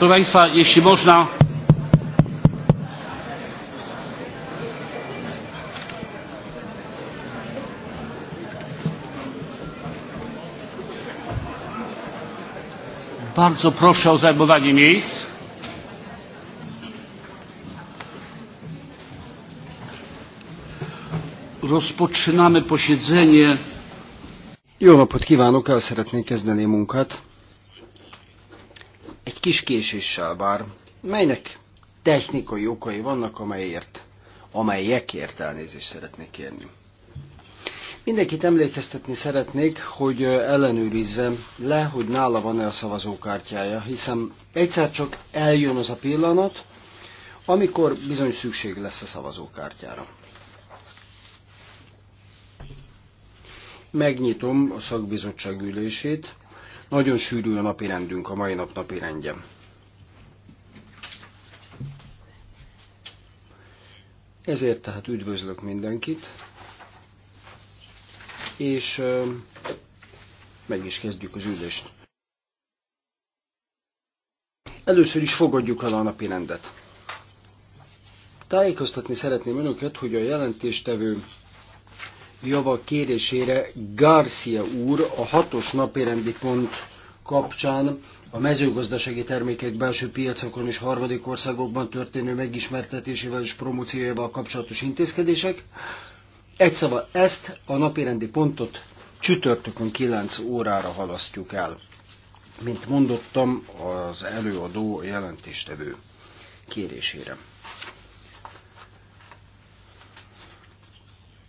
Proszę Państwa, jeśli można. Bardzo proszę o zajmowanie miejsc. Rozpoczynamy posiedzenie. Jó napot kívánok, el szeretnék kezdeni munkát kis késéssel bár, melynek technikai okai vannak, amelyért, amelyekért elnézést szeretnék kérni. Mindenkit emlékeztetni szeretnék, hogy ellenőrizze le, hogy nála van-e a szavazókártyája, hiszen egyszer csak eljön az a pillanat, amikor bizony szükség lesz a szavazókártyára. Megnyitom a szakbizottság ülését, nagyon sűrű a napi rendünk, a mai nap napi Ezért tehát üdvözlök mindenkit, és meg is kezdjük az ülést. Először is fogadjuk el a napi rendet. Tájékoztatni szeretném önöket, hogy a jelentéstevő java kérésére Garcia úr a hatos napirendi pont kapcsán a mezőgazdasági termékek belső piacokon és harmadik országokban történő megismertetésével és promóciójával kapcsolatos intézkedések. Egy szava ezt a napirendi pontot csütörtökön 9 órára halasztjuk el. Mint mondottam, az előadó jelentéstevő kérésére.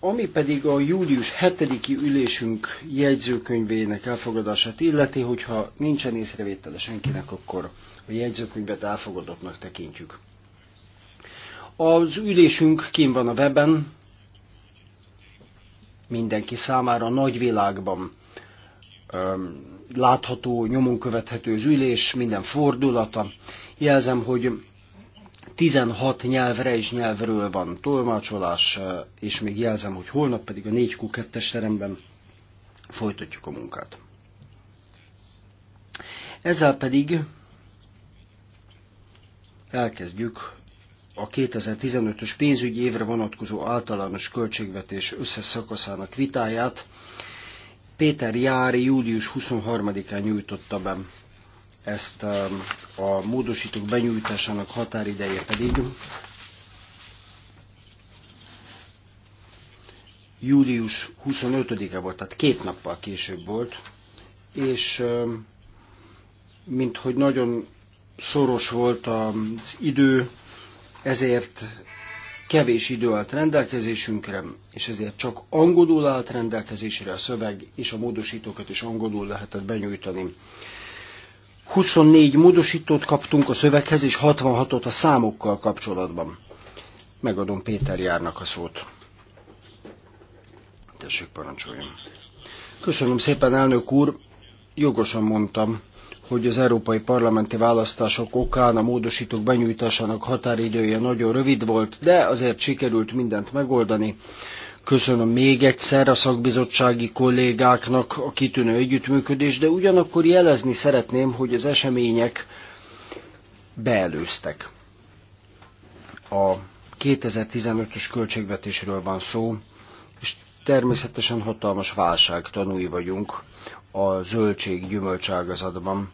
Ami pedig a július 7-i ülésünk jegyzőkönyvének elfogadását illeti, hogyha nincsen észrevétele senkinek, akkor a jegyzőkönyvet elfogadottnak tekintjük. Az ülésünk kim van a webben, mindenki számára a nagyvilágban látható, nyomon követhető az ülés, minden fordulata. Jelzem, hogy 16 nyelvre és nyelvről van tolmácsolás, eh, és még jelzem, hogy holnap pedig a 4Q2-es teremben folytatjuk a munkát. Ezzel pedig elkezdjük a 2015-ös pénzügyi évre vonatkozó általános költségvetés összes szakaszának vitáját. Péter Jári július 23-án nyújtotta be ezt um, a módosítók benyújtásának határideje pedig július 25-e volt, tehát két nappal később volt, és um, mint hogy nagyon szoros volt az idő, ezért kevés idő állt rendelkezésünkre, és ezért csak angolul állt rendelkezésre a szöveg, és a módosítókat is angolul lehetett benyújtani. 24 módosítót kaptunk a szöveghez, és 66-ot a számokkal kapcsolatban. Megadom Péter Járnak a szót. Tessék, parancsoljon. Köszönöm szépen, elnök úr. Jogosan mondtam, hogy az európai parlamenti választások okán a módosítók benyújtásának határidője nagyon rövid volt, de azért sikerült mindent megoldani. Köszönöm még egyszer a szakbizottsági kollégáknak a kitűnő együttműködést, de ugyanakkor jelezni szeretném, hogy az események beelőztek. A 2015-ös költségvetésről van szó, és természetesen hatalmas válság tanúi vagyunk a zöldség gyümölcságazatban.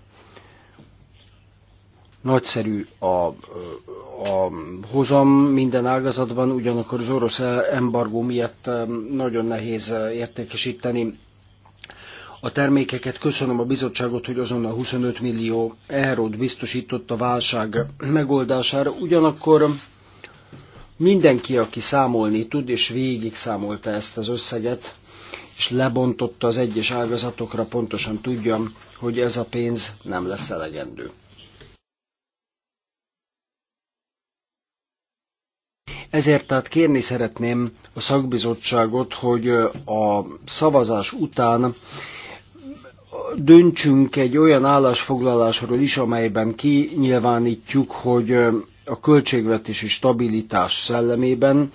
Nagyszerű a, a hozam minden ágazatban, ugyanakkor az orosz embargó miatt um, nagyon nehéz uh, értékesíteni a termékeket. Köszönöm a bizottságot, hogy azonnal 25 millió eurót biztosított a válság megoldására. Ugyanakkor mindenki, aki számolni tud, és végig számolta ezt az összeget, és lebontotta az egyes ágazatokra, pontosan tudja, hogy ez a pénz nem lesz elegendő. Ezért tehát kérni szeretném a szakbizottságot, hogy a szavazás után döntsünk egy olyan állásfoglalásról is, amelyben kinyilvánítjuk, hogy a költségvetési stabilitás szellemében,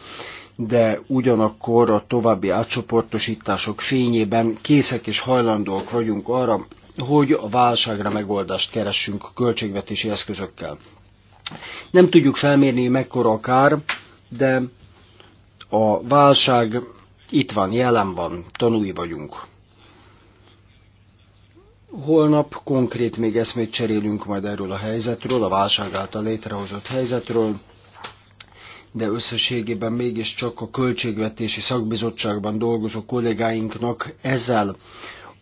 de ugyanakkor a további átcsoportosítások fényében készek és hajlandóak vagyunk arra, hogy a válságra megoldást keressünk a költségvetési eszközökkel. Nem tudjuk felmérni, mekkora a kár, de a válság itt van, jelen van, tanúi vagyunk. Holnap konkrét még eszmét cserélünk majd erről a helyzetről, a válság által létrehozott helyzetről, de összességében mégiscsak a Költségvetési Szakbizottságban dolgozó kollégáinknak ezzel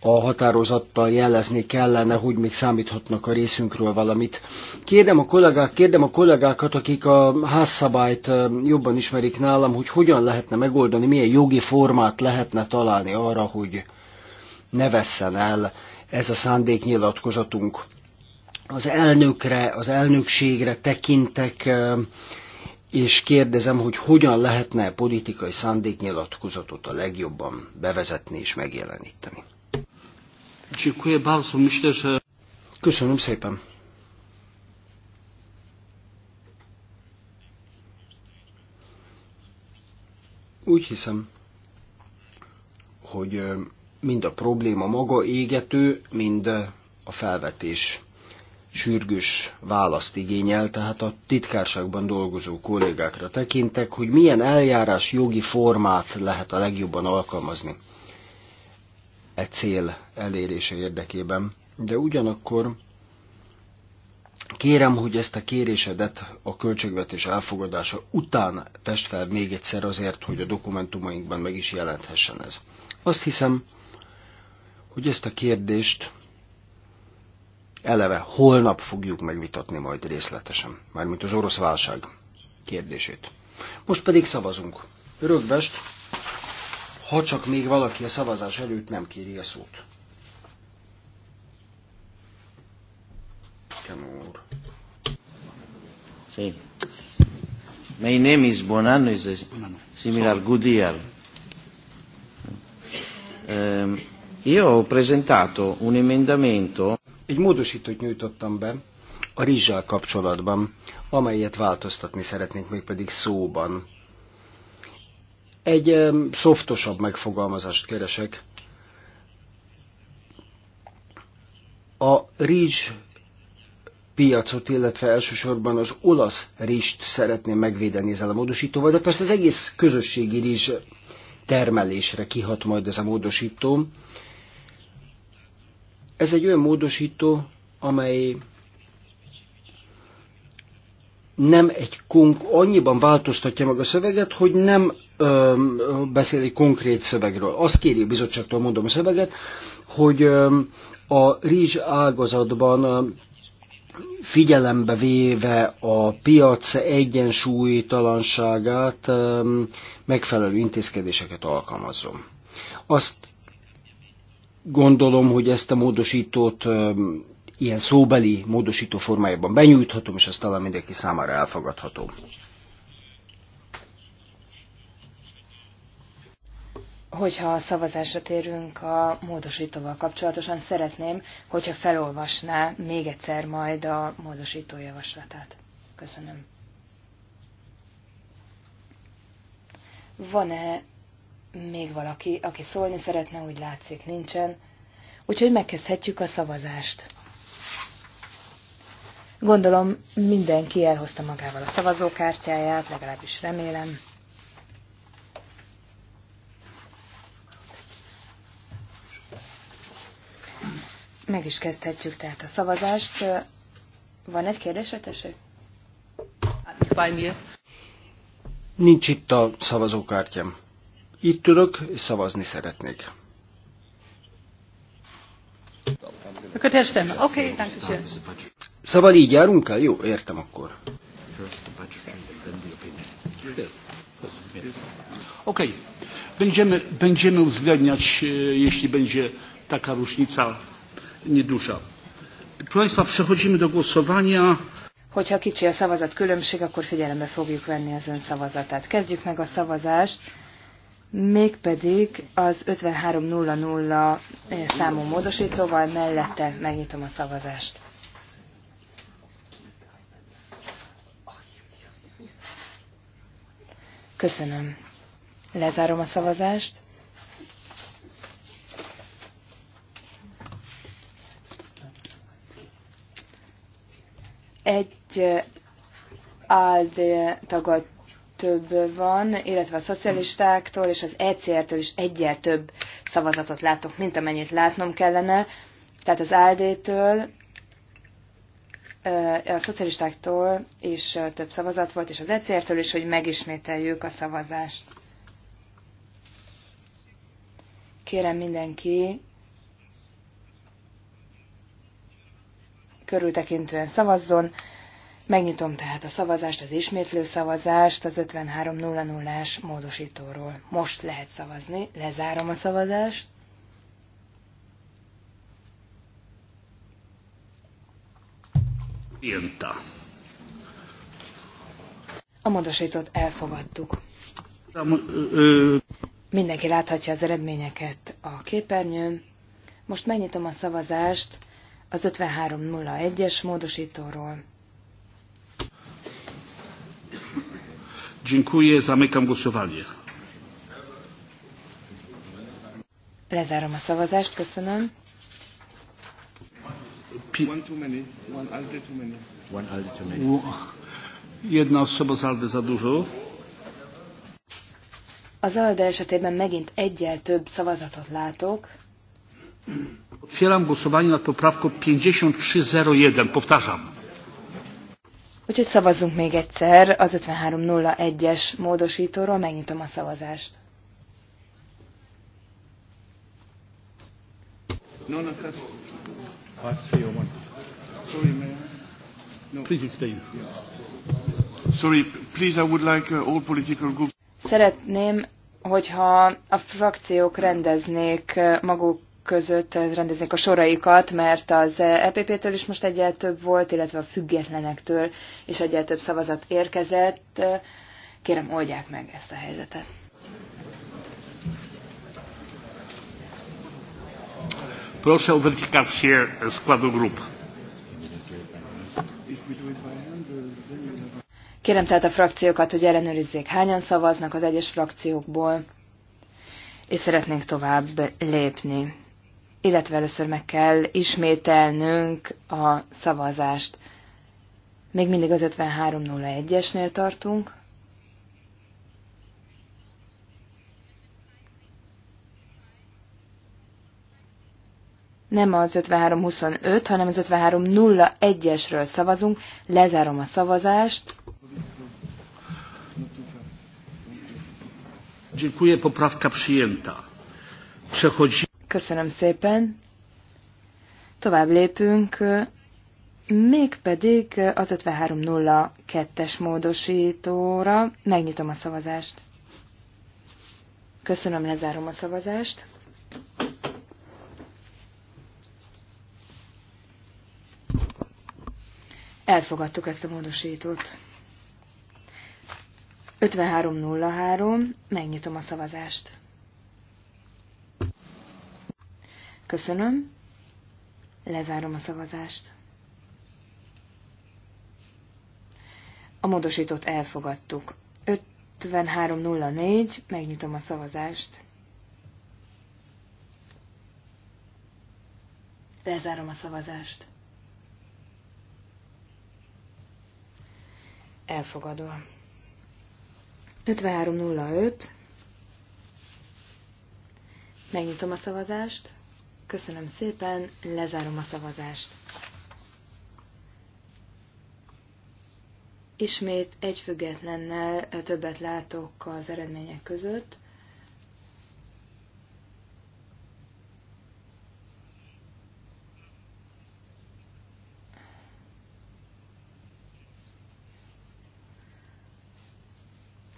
a határozattal jelezni kellene, hogy még számíthatnak a részünkről valamit. Kérdem a, kollégák, kérdem a kollégákat, akik a házszabályt jobban ismerik nálam, hogy hogyan lehetne megoldani, milyen jogi formát lehetne találni arra, hogy ne vesszen el ez a szándéknyilatkozatunk. Az elnökre, az elnökségre tekintek, és kérdezem, hogy hogyan lehetne politikai szándéknyilatkozatot a legjobban bevezetni és megjeleníteni. Köszönöm szépen. Úgy hiszem, hogy mind a probléma maga égető, mind a felvetés sürgős választ igényel, tehát a titkárságban dolgozó kollégákra tekintek, hogy milyen eljárás jogi formát lehet a legjobban alkalmazni e cél elérése érdekében. De ugyanakkor kérem, hogy ezt a kérésedet a költségvetés elfogadása után test fel még egyszer azért, hogy a dokumentumainkban meg is jelenthessen ez. Azt hiszem, hogy ezt a kérdést eleve holnap fogjuk megvitatni majd részletesen, mármint az orosz válság kérdését. Most pedig szavazunk. Rögvest, ha csak még valaki a szavazás előtt nem kéri a szót. Kenúr. Sí. My name is Bonanno, is a similar good year. Um, ehm, io ho presentato un emendamento. Egy módosítót nyújtottam be a rizsal kapcsolatban, amelyet változtatni szeretnénk, mégpedig szóban egy szoftosabb megfogalmazást keresek. A rizs piacot, illetve elsősorban az olasz rizst szeretném megvédeni ezzel a módosítóval, de persze az egész közösségi rizs termelésre kihat majd ez a módosító. Ez egy olyan módosító, amely nem egy konk- annyiban változtatja meg a szöveget, hogy nem ö, beszél egy konkrét szövegről. Azt kéri a bizottságtól, mondom a szöveget, hogy ö, a rizs ágazatban ö, figyelembe véve a piac egyensúlytalanságát ö, megfelelő intézkedéseket alkalmazom. Azt gondolom, hogy ezt a módosítót ilyen szóbeli módosító formájában benyújthatom, és ez talán mindenki számára elfogadható. Hogyha a szavazásra térünk a módosítóval kapcsolatosan, szeretném, hogyha felolvasná még egyszer majd a módosító javaslatát. Köszönöm. Van-e még valaki, aki szólni szeretne, úgy látszik, nincsen. Úgyhogy megkezdhetjük a szavazást. Gondolom mindenki elhozta magával a szavazókártyáját, legalábbis remélem. Meg is kezdhetjük tehát a szavazást. Van egy kérdése, tessék? Nincs itt a szavazókártyám. Itt ülök, és szavazni szeretnék. Akkor Oké, okay, Szóval így járunk el? Jó, értem akkor. Oké, Okay. Będziemy, będziemy uwzględniać, e, jeśli będzie taka różnica nieduża. Proszę Państwa, przechodzimy do głosowania. Hogyha kicsi a szavazat különbség, akkor figyelembe fogjuk venni az ön szavazatát. Kezdjük meg a szavazást, mégpedig az 5300 e, számú módosítóval mellette megnyitom a szavazást. Köszönöm. Lezárom a szavazást. Egy áld tagad több van, illetve a szocialistáktól és az ECR-től is egyel több szavazatot látok, mint amennyit látnom kellene. Tehát az áld től a szocialistáktól is több szavazat volt, és az ECR-től is, hogy megismételjük a szavazást. Kérem mindenki, körültekintően szavazzon. Megnyitom tehát a szavazást, az ismétlő szavazást az 5300-as módosítóról. Most lehet szavazni, lezárom a szavazást. Írta. A módosítót elfogadtuk. Mindenki láthatja az eredményeket a képernyőn. Most megnyitom a szavazást az 5301-es módosítóról. Dziękuję, zamykam głosowanie. Lezárom a szavazást, köszönöm. Jedna osoba z alde za dużo. Az ALDE esetében megint egyel több szavazatot látok. Otwieram głosowanie nad poprawką 5301. Powtarzam. Úgyhogy szavazzunk még egyszer az 5301-es módosítóról, megnyitom a szavazást. Non attached. Sorry, No. Please explain. Sorry, please, I would like uh, all political groups... Szeretném, hogyha a frakciók rendeznék uh, maguk között uh, rendeznék a soraikat, mert az EPP-től is most egyel több volt, illetve a függetlenektől is egyel több szavazat érkezett. Kérem, oldják meg ezt a helyzetet. Proszę o weryfikację składu grup. Kérem tehát a frakciókat, hogy ellenőrizzék, hányan szavaznak az egyes frakciókból, és szeretnénk tovább lépni. Illetve először meg kell ismételnünk a szavazást. Még mindig az 5301-esnél tartunk. nem az 5325, hanem az 5301-esről szavazunk. Lezárom a szavazást. Dziękuję, poprawka przyjęta. Przechodzi... Köszönöm szépen. Tovább lépünk, mégpedig az 5302-es módosítóra. Megnyitom a szavazást. Köszönöm, lezárom a szavazást. Elfogadtuk ezt a módosítót. 5303, megnyitom a szavazást. Köszönöm. Lezárom a szavazást. A módosítót elfogadtuk. 5304, megnyitom a szavazást. Lezárom a szavazást. elfogadva. 5305. Megnyitom a szavazást. Köszönöm szépen, lezárom a szavazást. Ismét egy függetlennel többet látok az eredmények között.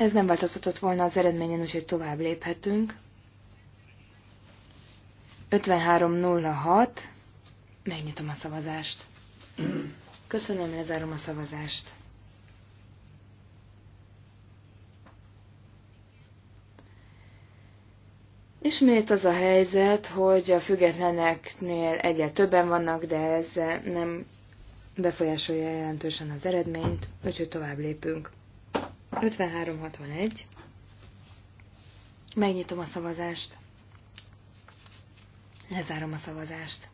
Ez nem változtatott volna az eredményen, úgyhogy tovább léphetünk. 5306. Megnyitom a szavazást. Köszönöm, lezárom a szavazást. Ismét az a helyzet, hogy a függetleneknél egyre többen vannak, de ez nem befolyásolja jelentősen az eredményt, úgyhogy tovább lépünk. 5361. Megnyitom a szavazást. Lezárom a szavazást.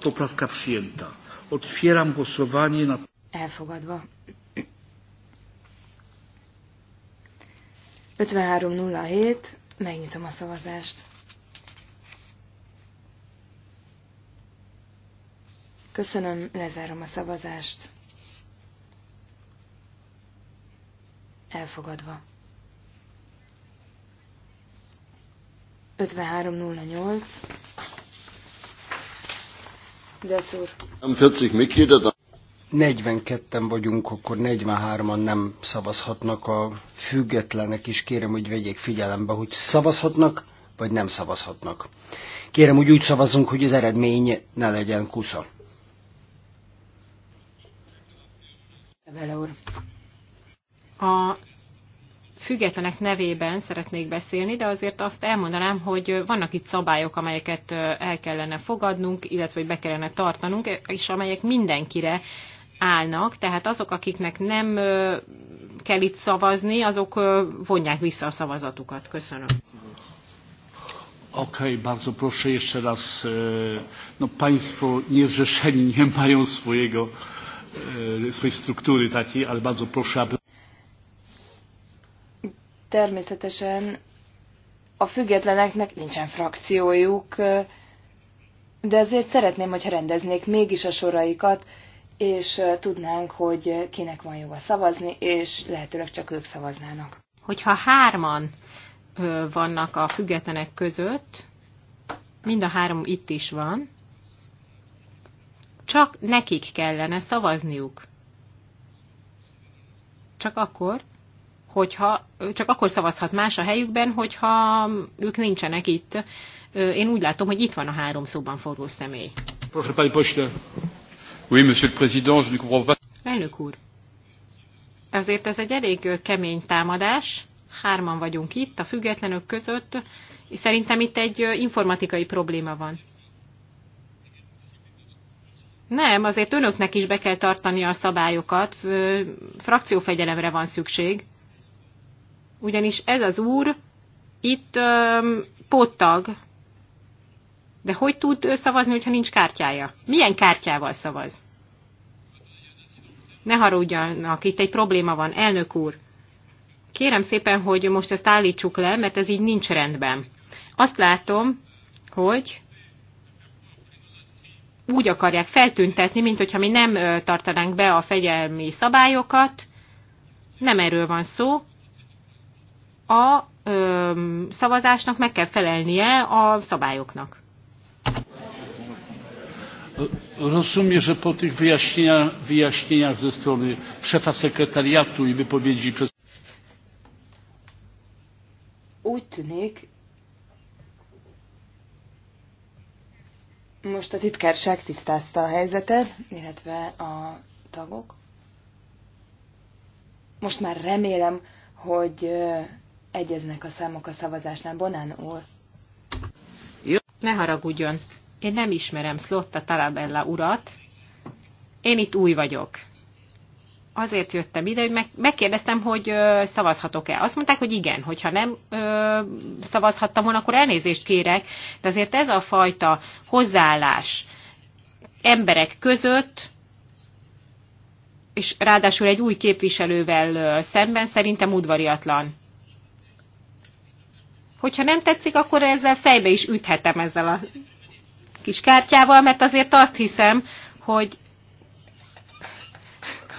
Poprawka przyjęta. Otwieram głosowanie na... Elfogadva. 5307. Megnyitom a szavazást. Köszönöm, lezárom a szavazást. Elfogadva. 5308. De Nem Deszúr. 42-en vagyunk, akkor 43-an nem szavazhatnak a függetlenek is. Kérem, hogy vegyék figyelembe, hogy szavazhatnak, vagy nem szavazhatnak. Kérem, hogy úgy szavazunk, hogy az eredmény ne legyen kusza. Vele úr. A függetlenek nevében szeretnék beszélni, de azért azt elmondanám, hogy vannak itt szabályok, amelyeket el kellene fogadnunk, illetve hogy be kellene tartanunk, és amelyek mindenkire állnak, tehát azok, akiknek nem kell itt szavazni, azok vonják vissza a szavazatukat. Köszönöm. Okej, okay, bardzo proszę jeszcze raz. E, no, państwo niezrzeszeni nie mają swojego E, swojej struktury takiej, ale bardzo proszę, aby... Természetesen a függetleneknek nincsen frakciójuk, de azért szeretném, hogyha rendeznék mégis a soraikat, és e, tudnánk, hogy kinek van joga szavazni, és lehetőleg csak ők szavaznának. Hogyha hárman vannak a függetlenek között, mind a három itt is van, csak nekik kellene szavazniuk. Csak akkor, hogyha, csak akkor szavazhat más a helyükben, hogyha ők nincsenek itt. Én úgy látom, hogy itt van a három szóban forró személy. Oui, monsieur le président, je ne comprends pas. Elnök úr, azért ez egy elég kemény támadás. Hárman vagyunk itt, a függetlenök között. Szerintem itt egy informatikai probléma van. Nem, azért önöknek is be kell tartani a szabályokat, frakciófegyelemre van szükség. Ugyanis ez az úr itt öm, pottag, de hogy tud szavazni, hogyha nincs kártyája? Milyen kártyával szavaz? Ne haragudjanak, itt egy probléma van, elnök úr. Kérem szépen, hogy most ezt állítsuk le, mert ez így nincs rendben. Azt látom, hogy úgy akarják feltüntetni, mint hogyha mi nem tartanánk be a fegyelmi szabályokat. Nem erről van szó. A ö, szavazásnak meg kell felelnie a szabályoknak. Rozumiem, że po tych wyjaśnieniach, wyjaśnieniach ze strony szefa sekretariatu i wypowiedzi przez... Úgy tűnik, Most a titkárság tisztázta a helyzetet, illetve a tagok. Most már remélem, hogy egyeznek a számok a szavazásnál. Bonán úr. Ne haragudjon, én nem ismerem Slotta Talabella urat. Én itt új vagyok azért jöttem ide, hogy meg, megkérdeztem, hogy ö, szavazhatok-e. Azt mondták, hogy igen, hogyha nem ö, szavazhattam volna, akkor elnézést kérek, de azért ez a fajta hozzáállás emberek között, és ráadásul egy új képviselővel szemben szerintem udvariatlan. Hogyha nem tetszik, akkor ezzel fejbe is üthetem ezzel a kis kártyával, mert azért azt hiszem, hogy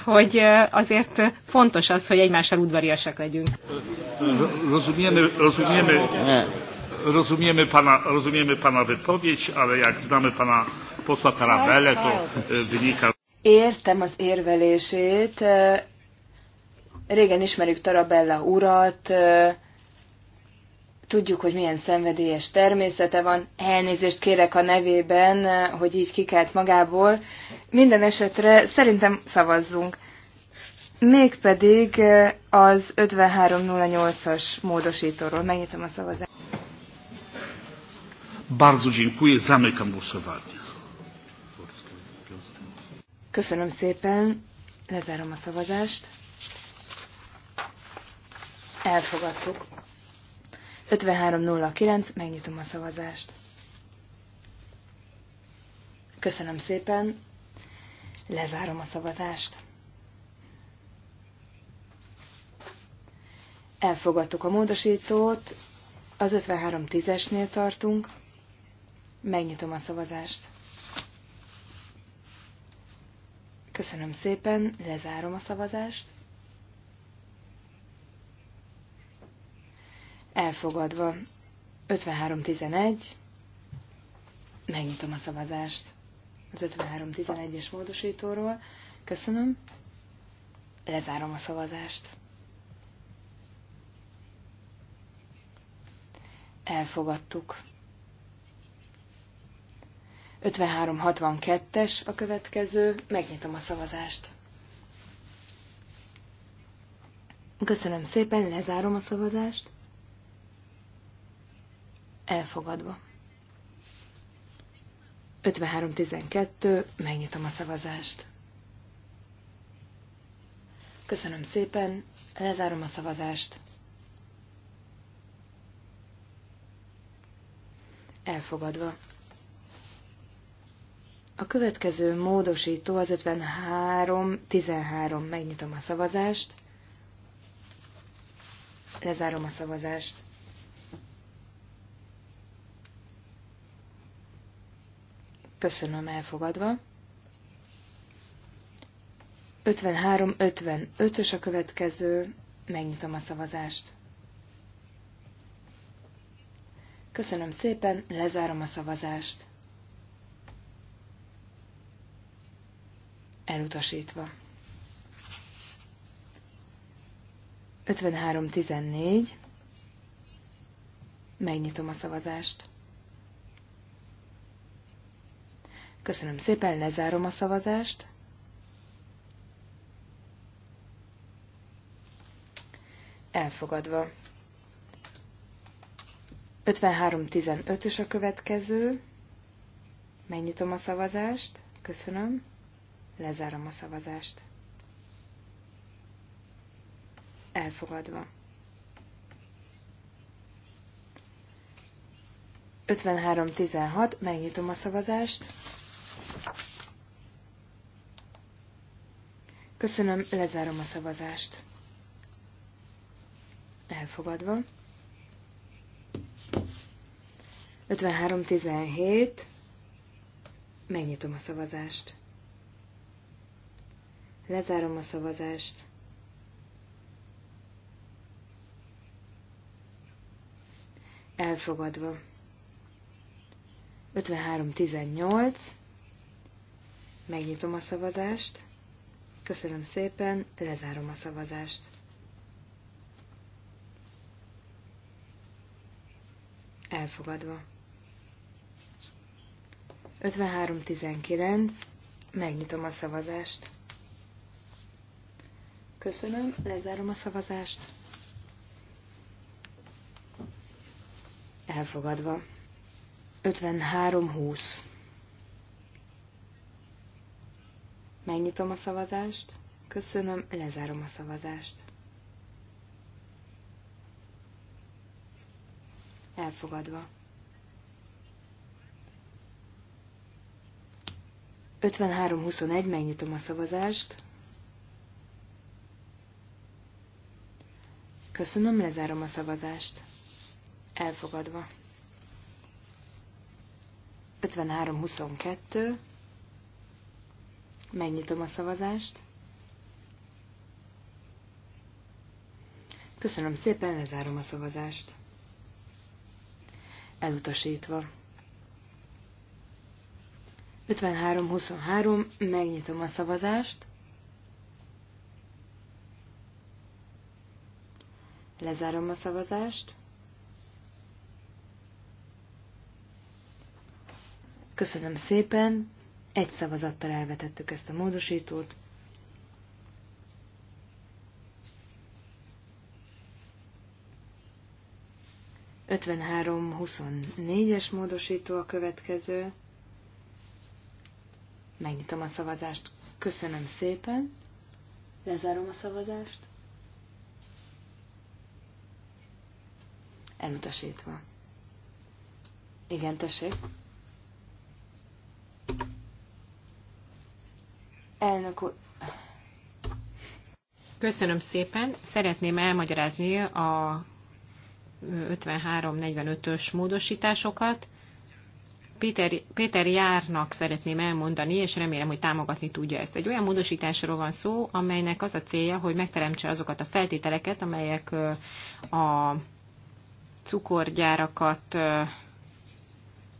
hogy azért fontos az, hogy egymással udvariasak legyünk. Rozumiemy, rozumiemy, rozumiemy, pana, rozumiemy pana wypowiedź, ale jak znamy pana posła Taravelle, to e, wynika... Értem az érvelését. Régen ismerjük Tarabella urat, e, Tudjuk, hogy milyen szenvedélyes természete van. Elnézést kérek a nevében, hogy így kikelt magából. Minden esetre szerintem szavazzunk. Mégpedig az 5308-as módosítóról. Megnyitom a szavazást. Bardzo dziękuję. Zamykam głosowanie. Köszönöm szépen. Lezárom a szavazást. Elfogadtuk. 5309, megnyitom a szavazást. Köszönöm szépen, lezárom a szavazást. Elfogadtuk a módosítót, az 5310-esnél tartunk, megnyitom a szavazást. Köszönöm szépen, lezárom a szavazást. Elfogadva. 53.11. Megnyitom a szavazást az 5311 es módosítóról. Köszönöm. Lezárom a szavazást. Elfogadtuk. 5362 es a következő. Megnyitom a szavazást. Köszönöm szépen, lezárom a szavazást. Elfogadva. 53.12. megnyitom a szavazást. Köszönöm szépen, lezárom a szavazást. Elfogadva. A következő módosító az 5313 Megnyitom a szavazást. Lezárom a szavazást. Köszönöm, elfogadva. 53-55-ös a következő. Megnyitom a szavazást. Köszönöm szépen, lezárom a szavazást. Elutasítva. 53-14. Megnyitom a szavazást. 53-15. Köszönöm szépen, lezárom a szavazást. Elfogadva. 53.15-ös a következő. Megnyitom a szavazást. Köszönöm. Lezárom a szavazást. Elfogadva. 53.16. Megnyitom a szavazást. Köszönöm, lezárom a szavazást. Elfogadva. 53-17. Megnyitom a szavazást. Lezárom a szavazást. Elfogadva. 53-18. Megnyitom a szavazást. Köszönöm szépen, lezárom a szavazást. Elfogadva. 53.19. Megnyitom a szavazást. Köszönöm, lezárom a szavazást. Elfogadva. 53.20. Megnyitom a szavazást. Köszönöm, lezárom a szavazást. Elfogadva. 53-21, megnyitom a szavazást. Köszönöm, lezárom a szavazást. Elfogadva. 53-22, Megnyitom a szavazást. Köszönöm szépen, lezárom a szavazást. Elutasítva. 53-23, megnyitom a szavazást. Lezárom a szavazást. Köszönöm szépen, egy szavazattal elvetettük ezt a módosítót. Ötvenhárom, es módosító a következő. Megnyitom a szavazást. Köszönöm szépen. Lezárom a szavazást. Elutasítva. Igen, tessék. Elnök úr. Köszönöm szépen. Szeretném elmagyarázni a 53-45-ös módosításokat. Péter, Péter Járnak szeretném elmondani, és remélem, hogy támogatni tudja ezt. Egy olyan módosításról van szó, amelynek az a célja, hogy megteremtse azokat a feltételeket, amelyek a cukorgyárakat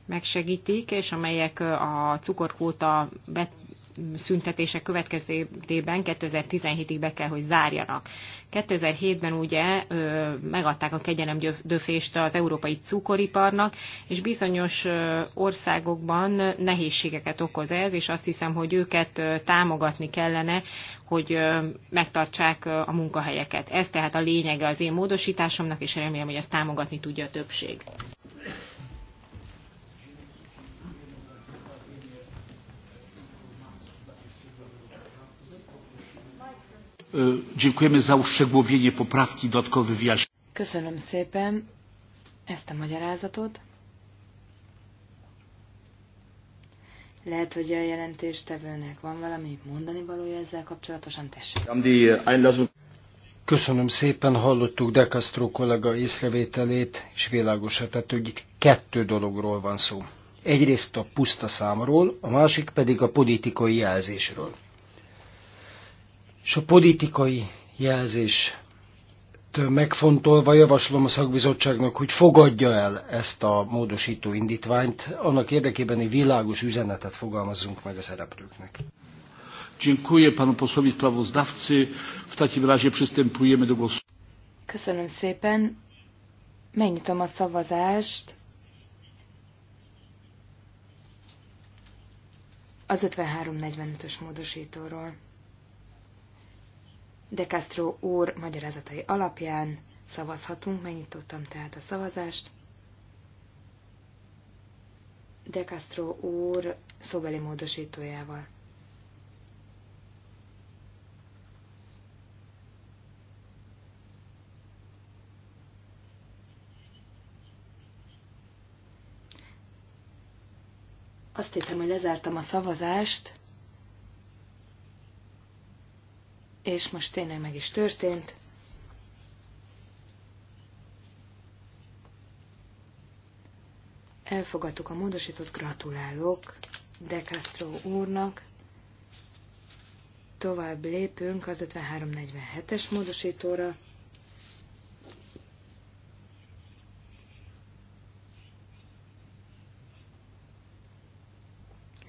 megsegítik, és amelyek a cukorkóta szüntetések következtében 2017-ig be kell, hogy zárjanak. 2007-ben ugye megadták a döfést az európai cukoriparnak, és bizonyos országokban nehézségeket okoz ez, és azt hiszem, hogy őket támogatni kellene, hogy megtartsák a munkahelyeket. Ez tehát a lényege az én módosításomnak, és remélem, hogy ezt támogatni tudja a többség. E, dziękujemy za uszczegółowienie poprawki, dodatkowy wyjaśnienie. Köszönöm szépen ezt a magyarázatot. Lehet, hogy a jelentéstevőnek van valami mondani valója ezzel kapcsolatosan, tessék. Köszönöm szépen, hallottuk De Castro kollega észrevételét, és világosra tett, hogy itt kettő dologról van szó. Egyrészt a puszta számról, a másik pedig a politikai jelzésről és a politikai jelzés megfontolva javaslom a szakbizottságnak, hogy fogadja el ezt a módosító indítványt, annak érdekében, hogy világos üzenetet fogalmazzunk meg a szereplőknek. Dziękuję panu posłowi sprawozdawcy. W takim razie przystępujemy do głosu. Köszönöm szépen. Megnyitom a szavazást. Az 53-45-ös módosítóról. De Castro úr magyarázatai alapján szavazhatunk, megnyitottam tehát a szavazást. De Castro úr szóbeli módosítójával. Azt hittem, hogy lezártam a szavazást. és most tényleg meg is történt. Elfogadtuk a módosított gratulálok De Castro úrnak. Tovább lépünk az 5347-es módosítóra.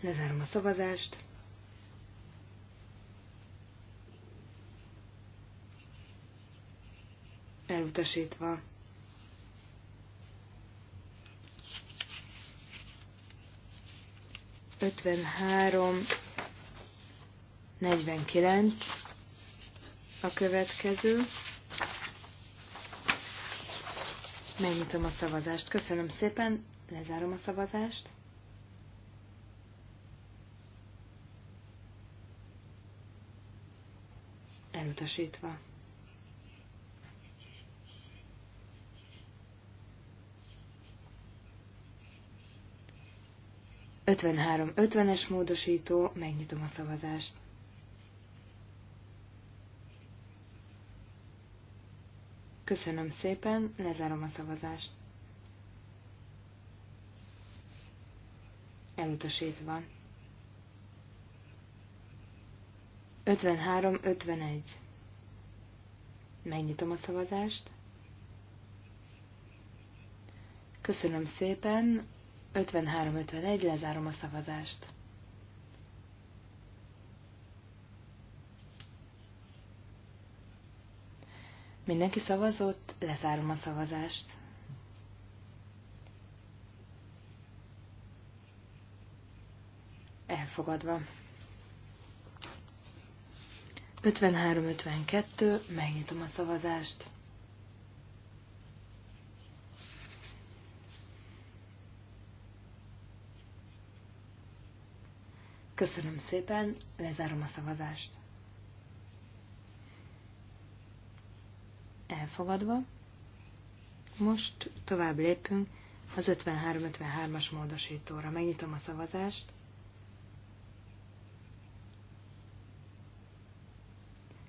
Lezárom a szavazást. elutasítva. Ötvenhárom, negyvenkilenc a következő. Megnyitom a szavazást. Köszönöm szépen, lezárom a szavazást. Elutasítva. 53 50-es módosító, megnyitom a szavazást. Köszönöm szépen, lezárom a szavazást. Elutasítva. 53-51. Megnyitom a szavazást. Köszönöm szépen, 53-51, lezárom a szavazást. Mindenki szavazott, lezárom a szavazást. Elfogadva. 53-52, megnyitom a szavazást. Köszönöm szépen, lezárom a szavazást. Elfogadva. Most tovább lépünk az 53-53-as módosítóra. Megnyitom a szavazást.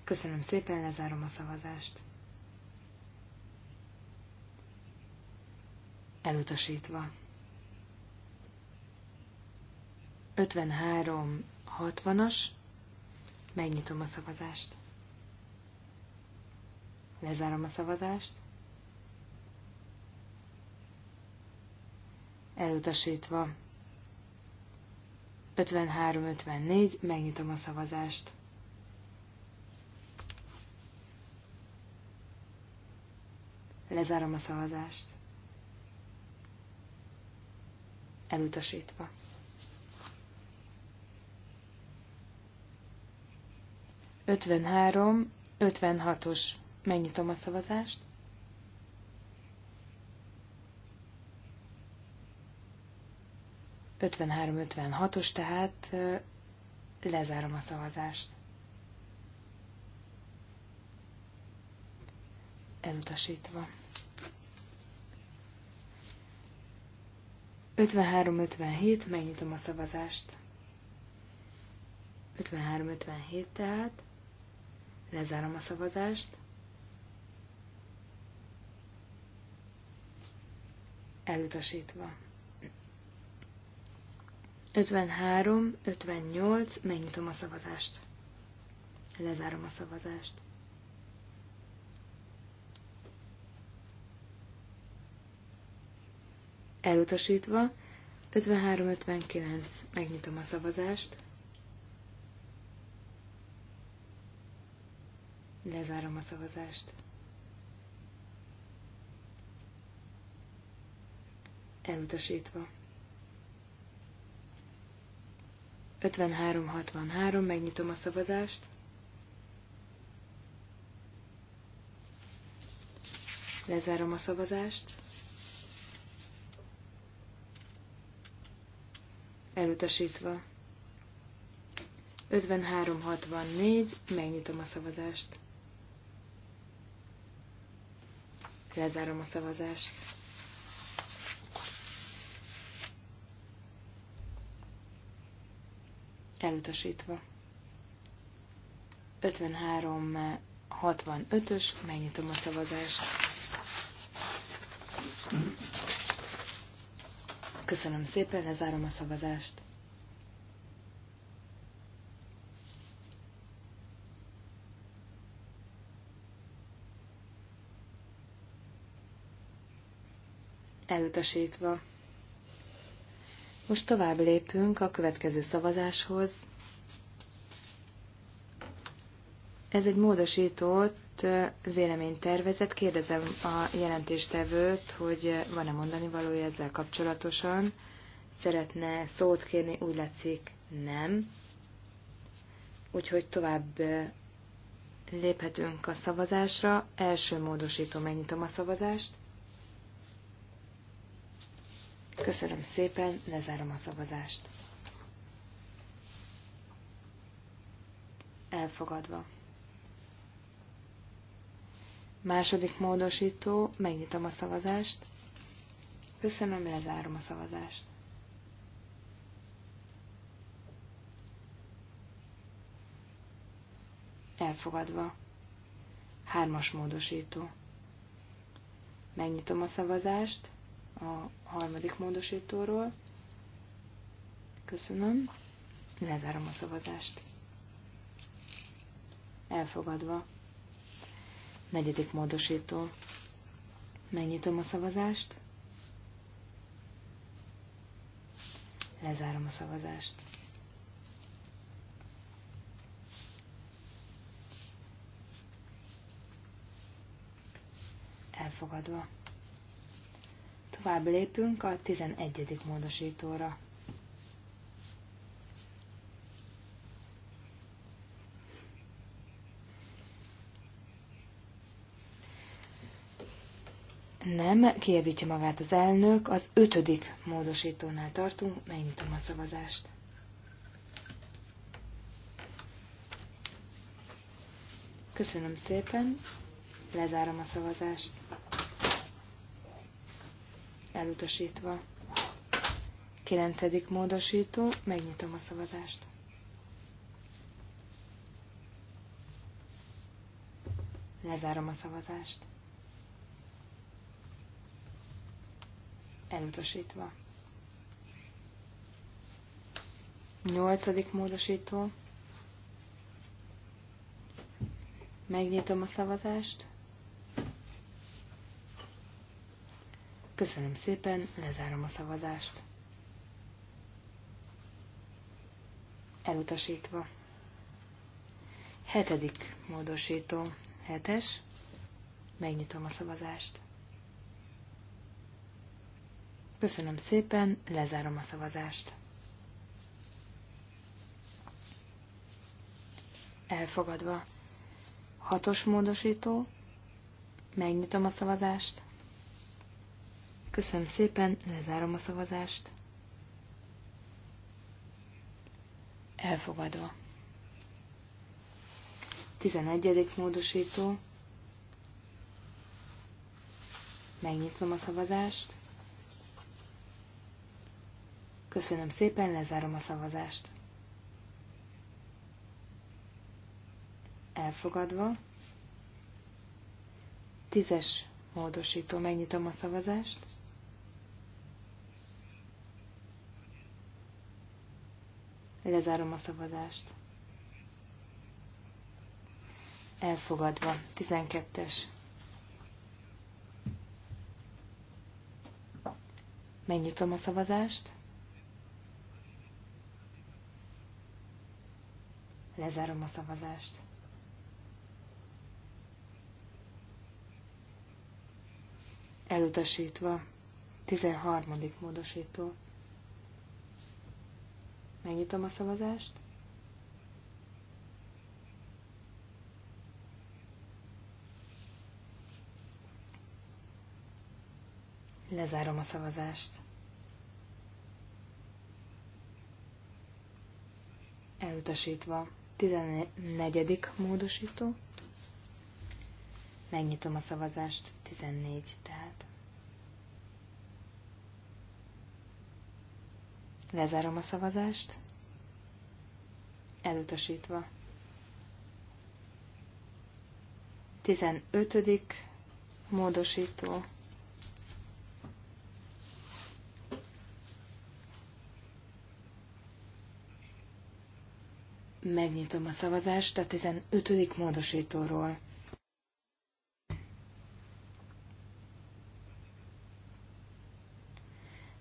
Köszönöm szépen, lezárom a szavazást. Elutasítva. 53-60-as, megnyitom a szavazást. Lezárom a szavazást. Elutasítva. 53-54, megnyitom a szavazást. Lezárom a szavazást. Elutasítva. 53, 56-os. Megnyitom a szavazást. Ötvenhárom, ötvenhatos, tehát lezárom a szavazást. Elutasítva. 53-57, megnyitom a szavazást. 53-57 tehát. Lezárom a szavazást. Elutasítva. 53, 58, megnyitom a szavazást. Lezárom a szavazást. Elutasítva, 53-59, megnyitom a szavazást. Lezárom a szavazást. Elutasítva. 53-63, megnyitom a szavazást. Lezárom a szavazást. Elutasítva. 53-64, megnyitom a szavazást. Lezárom a szavazást. Elutasítva. 53-65-ös, megnyitom a szavazást. Köszönöm szépen, lezárom a szavazást. elutasítva. Most tovább lépünk a következő szavazáshoz. Ez egy módosított véleménytervezet. Kérdezem a jelentéstevőt, hogy van-e mondani valója ezzel kapcsolatosan. Szeretne szót kérni, úgy látszik, nem. Úgyhogy tovább léphetünk a szavazásra. Első módosító, megnyitom a szavazást. Köszönöm szépen, lezárom a szavazást. Elfogadva. Második módosító, megnyitom a szavazást. Köszönöm, lezárom a szavazást. Elfogadva. Hármas módosító. Megnyitom a szavazást a harmadik módosítóról. Köszönöm. Lezárom a szavazást. Elfogadva. Negyedik módosító. Megnyitom a szavazást. Lezárom a szavazást. Elfogadva. Tovább lépünk a 11. módosítóra. Nem, kijavítja magát az elnök, az ötödik módosítónál tartunk, megnyitom a szavazást. Köszönöm szépen, lezárom a szavazást elutasítva. 9. módosító, megnyitom a szavazást. Lezárom a szavazást. Elutasítva. 8. módosító. Megnyitom a szavazást. Köszönöm szépen, lezárom a szavazást. Elutasítva. Hetedik módosító. Hetes. Megnyitom a szavazást. Köszönöm szépen, lezárom a szavazást. Elfogadva. Hatos módosító. Megnyitom a szavazást. Köszönöm szépen, lezárom a szavazást. Elfogadva. 11. módosító. Megnyitom a szavazást. Köszönöm szépen, lezárom a szavazást. Elfogadva. Tízes módosító, megnyitom a szavazást. Lezárom a szavazást. Elfogadva. 12-es. Megnyitom a szavazást. Lezárom a szavazást. Elutasítva. 13. módosító. Megnyitom a szavazást. Lezárom a szavazást. Elutasítva. 14. módosító. Megnyitom a szavazást. 14 tehát. Lezárom a szavazást. Elutasítva. 15. módosító. Megnyitom a szavazást a 15. módosítóról.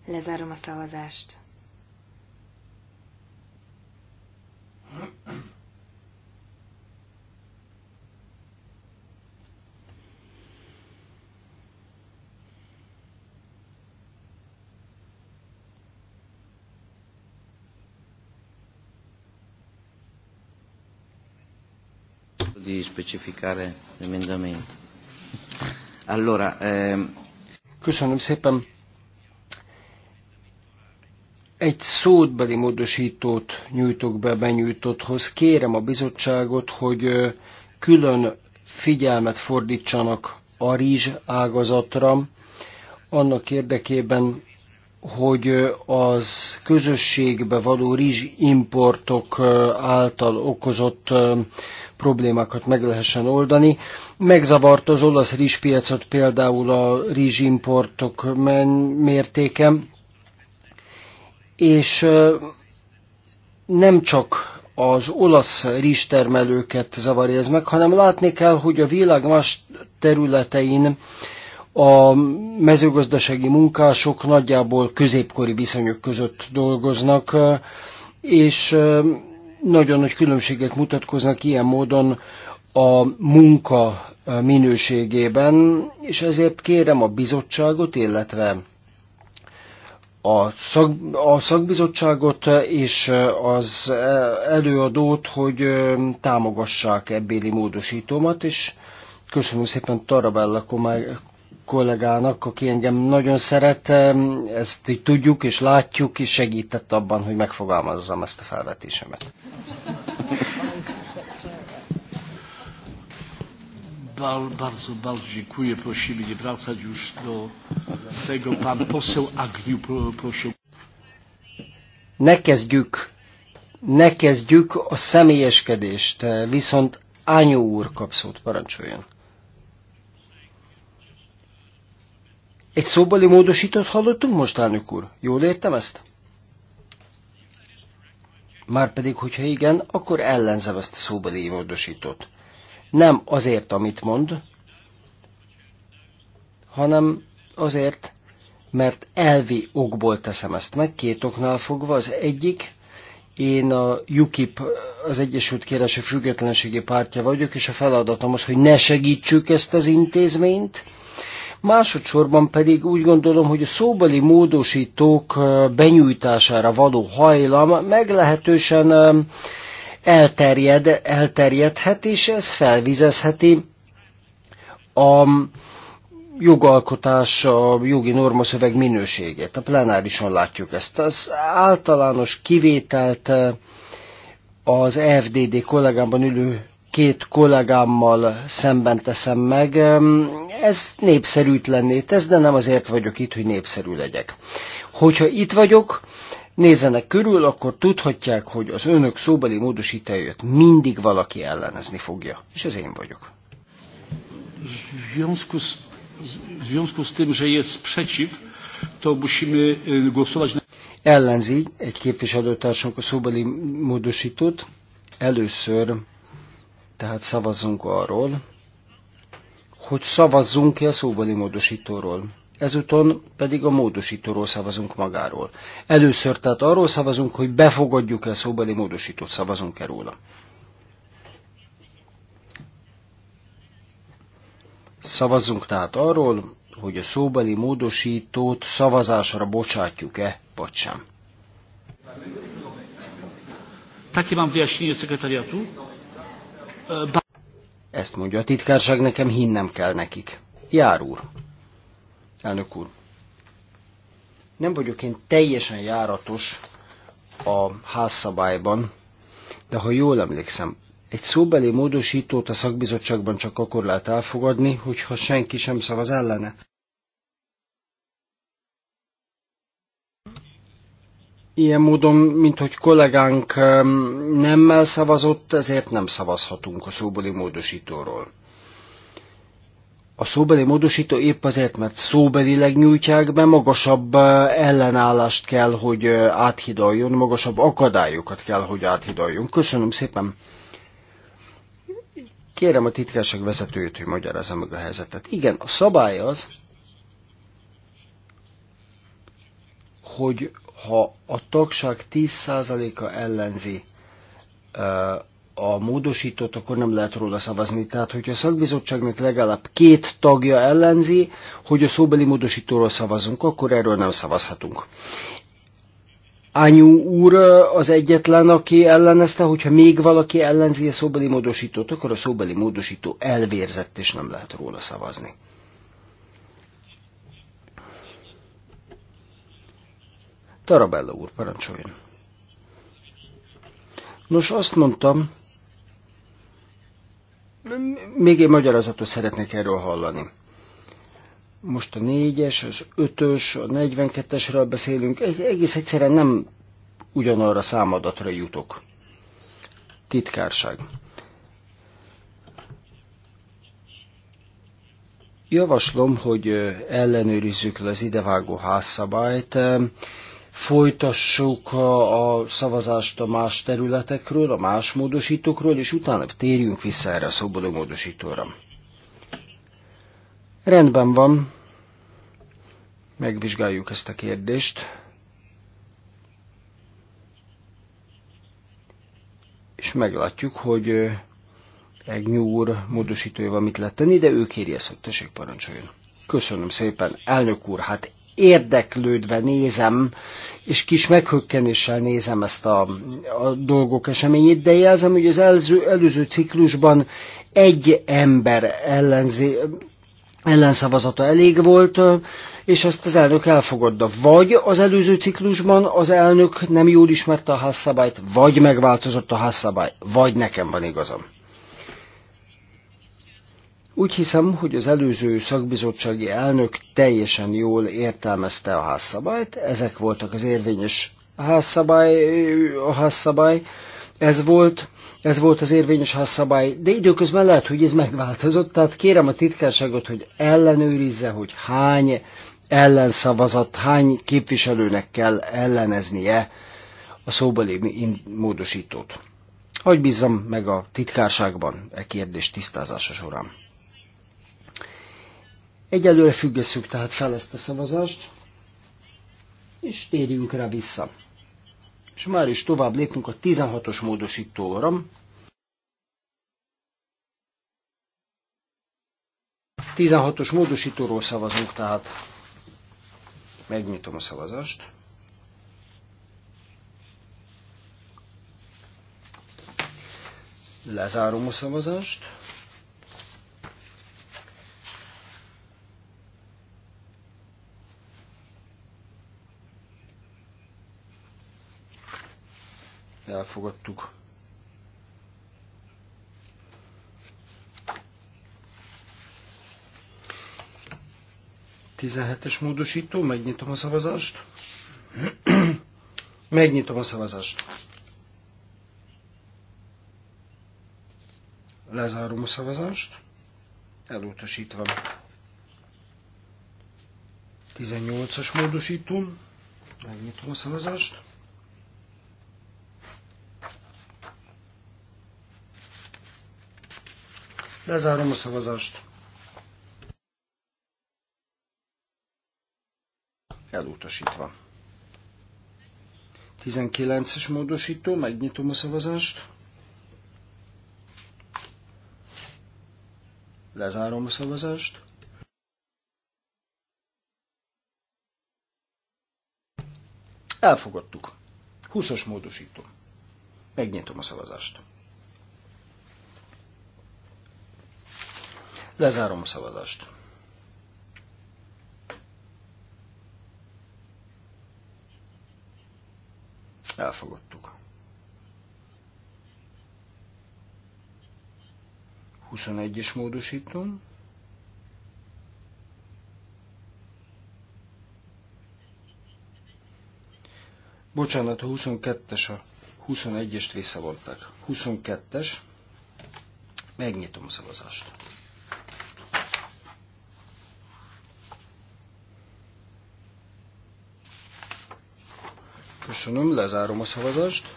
Lezárom a szavazást. specificare l'emendamento. Allora, ehm... Köszönöm szépen. Egy szótbeli módosítót nyújtok be benyújtotthoz. Kérem a bizottságot, hogy külön figyelmet fordítsanak a rizs ágazatra, annak érdekében, hogy az közösségbe való importok által okozott problémákat meg lehessen oldani. Megzavart az olasz rizspiacot például a rizsimportok mértéke, és nem csak az olasz rizstermelőket zavarja ez meg, hanem látni kell, hogy a világ más területein a mezőgazdasági munkások nagyjából középkori viszonyok között dolgoznak, és nagyon nagy különbségek mutatkoznak ilyen módon a munka eh, minőségében, és ezért kérem a bizottságot, illetve a, szak, a szakbizottságot és eh, az eh, előadót, hogy támogassák ebbéli módosítómat, és köszönöm szépen Tarabella kollégának, aki engem nagyon szeret, ezt így tudjuk és látjuk, és segített abban, hogy megfogalmazzam ezt a felvetésemet. Bardzo, bardzo dziękuję. Prosimy nie wracać już do tego. Pan poseł Agniu prosił. Ne kezdjük, ne kezdjük a személyeskedést, viszont Ányó úr kapszót parancsoljon. Egy szóbeli módosítót hallottunk most, elnök úr? Jól értem ezt? Márpedig, hogyha igen, akkor ellenzem ezt a szóbeli módosítót. Nem azért, amit mond, hanem azért, mert elvi okból teszem ezt meg, két oknál fogva. Az egyik, én a UKIP, az Egyesült Királyság Függetlenségi Pártja vagyok, és a feladatom az, hogy ne segítsük ezt az intézményt, Másodszorban pedig úgy gondolom, hogy a szóbeli módosítók benyújtására való hajlam meglehetősen elterjed, elterjedhet, és ez felvizezheti a jogalkotás, a jogi normaszöveg minőségét. A plenárison látjuk ezt. Az általános kivételt az FDD kollégámban ülő két kollégámmal szemben teszem meg. Ez népszerűtlenné tesz, de nem azért vagyok itt, hogy népszerű legyek. Hogyha itt vagyok, nézzenek körül, akkor tudhatják, hogy az önök szóbeli módosítájöt mindig valaki ellenezni fogja. És ez én vagyok. W związku z tym, że jest sprzeciw, to musimy głosować na... Ellenzi egy képviselőtársunk a szóbeli módosítót. Először tehát szavazzunk arról, hogy szavazzunk ki a szóbeli módosítóról. Ezúton pedig a módosítóról szavazunk magáról. Először tehát arról szavazunk, hogy befogadjuk-e a szóbeli módosítót, szavazunk-e róla. Szavazzunk tehát arról, hogy a szóbeli módosítót szavazásra bocsátjuk-e, vagy sem. Takie mam wyjaśnienie sekretariatu. Ezt mondja a titkárság, nekem hinnem kell nekik. Jár úr. Elnök úr. Nem vagyok én teljesen járatos a házszabályban, de ha jól emlékszem, egy szóbeli módosítót a szakbizottságban csak akkor lehet elfogadni, hogyha senki sem szavaz ellene. Ilyen módon, mint hogy kollégánk nemmel szavazott, ezért nem szavazhatunk a szóbeli módosítóról. A szóbeli módosító épp azért, mert szóbelileg nyújtják be, magasabb eh, ellenállást kell, hogy eh, áthidaljon, magasabb akadályokat kell, hogy áthidaljon. Köszönöm szépen. Kérem a titkárság vezetőjét, hogy magyarázza meg a helyzetet. Igen, a szabály az, hogy ha a tagság 10%-a ellenzi a módosítót, akkor nem lehet róla szavazni. Tehát, hogyha a szakbizottságnak legalább két tagja ellenzi, hogy a szóbeli módosítóról szavazunk, akkor erről nem szavazhatunk. Ányú úr az egyetlen, aki ellenezte, hogyha még valaki ellenzi a szóbeli módosítót, akkor a szóbeli módosító elvérzett, és nem lehet róla szavazni. Tarabella úr, parancsoljon. Nos, azt mondtam, még egy magyarázatot szeretnék erről hallani. Most a négyes, az ötös, a 42-esről beszélünk, egész egyszerűen nem ugyanarra számadatra jutok. Titkárság. Javaslom, hogy ellenőrizzük le az idevágó házszabályt, folytassuk a szavazást a más területekről, a más módosítókról, és utána térjünk vissza erre a szobodó módosítóra. Rendben van, megvizsgáljuk ezt a kérdést. És meglátjuk, hogy Egnyú úr van, mit lett tenni, de ő kéri ezt, hogy tessék parancsoljon. Köszönöm szépen, elnök úr, hát érdeklődve nézem, és kis meghökkenéssel nézem ezt a, a dolgok eseményét, de jelzem, hogy az előző, előző ciklusban egy ember ellenzi, ellenszavazata elég volt, és ezt az elnök elfogadta. Vagy az előző ciklusban az elnök nem jól ismerte a házszabályt, vagy megváltozott a házszabály, vagy nekem van igazam. Úgy hiszem, hogy az előző szakbizottsági elnök teljesen jól értelmezte a házszabályt, ezek voltak az érvényes házszabály, a házszabály, ez volt, ez volt az érvényes házszabály, de időközben lehet, hogy ez megváltozott, tehát kérem a titkárságot, hogy ellenőrizze, hogy hány ellenszavazat, hány képviselőnek kell elleneznie a szóbeli módosítót. Hogy bízzam meg a titkárságban e kérdés tisztázása során. Egyelőre függesszük tehát fel ezt a szavazást, és térjünk rá vissza. És már is tovább lépünk a 16-os módosítóra. 16-os módosítóról szavazunk, tehát megnyitom a szavazást. Lezárom a szavazást. elfogadtuk. Tizenhetes módosító, megnyitom a szavazást. megnyitom a szavazást. Lezárom a szavazást. Elutasítva. 18-as módosító. Megnyitom a szavazást. Lezárom a szavazást. Elutasítva. 19-es módosító, megnyitom a szavazást. Lezárom a szavazást. Elfogadtuk. 20-as módosító. Megnyitom a szavazást. Lezárom a szavazást. Elfogadtuk. 21-es módosítom. Bocsánat, a 22-es, a 21-est visszavonták. 22-es. Megnyitom a szavazást. Köszönöm, lezárom a szavazást.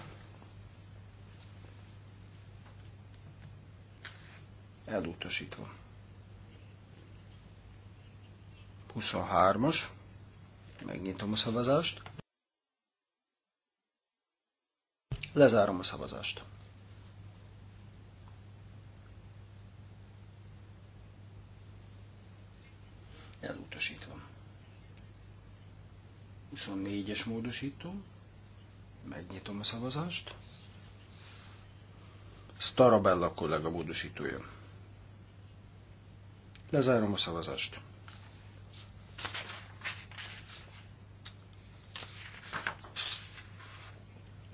Elutasítva. 23-as. Megnyitom a szavazást. Lezárom a szavazást. Elutasítva. 24-es módosítom. Megnyitom a szavazást. Starabella kollega módosítója. Lezárom a szavazást.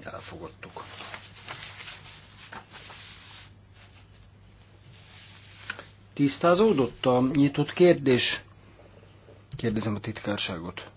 Elfogadtuk. Tisztázódott a nyitott kérdés? Kérdezem a titkárságot.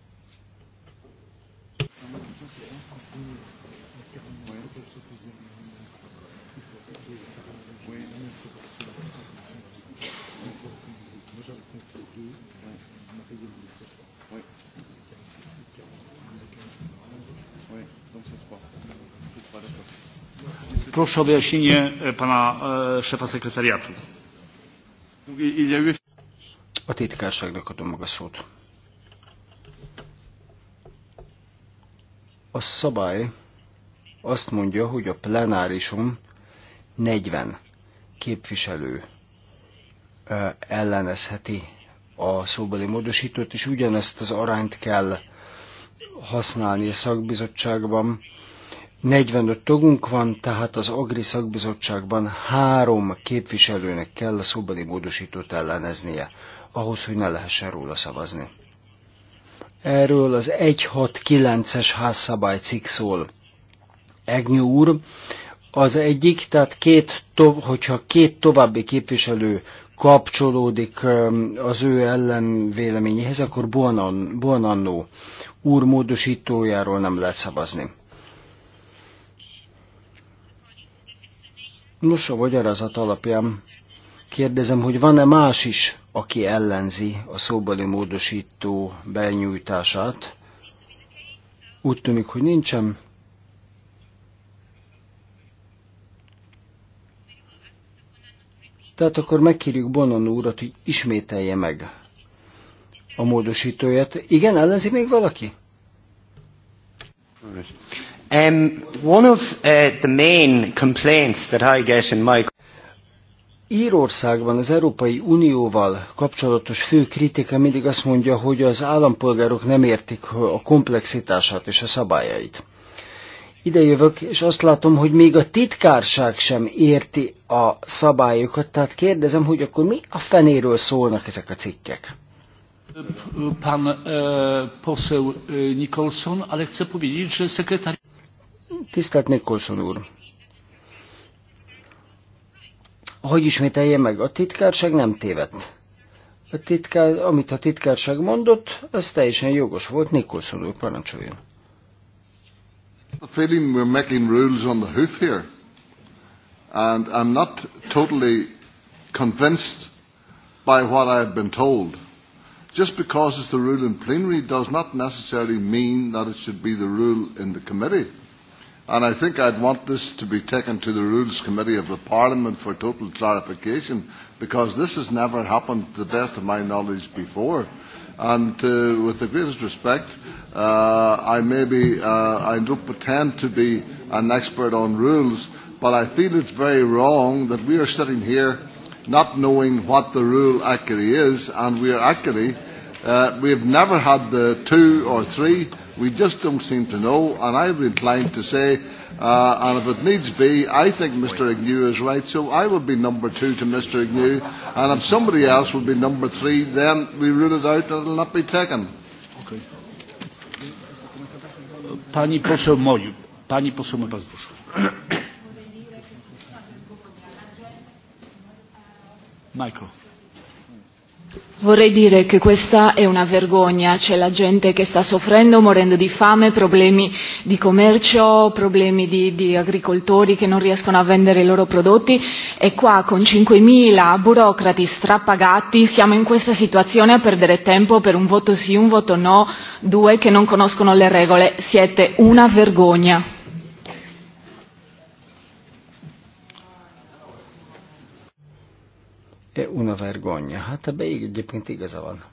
Proszę o wyjaśnienie e, pana e, szefa sekretariatu. A titkárságnak adom maga szót. A szabály azt mondja, hogy a plenárison 40 képviselő e, ellenezheti a szóbeli módosítót, és ugyanezt az arányt kell használni a szakbizottságban 45 tagunk van, tehát az Agri szakbizottságban három képviselőnek kell a szóbeli módosítót elleneznie, ahhoz, hogy ne lehessen róla szavazni. Erről az 169-es házszabály cikk szól. Egnyú úr, az egyik, tehát két, hogyha két további képviselő kapcsolódik az ő ellen véleményéhez, akkor Buonannó úr módosítójáról nem lehet szavazni. Nos, a magyarázat alapján kérdezem, hogy van-e más is, aki ellenzi a szóbeli módosító benyújtását. Úgy tűnik, hogy nincsen. Tehát akkor megkérjük Bonon úrat, hogy ismételje meg a módosítóját. Igen, ellenzi még valaki? Um, one of uh, the main complaints that I get in my Írországban az Európai Unióval kapcsolatos fő kritika mindig azt mondja, hogy az állampolgárok nem értik a komplexitását és a szabályait. Ide jövök, és azt látom, hogy még a titkárság sem érti a szabályokat, tehát kérdezem, hogy akkor mi a fenéről szólnak ezek a cikkek? Pan e, poseł e, Nicholson, ale chcę powiedzieć, że sekretari... Tisztelt Nikolson úr! Hogy ismételje meg, a titkárság nem tévedt. A titkár, amit a titkárság mondott, az teljesen jogos volt. Nikolson úr, parancsoljon. feeling we're making rules on the hoof here. And I'm not totally convinced by what I have been told. Just because it's the rule in plenary does not necessarily mean that it should be the rule in the committee. And I think I'd want this to be taken to the Rules Committee of the Parliament for total clarification, because this has never happened, to the best of my knowledge, before. And uh, with the greatest respect, uh, I may be, uh, I don't pretend to be an expert on rules, but I feel it's very wrong that we are sitting here not knowing what the rule actually is, and we are actually Uh, we've never had the two or three. We just don't seem to know, and I'm inclined to say, uh, and if it needs be, I think Mr Agnew is right, so I would be number two to Mr Agnew, and if somebody else would be number three, then we rule it out and it will not be taken. Okay. Pani poseł Moju. Pani poseł Moju, bardzo proszę. Michael. Vorrei dire che questa è una vergogna, c'è la gente che sta soffrendo, morendo di fame, problemi di commercio, problemi di, di agricoltori che non riescono a vendere i loro prodotti e qua con 5.000 burocrati strappagati siamo in questa situazione a perdere tempo per un voto sì, un voto no, due che non conoscono le regole. Siete una vergogna. E una vergogna. Hát ebbe így egyébként igaza van.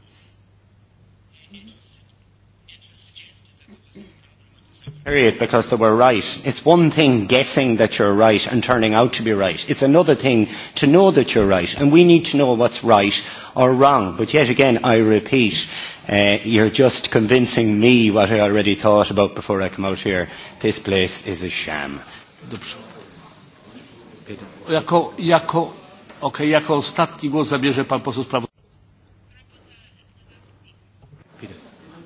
Period, because they were right. It's one thing guessing that you're right and turning out to be right. It's another thing to know that you're right. And we need to know what's right or wrong. But yet again, I repeat, Uh, you're just convincing me what I already thought about before I come out here. This place is a sham. Dobrze. Jako, jako, Okej, jako ostatni głos zabierze pan poseł sprawozdawca.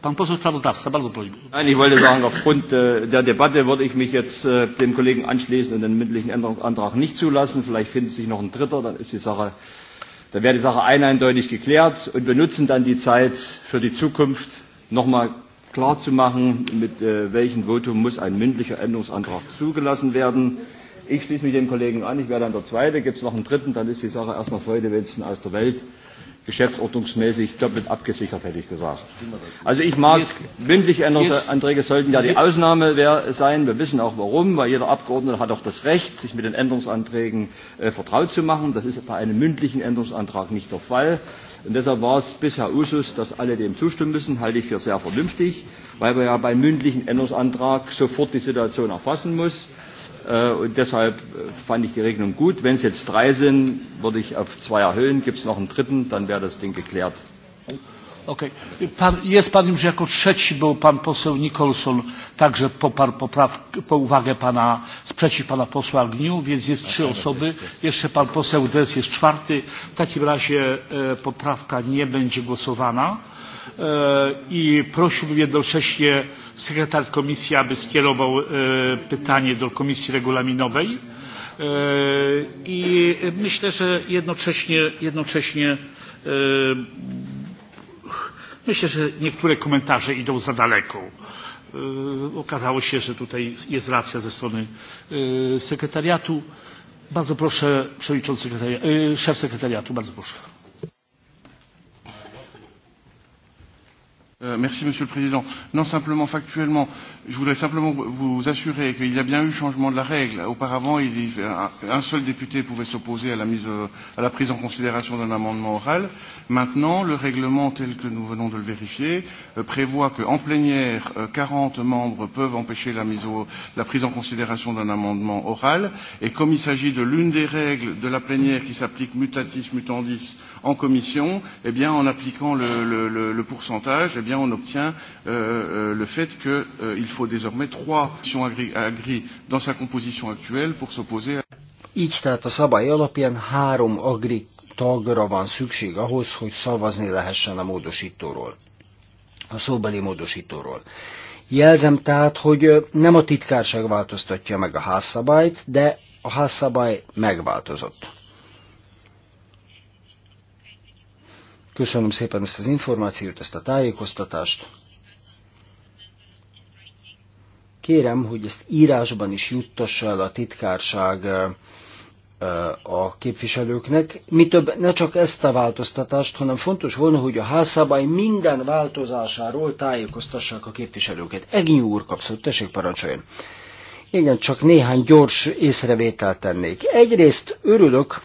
Pan poseł sprawozdawca, bardzo proszę. Nein, ich wollte sagen, aufgrund äh, der Debatte würde ich mich jetzt äh, dem Kollegen anschließen und den mündlichen Änderungsantrag nicht zulassen. Vielleicht findet sich noch ein dritter, dann ist die Sache dann wäre die Sache eindeutig geklärt und wir nutzen dann die Zeit für die Zukunft nochmal klarzumachen, mit äh, welchem Votum muss ein mündlicher Änderungsantrag zugelassen werden. Ich schließe mich dem Kollegen an, ich werde dann der Zweite. Gibt es noch einen Dritten, dann ist die Sache erstmal Freude wenigstens aus der Welt. Geschäftsordnungsmäßig doppelt abgesichert, hätte ich gesagt. Also ich mag, mündliche Änderungsanträge sollten ja die Ausnahme sein. Wir wissen auch warum, weil jeder Abgeordnete hat auch das Recht, sich mit den Änderungsanträgen äh, vertraut zu machen. Das ist bei einem mündlichen Änderungsantrag nicht der Fall. Und deshalb war es bisher Usus, dass alle dem zustimmen müssen, halte ich für sehr vernünftig, weil man ja beim mündlichen Änderungsantrag sofort die Situation erfassen muss. Äh, und deshalb fand ich die Regelung gut. Wenn es jetzt drei sind, würde ich auf zwei erhöhen. Gibt es noch einen dritten, dann wäre das Ding geklärt. Okay. Pan, jest pan już jako trzeci, bo pan poseł Nicholson także poparł popraw, po uwagę pana, sprzeciw pana posła Agniu, więc jest trzy osoby. Jeszcze pan poseł Des jest czwarty. W takim razie e, poprawka nie będzie głosowana. E, I prosiłbym jednocześnie sekretarz komisji, aby skierował e, pytanie do Komisji Regulaminowej. E, I myślę, że jednocześnie, jednocześnie e, myślę, że niektóre komentarze idą za daleko. Okazało się, że tutaj jest racja ze strony sekretariatu. Bardzo proszę, przewodniczący szef sekretariatu, bardzo proszę. Euh, merci, Monsieur le Président. Non, simplement factuellement, je voudrais simplement vous assurer qu'il y a bien eu changement de la règle. Auparavant, il y, avait un seul député pouvait s'opposer à, euh, à la prise en considération d'un amendement oral. Maintenant, le règlement tel que nous venons de le vérifier euh, prévoit qu'en plénière, 40 membres peuvent empêcher la, mise au, la prise en considération d'un amendement oral. Et comme il s'agit de l'une des règles de la plénière qui s'applique mutatis mutandis en commission, eh bien, en appliquant le, le, le, le pourcentage, eh bien, bien on obtient euh, euh le fait qu'il euh, faut désormais trois actions agri, agri dans sa composition actuelle pour s'opposer à így tehát a szabály alapján három agri tagra van szükség ahhoz, hogy szavazni lehessen a módosítóról, a szóbeli módosítóról. Jelzem tehát, hogy nem a titkárság változtatja meg a házszabályt, de a házszabály megváltozott. Köszönöm szépen ezt az információt, ezt a tájékoztatást. Kérem, hogy ezt írásban is juttassa el a titkárság eh, eh, a képviselőknek. Mi több, ne csak ezt a változtatást, hanem fontos volna, hogy a házszabály minden változásáról tájékoztassák a képviselőket. Egnyú úr kapszott, tessék parancsoljon. Igen, csak néhány gyors észrevételt tennék. Egyrészt örülök,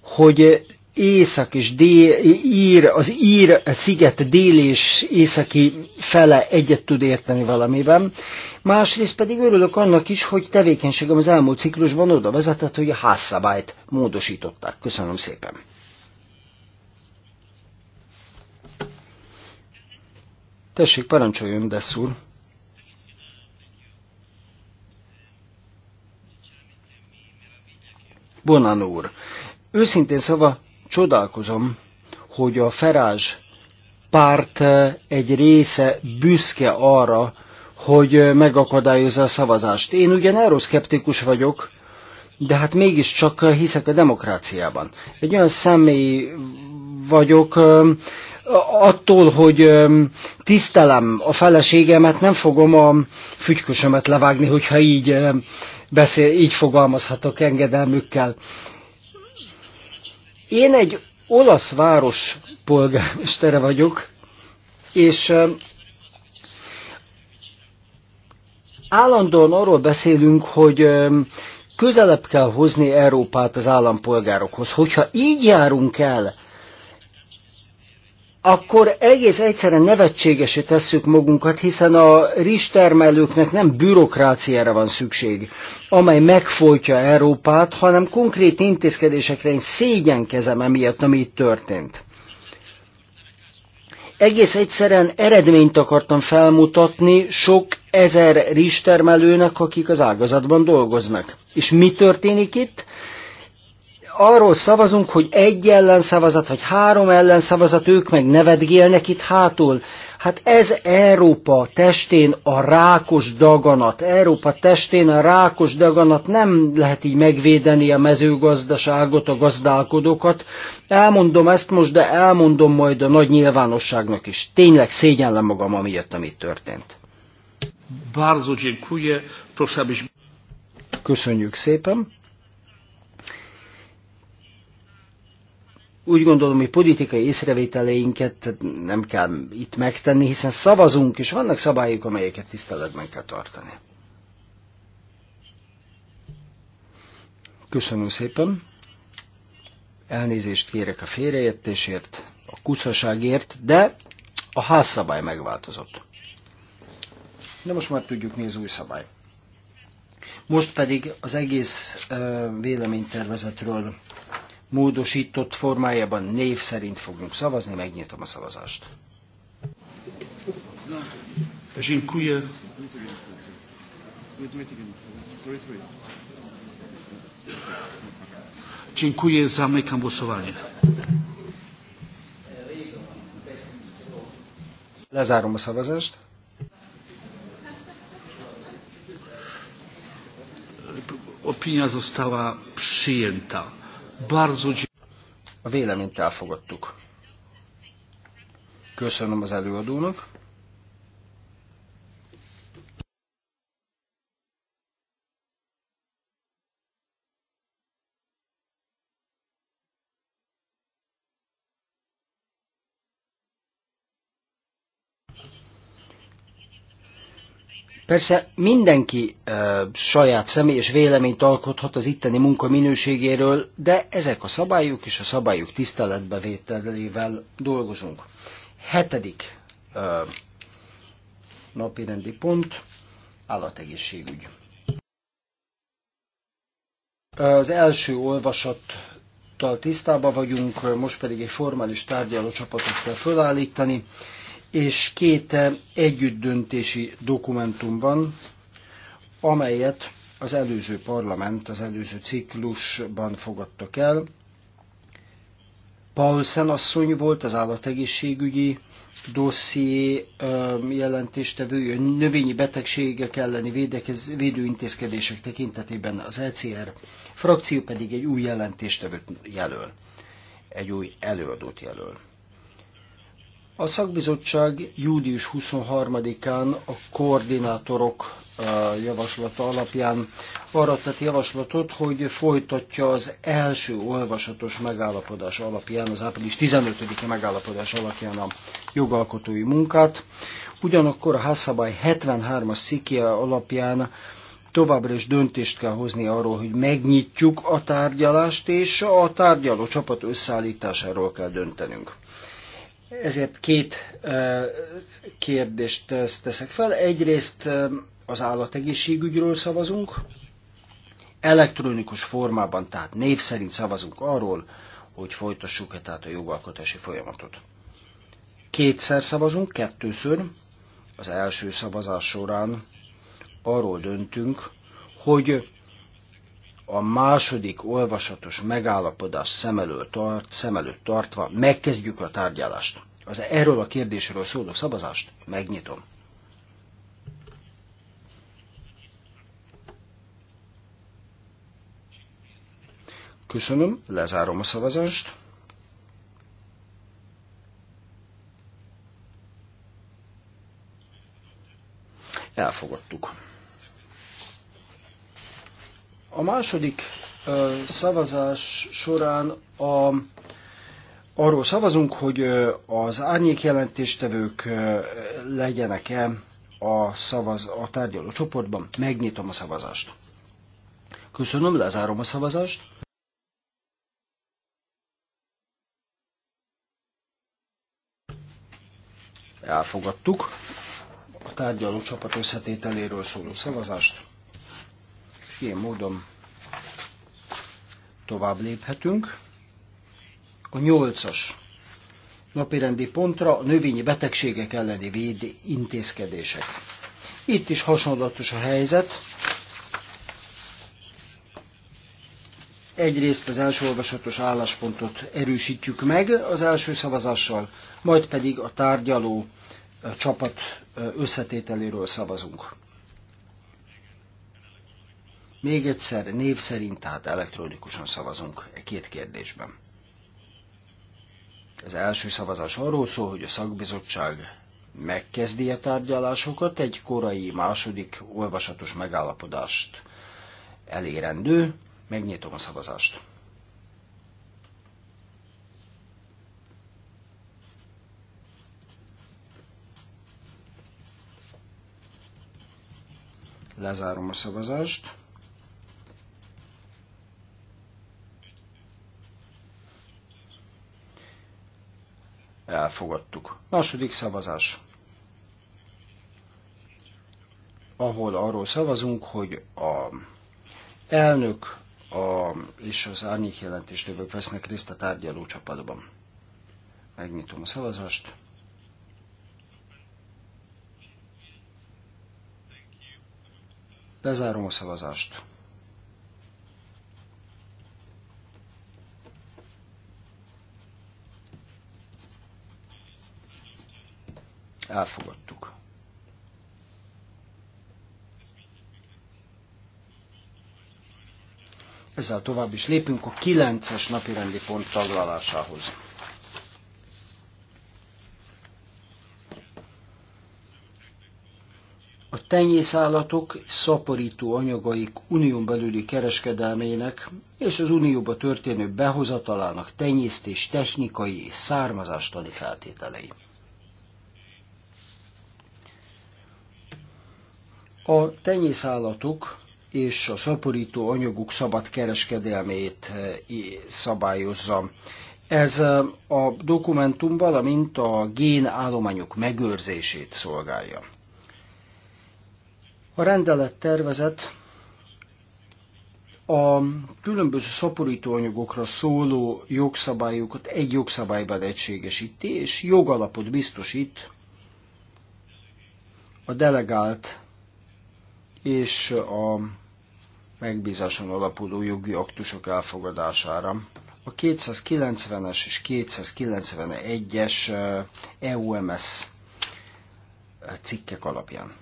hogy észak és dél, ír, az ír sziget dél és északi fele egyet tud érteni valamiben. Másrészt pedig örülök annak is, hogy tevékenységem az elmúlt ciklusban oda vezetett, hogy a házszabályt módosították. Köszönöm szépen. Tessék, parancsoljon, Dessz úr. Bonan úr, őszintén szava csodálkozom, hogy a Ferázs párt eh, egy része büszke arra, hogy eh, megakadályozza a szavazást. Én ugyan euroszkeptikus vagyok, de hát mégiscsak eh, hiszek a demokráciában. Egy olyan személy vagyok, attól, hogy tisztelem a feleségemet, nem fogom a fügykösömet levágni, hogyha így, beszél, így fogalmazhatok engedelmükkel. Én egy olasz város polgármestere vagyok, és állandóan arról beszélünk, hogy közelebb kell hozni Európát az állampolgárokhoz. Hogyha így járunk el, akkor egész egyszerűen nevetségesé tesszük magunkat, hiszen a rizstermelőknek nem bürokráciára van szükség, amely megfolytja Európát, hanem konkrét intézkedésekre én szégyenkezem emiatt, ami itt történt. Egész egyszerűen eredményt akartam felmutatni sok ezer rizstermelőnek, akik az ágazatban dolgoznak. És mi történik itt? arról szavazunk, hogy egy ellenszavazat, vagy három ellenszavazat, ők meg nevetgélnek itt hátul. Hát ez Európa testén a rákos daganat. Európa testén a rákos daganat nem lehet így megvédeni a mezőgazdaságot, a gazdálkodókat. Elmondom ezt most, de elmondom majd a nagy nyilvánosságnak is. Tényleg szégyenlem magam, amiatt, amit történt. Bardzo dziękuję. Köszönjük szépen. Úgy gondolom, hogy politikai észrevételeinket nem kell itt megtenni, hiszen szavazunk, és vannak szabályok, amelyeket tiszteletben kell tartani. Köszönöm szépen. Elnézést kérek a félreértésért, a kuszaságért, de a házszabály megváltozott. De most már tudjuk, mi az új szabály. Most pedig az egész véleménytervezetről módosított formájában név szerint fogunk szavazni, megnyitom a szavazást. Dziękuję. Dziękuję, zamykam głosowanie. Lezárom a szavazást. Opinia została przyjęta. Bardzo A véleményt elfogadtuk. Köszönöm az előadónak. Persze mindenki ö, saját személyes véleményt alkothat az itteni munka minőségéről, de ezek a szabályok és a szabályok tiszteletbevételével dolgozunk. Hetedik ö, napirendi pont, állategészségügy. Az első olvasattal tisztában vagyunk, most pedig egy formális tárgyalócsapatot kell fölállítani és két eh, együttdöntési dokumentum van, amelyet az előző parlament, az előző ciklusban fogadtak el. Paulsen asszony volt az állategészségügyi dosszié eh, jelentéstevője, növényi betegségek elleni védekez, védőintézkedések tekintetében az ECR frakció pedig egy új jelentéstevőt jelöl, egy új előadót jelöl. A szakbizottság július 23-án a koordinátorok javaslata alapján arra tett javaslatot, hogy folytatja az első olvasatos megállapodás alapján, az április 15-i megállapodás alapján a jogalkotói munkát. Ugyanakkor a házszabály 73-as szikje alapján továbbra is döntést kell hozni arról, hogy megnyitjuk a tárgyalást, és a tárgyaló csapat összeállításáról kell döntenünk. Ezért két kérdést teszek fel. Egyrészt az állategészségügyről szavazunk, elektronikus formában, tehát név szerint szavazunk arról, hogy folytassuk-e tehát a jogalkotási folyamatot. Kétszer szavazunk, kettőször, az első szavazás során arról döntünk, hogy a második olvasatos megállapodás szem előtt, tart, szem előtt tartva megkezdjük a tárgyalást. Az erről a kérdésről szóló szavazást megnyitom. Köszönöm, lezárom a szavazást. Elfogadtuk. A második szavazás során a, arról szavazunk, hogy az árnyék jelentéstevők legyenek-e a, szavaz, a tárgyaló csoportban. Megnyitom a szavazást. Köszönöm, lezárom a szavazást. Elfogadtuk a tárgyaló csapat összetételéről szóló szavazást ilyen módon tovább léphetünk. A nyolcas napirendi pontra a növényi betegségek elleni védi intézkedések. Itt is hasonlatos a helyzet. Egyrészt az első olvasatos álláspontot erősítjük meg az első szavazással, majd pedig a tárgyaló csapat összetételéről szavazunk. Még egyszer, név szerint, tehát elektronikusan szavazunk e két kérdésben. Az első szavazás arról szól, hogy a szakbizottság megkezdi a tárgyalásokat, egy korai második olvasatos megállapodást elérendő. Megnyitom a szavazást. Lezárom a szavazást. elfogadtuk. Második szavazás, ahol arról szavazunk, hogy a elnök a, és az árnyék jelentéstevők vesznek részt a tárgyaló csapatban. Megnyitom a szavazást. Lezárom a szavazást. Elfogadtuk. Ezzel tovább is lépünk a 9-es napirendi pont taglalásához. A tenyészállatok szaporító anyagaik unión belüli kereskedelmének és az unióba történő behozatalának tenyésztés technikai és származástani feltételei. A tenyészállatok és a szaporító anyaguk szabad kereskedelmét eh, szabályozza. Ez eh, a dokumentum, valamint a állományok megőrzését szolgálja. A rendelet tervezet a különböző szaporítóanyagokra szóló jogszabályokat egy jogszabályban egységesíti, és jogalapot biztosít a delegált és a megbízáson alapuló jogi aktusok elfogadására. A 290-es és 291-es EUMS eh, e cikkek alapján.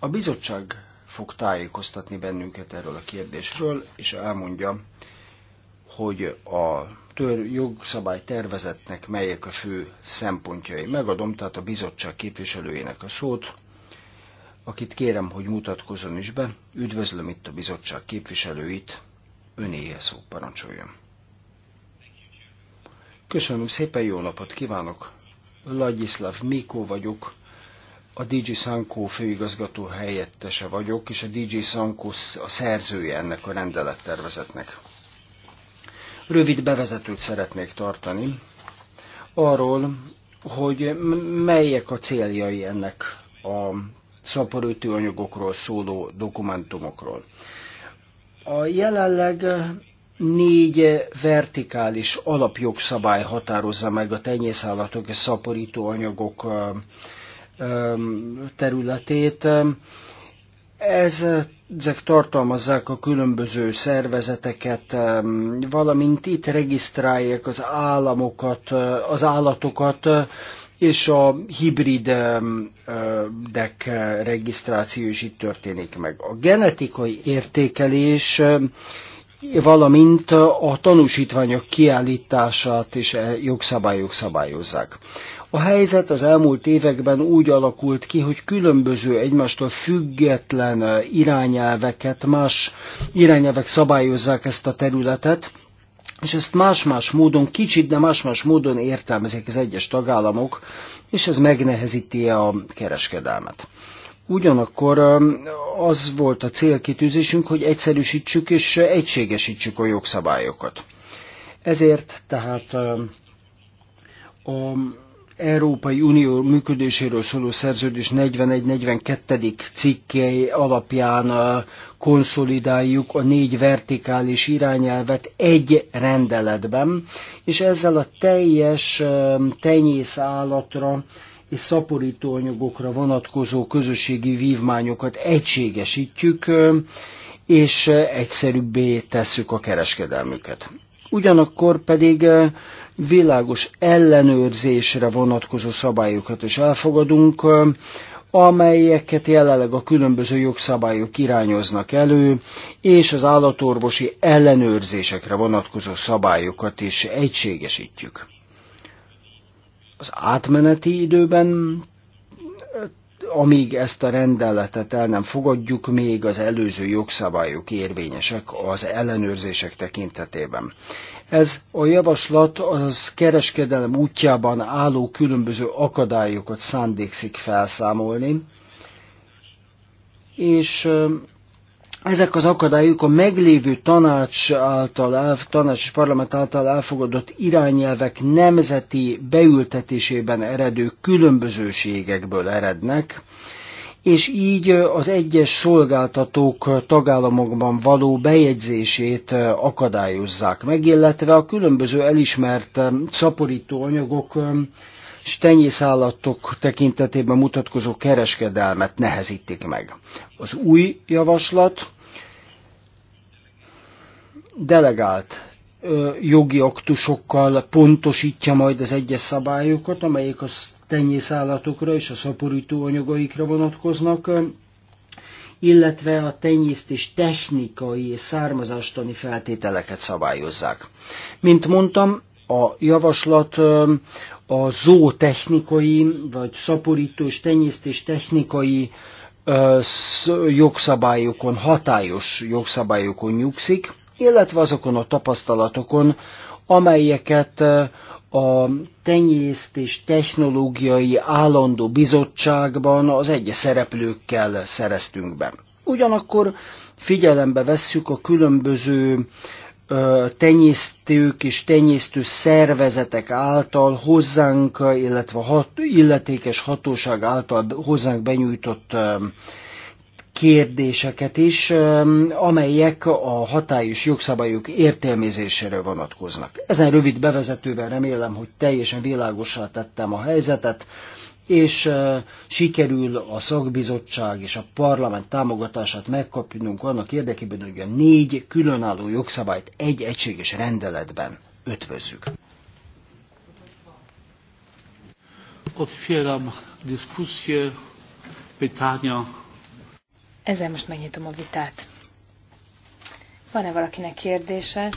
A bizottság fog tájékoztatni bennünket erről a kérdésről, és elmondja, hogy a tör jogszabály tervezetnek melyek a fő szempontjai. Megadom tehát a bizottság képviselőjének a szót, akit kérem, hogy mutatkozzon is be. Üdvözlöm itt a bizottság képviselőit, önéhez szó parancsoljon. Köszönöm szépen, jó napot kívánok! Ladislav Mikó vagyok, a DJ Sankó főigazgató helyettese vagyok, és a DJ Sankó a szerzője ennek a rendelettervezetnek. Rövid bevezetőt szeretnék tartani arról, hogy melyek a céljai ennek a szaporítő anyagokról szóló dokumentumokról. A jelenleg négy vertikális alapjogszabály határozza meg a tenyészállatok és szaporító anyagok területét. Ez, ezek tartalmazzák a különböző szervezeteket, valamint itt regisztrálják az államokat, az állatokat, és a hibridek regisztráció is itt történik meg. A genetikai értékelés valamint a tanúsítványok kiállítását is e, jogszabályok szabályozzák. A helyzet az elmúlt években úgy alakult ki, hogy különböző egymástól független eh, irányelveket, más irányelvek szabályozzák ezt a területet, és ezt más-más módon, kicsit, de más-más módon értelmezik az egyes tagállamok, és ez megnehezíti a kereskedelmet. Ugyanakkor eh, az volt a célkitűzésünk, hogy egyszerűsítsük és egységesítsük a jogszabályokat. Ezért tehát eh, a Európai Unió működéséről szóló szerződés 41-42. cikkei alapján uh, konszolidáljuk a négy vertikális irányelvet egy rendeletben, és ezzel a teljes um, állatra és szaporítóanyagokra vonatkozó közösségi vívmányokat egységesítjük, uh, és uh, egyszerűbbé tesszük a kereskedelmüket. Ugyanakkor pedig világos ellenőrzésre vonatkozó szabályokat is elfogadunk, amelyeket jelenleg a különböző jogszabályok irányoznak elő, és az állatorvosi ellenőrzésekre vonatkozó szabályokat is egységesítjük. Az átmeneti időben amíg ezt a rendeletet el nem fogadjuk, még az előző jogszabályok érvényesek az ellenőrzések tekintetében. Ez a javaslat az kereskedelem útjában álló különböző akadályokat szándékszik felszámolni, és ezek az akadályok a meglévő tanács által, tanács és parlament által elfogadott irányelvek nemzeti beültetésében eredő különbözőségekből erednek, és így az egyes szolgáltatók tagállamokban való bejegyzését akadályozzák meg, illetve a különböző elismert szaporító anyagok stenyészállatok tekintetében mutatkozó kereskedelmet nehezítik meg. Az új javaslat delegált jogi aktusokkal pontosítja majd az egyes szabályokat, amelyek a tenyészállatokra és a szaporító anyagaikra vonatkoznak, illetve a tenyésztés technikai és származástani feltételeket szabályozzák. Mint mondtam, a javaslat a zootechnikai vagy szaporítós tenyésztés technikai jogszabályokon, hatályos jogszabályokon nyugszik, illetve azokon a tapasztalatokon, amelyeket a tenyésztés technológiai állandó bizottságban az egyes szereplőkkel szereztünk be. Ugyanakkor figyelembe vesszük a különböző tenyésztők és tenyésztő szervezetek által hozzánk, illetve hat, illetékes hatóság által hozzánk benyújtott kérdéseket is, amelyek a hatályos jogszabályok értelmezésére vonatkoznak. Ezen rövid bevezetőben remélem, hogy teljesen világosra tettem a helyzetet, és sikerül a szakbizottság és a parlament támogatását megkapnunk annak érdekében, hogy a négy különálló jogszabályt egy egységes rendeletben ötvözzük. Otwieram dyskusję, pytania. Ezzel most megnyitom a vitát. Van-e valakinek kérdése?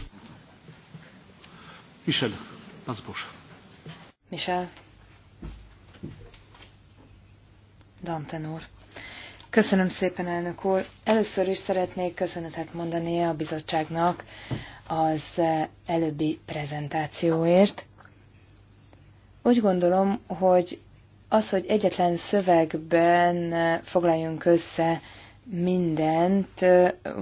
Michel, bos. Michel. Danten úr. Köszönöm szépen, elnök úr. Először is szeretnék köszönetet mondani a bizottságnak az előbbi prezentációért. Úgy gondolom, hogy az, hogy egyetlen szövegben foglaljunk össze mindent,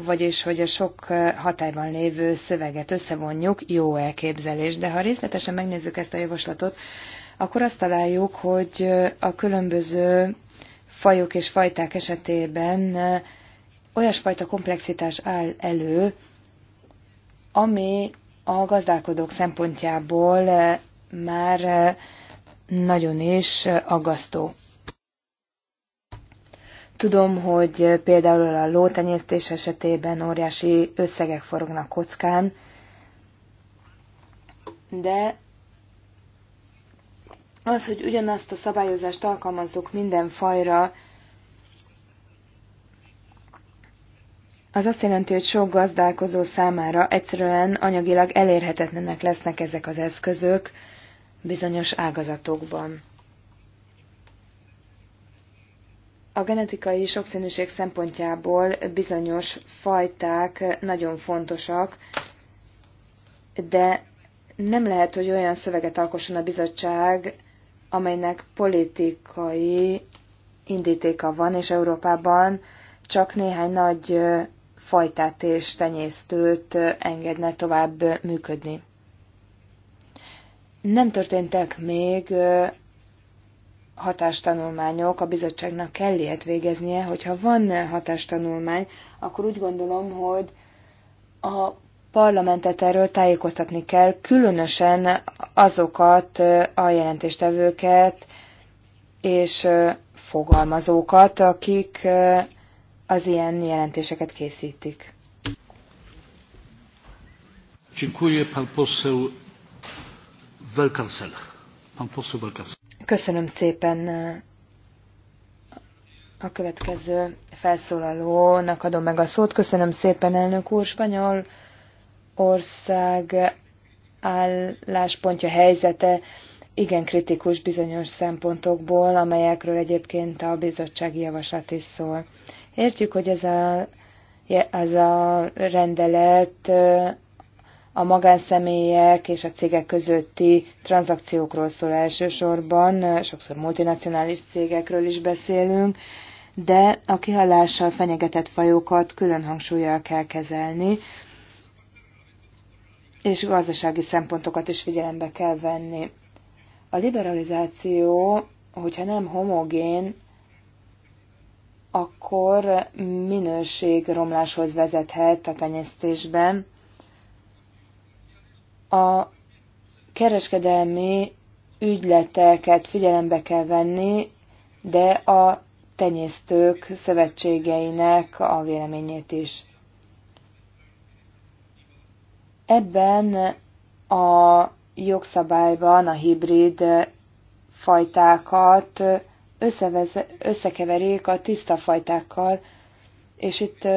vagyis hogy a sok hatályban lévő szöveget összevonjuk, jó elképzelés. De ha részletesen megnézzük ezt a javaslatot, akkor azt találjuk, hogy a különböző fajok és fajták esetében olyasfajta komplexitás áll elő, ami a gazdálkodók szempontjából már nagyon is aggasztó. Tudom, hogy például a lótenyésztés esetében óriási összegek forognak kockán, de az, hogy ugyanazt a szabályozást alkalmazzuk minden fajra, az azt jelenti, hogy sok gazdálkozó számára egyszerűen anyagilag elérhetetlenek lesznek ezek az eszközök bizonyos ágazatokban. a genetikai sokszínűség szempontjából bizonyos fajták nagyon fontosak, de nem lehet, hogy olyan szöveget alkosson a bizottság, amelynek politikai indítéka van, és Európában csak néhány nagy fajtát és tenyésztőt engedne tovább működni. Nem történtek még hatástanulmányok, a bizottságnak kell ilyet végeznie, hogyha van hatástanulmány, akkor úgy gondolom, hogy a parlamentet erről tájékoztatni kell, különösen azokat a jelentéstevőket és fogalmazókat, akik az ilyen jelentéseket készítik. Dziękuję pan poseł Welkansel. Pan poseł Welkansel. Köszönöm szépen eh, a következő felszólalónak adom meg a szót. Köszönöm szépen, elnök úr. Spanyol ország álláspontja, helyzete igen kritikus bizonyos szempontokból, amelyekről egyébként a bizottsági javaslat is szól. Értjük, hogy ez a, ez a rendelet eh, a magánszemélyek és a cégek közötti tranzakciókról szól elsősorban, sokszor multinacionális cégekről is beszélünk, de a kihallással fenyegetett fajokat külön hangsúlyjal kell kezelni, és gazdasági szempontokat is figyelembe kell venni. A liberalizáció, hogyha nem homogén, akkor minőségromláshoz vezethet a tenyésztésben, a kereskedelmi ügyleteket figyelembe kell venni, de a tenyésztők szövetségeinek a véleményét is. Ebben a jogszabályban a hibrid fajtákat összekeverik a tiszta fajtákkal, és itt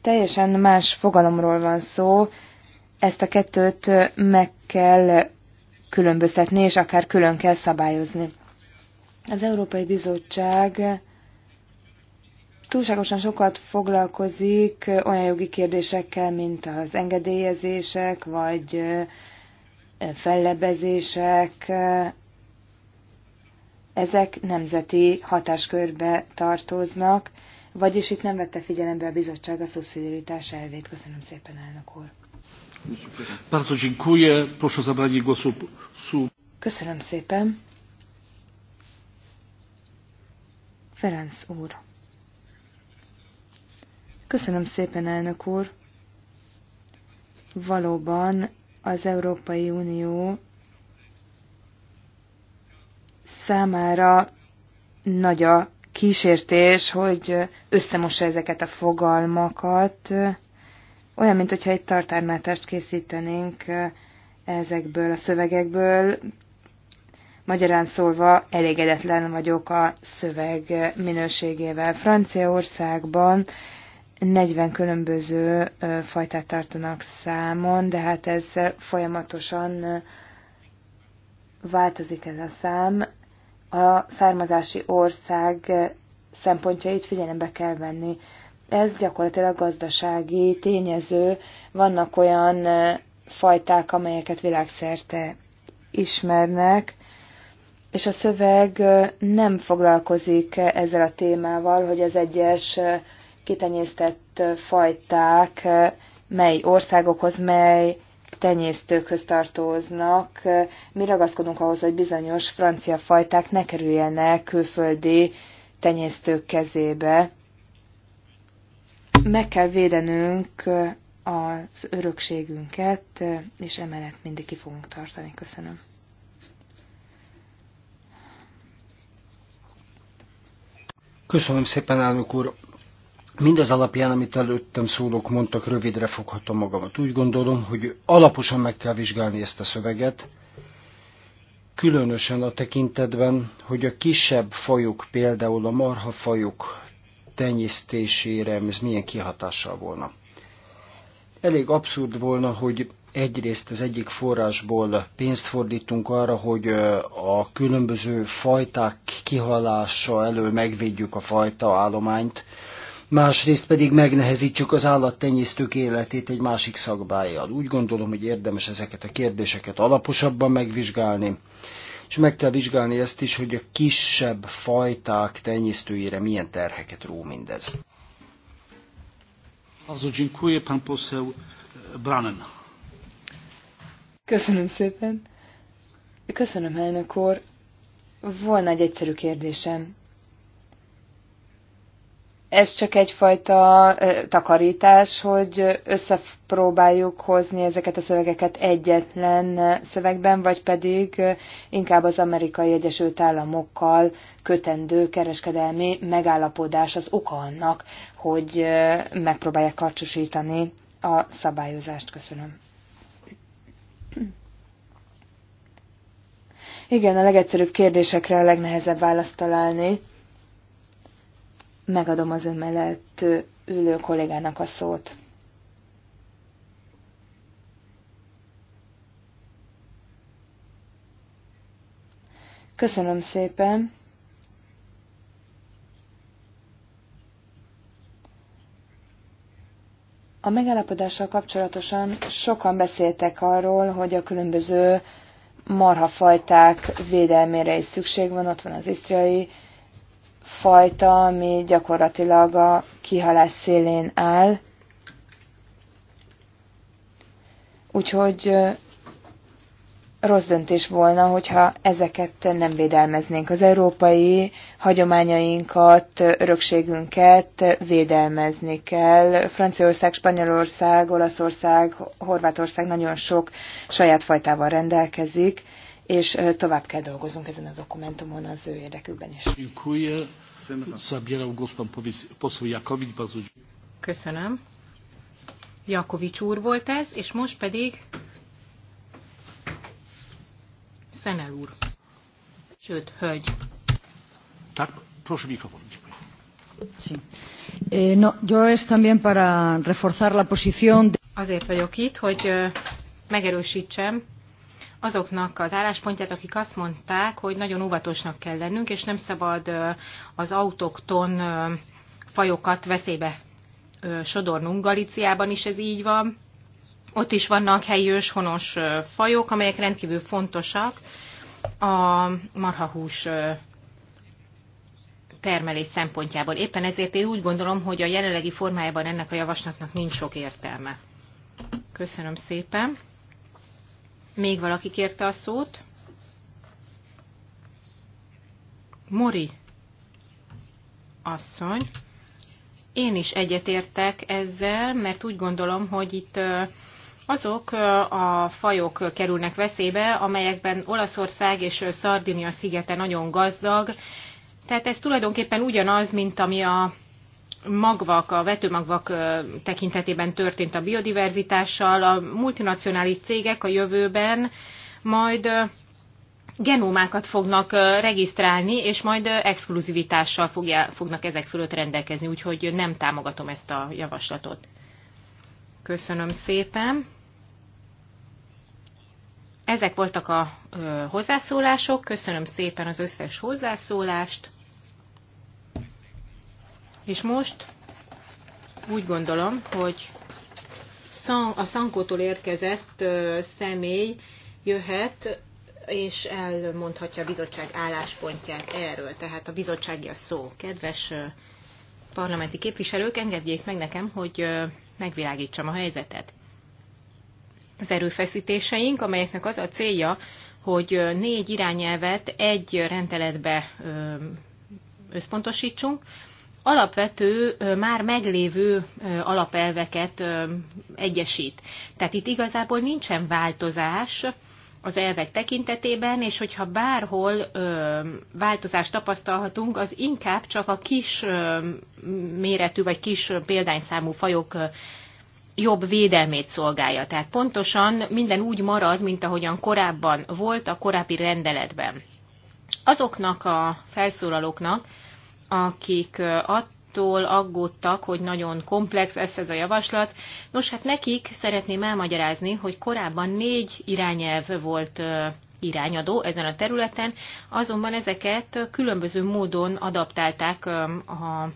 teljesen más fogalomról van szó, ezt a kettőt meg kell különböztetni, és akár külön kell szabályozni. Az Európai Bizottság túlságosan sokat foglalkozik olyan jogi kérdésekkel, mint az engedélyezések, vagy fellebezések. Ezek nemzeti hatáskörbe tartoznak, vagyis itt nem vette figyelembe a bizottság a szubszidiaritás elvét. Köszönöm szépen, elnök úr! Köszönöm szépen. Ferenc úr. Köszönöm szépen, elnök úr. Valóban az Európai Unió számára nagy a kísértés, hogy összemossa ezeket a fogalmakat, olyan, mint hogyha egy tartármátást készítenénk ezekből a szövegekből. Magyarán szólva elégedetlen vagyok a szöveg minőségével. Franciaországban 40 különböző fajtát tartanak számon, de hát ez folyamatosan változik ez a szám. A származási ország szempontjait figyelembe kell venni. Ez gyakorlatilag gazdasági tényező. Vannak olyan fajták, amelyeket világszerte ismernek, és a szöveg nem foglalkozik ezzel a témával, hogy az egyes kitenyésztett fajták mely országokhoz, mely tenyésztőkhöz tartoznak. Mi ragaszkodunk ahhoz, hogy bizonyos francia fajták ne kerüljenek külföldi tenyésztők kezébe. Meg kell védenünk az örökségünket, és emellett mindig ki fogunk tartani. Köszönöm. Köszönöm szépen, elnök úr. Mindaz alapján, amit előttem szólók mondtak, rövidre foghatom magamat. Úgy gondolom, hogy alaposan meg kell vizsgálni ezt a szöveget, különösen a tekintetben, hogy a kisebb fajok, például a marhafajok tenyésztésére ez milyen kihatással volna. Elég abszurd volna, hogy egyrészt az egyik forrásból pénzt fordítunk arra, hogy a különböző fajták kihalása elől megvédjük a fajta állományt, másrészt pedig megnehezítsük az állattenyésztők életét egy másik szakbájjal. Úgy gondolom, hogy érdemes ezeket a kérdéseket alaposabban megvizsgálni, és meg kell vizsgálni ezt is, hogy a kisebb fajták tenyésztőjére milyen terheket ró mindez. Köszönöm szépen. Köszönöm, elnök úr. Volna egy egyszerű kérdésem ez csak egyfajta takarítás, hogy összepróbáljuk hozni ezeket a szövegeket egyetlen szövegben, vagy pedig inkább az amerikai Egyesült Államokkal kötendő kereskedelmi megállapodás az oka annak, hogy megpróbálják karcsosítani a szabályozást. Köszönöm. Igen, a legegyszerűbb kérdésekre a legnehezebb választ találni megadom az ön mellett ülő kollégának a szót. Köszönöm szépen. A megállapodással kapcsolatosan sokan beszéltek arról, hogy a különböző marhafajták védelmére is szükség van. Ott van az isztriai fajta, ami gyakorlatilag a kihalás szélén áll. Úgyhogy rossz döntés volna, hogyha ezeket nem védelmeznénk. Az európai hagyományainkat, örökségünket védelmezni kell. Franciaország, Spanyolország, Olaszország, Horvátország nagyon sok saját fajtával rendelkezik, és tovább kell dolgoznunk ezen a dokumentumon az ő érdekükben is. Köszönöm. Jakovics úr volt ez, és most pedig Fenel úr. Sőt, hölgy. Tak, proszę mikrofon. Sí. Eh, no, yo es también para reforzar la posición de... Azért vagyok itt, hogy megerősítsem azoknak az álláspontját, akik azt mondták, hogy nagyon óvatosnak kell lennünk, és nem szabad az autokton fajokat veszélybe sodornunk. Galiciában is ez így van. Ott is vannak helyi őshonos fajok, amelyek rendkívül fontosak a marhahús termelés szempontjából. Éppen ezért én úgy gondolom, hogy a jelenlegi formájában ennek a javaslatnak nincs sok értelme. Köszönöm szépen. Még valaki kérte a szót? Mori asszony. Én is egyetértek ezzel, mert úgy gondolom, hogy itt azok a fajok kerülnek veszélybe, amelyekben Olaszország és Szardinia szigete nagyon gazdag. Tehát ez tulajdonképpen ugyanaz, mint ami a magvak, a vetőmagvak tekintetében történt a biodiverzitással, a multinacionális cégek a jövőben majd genómákat fognak regisztrálni, és majd exkluzivitással fogja, fognak ezek fölött rendelkezni, úgyhogy nem támogatom ezt a javaslatot. Köszönöm szépen. Ezek voltak a hozzászólások. Köszönöm szépen az összes hozzászólást. És most úgy gondolom, hogy a Szankótól érkezett személy jöhet, és elmondhatja a bizottság álláspontját erről. Tehát a bizottsági a szó. Kedves parlamenti képviselők, engedjék meg nekem, hogy megvilágítsam a helyzetet. Az erőfeszítéseink, amelyeknek az a célja, hogy négy irányelvet egy rendeletbe összpontosítsunk, alapvető, már meglévő alapelveket egyesít. Tehát itt igazából nincsen változás az elvek tekintetében, és hogyha bárhol ö, változást tapasztalhatunk, az inkább csak a kis ö, méretű vagy kis példányszámú fajok ö, jobb védelmét szolgálja. Tehát pontosan minden úgy marad, mint ahogyan korábban volt a korábbi rendeletben. Azoknak a felszólalóknak, akik attól aggódtak, hogy nagyon komplex lesz ez a javaslat. Nos, hát nekik szeretném elmagyarázni, hogy korábban négy irányelv volt irányadó ezen a területen, azonban ezeket különböző módon adaptálták a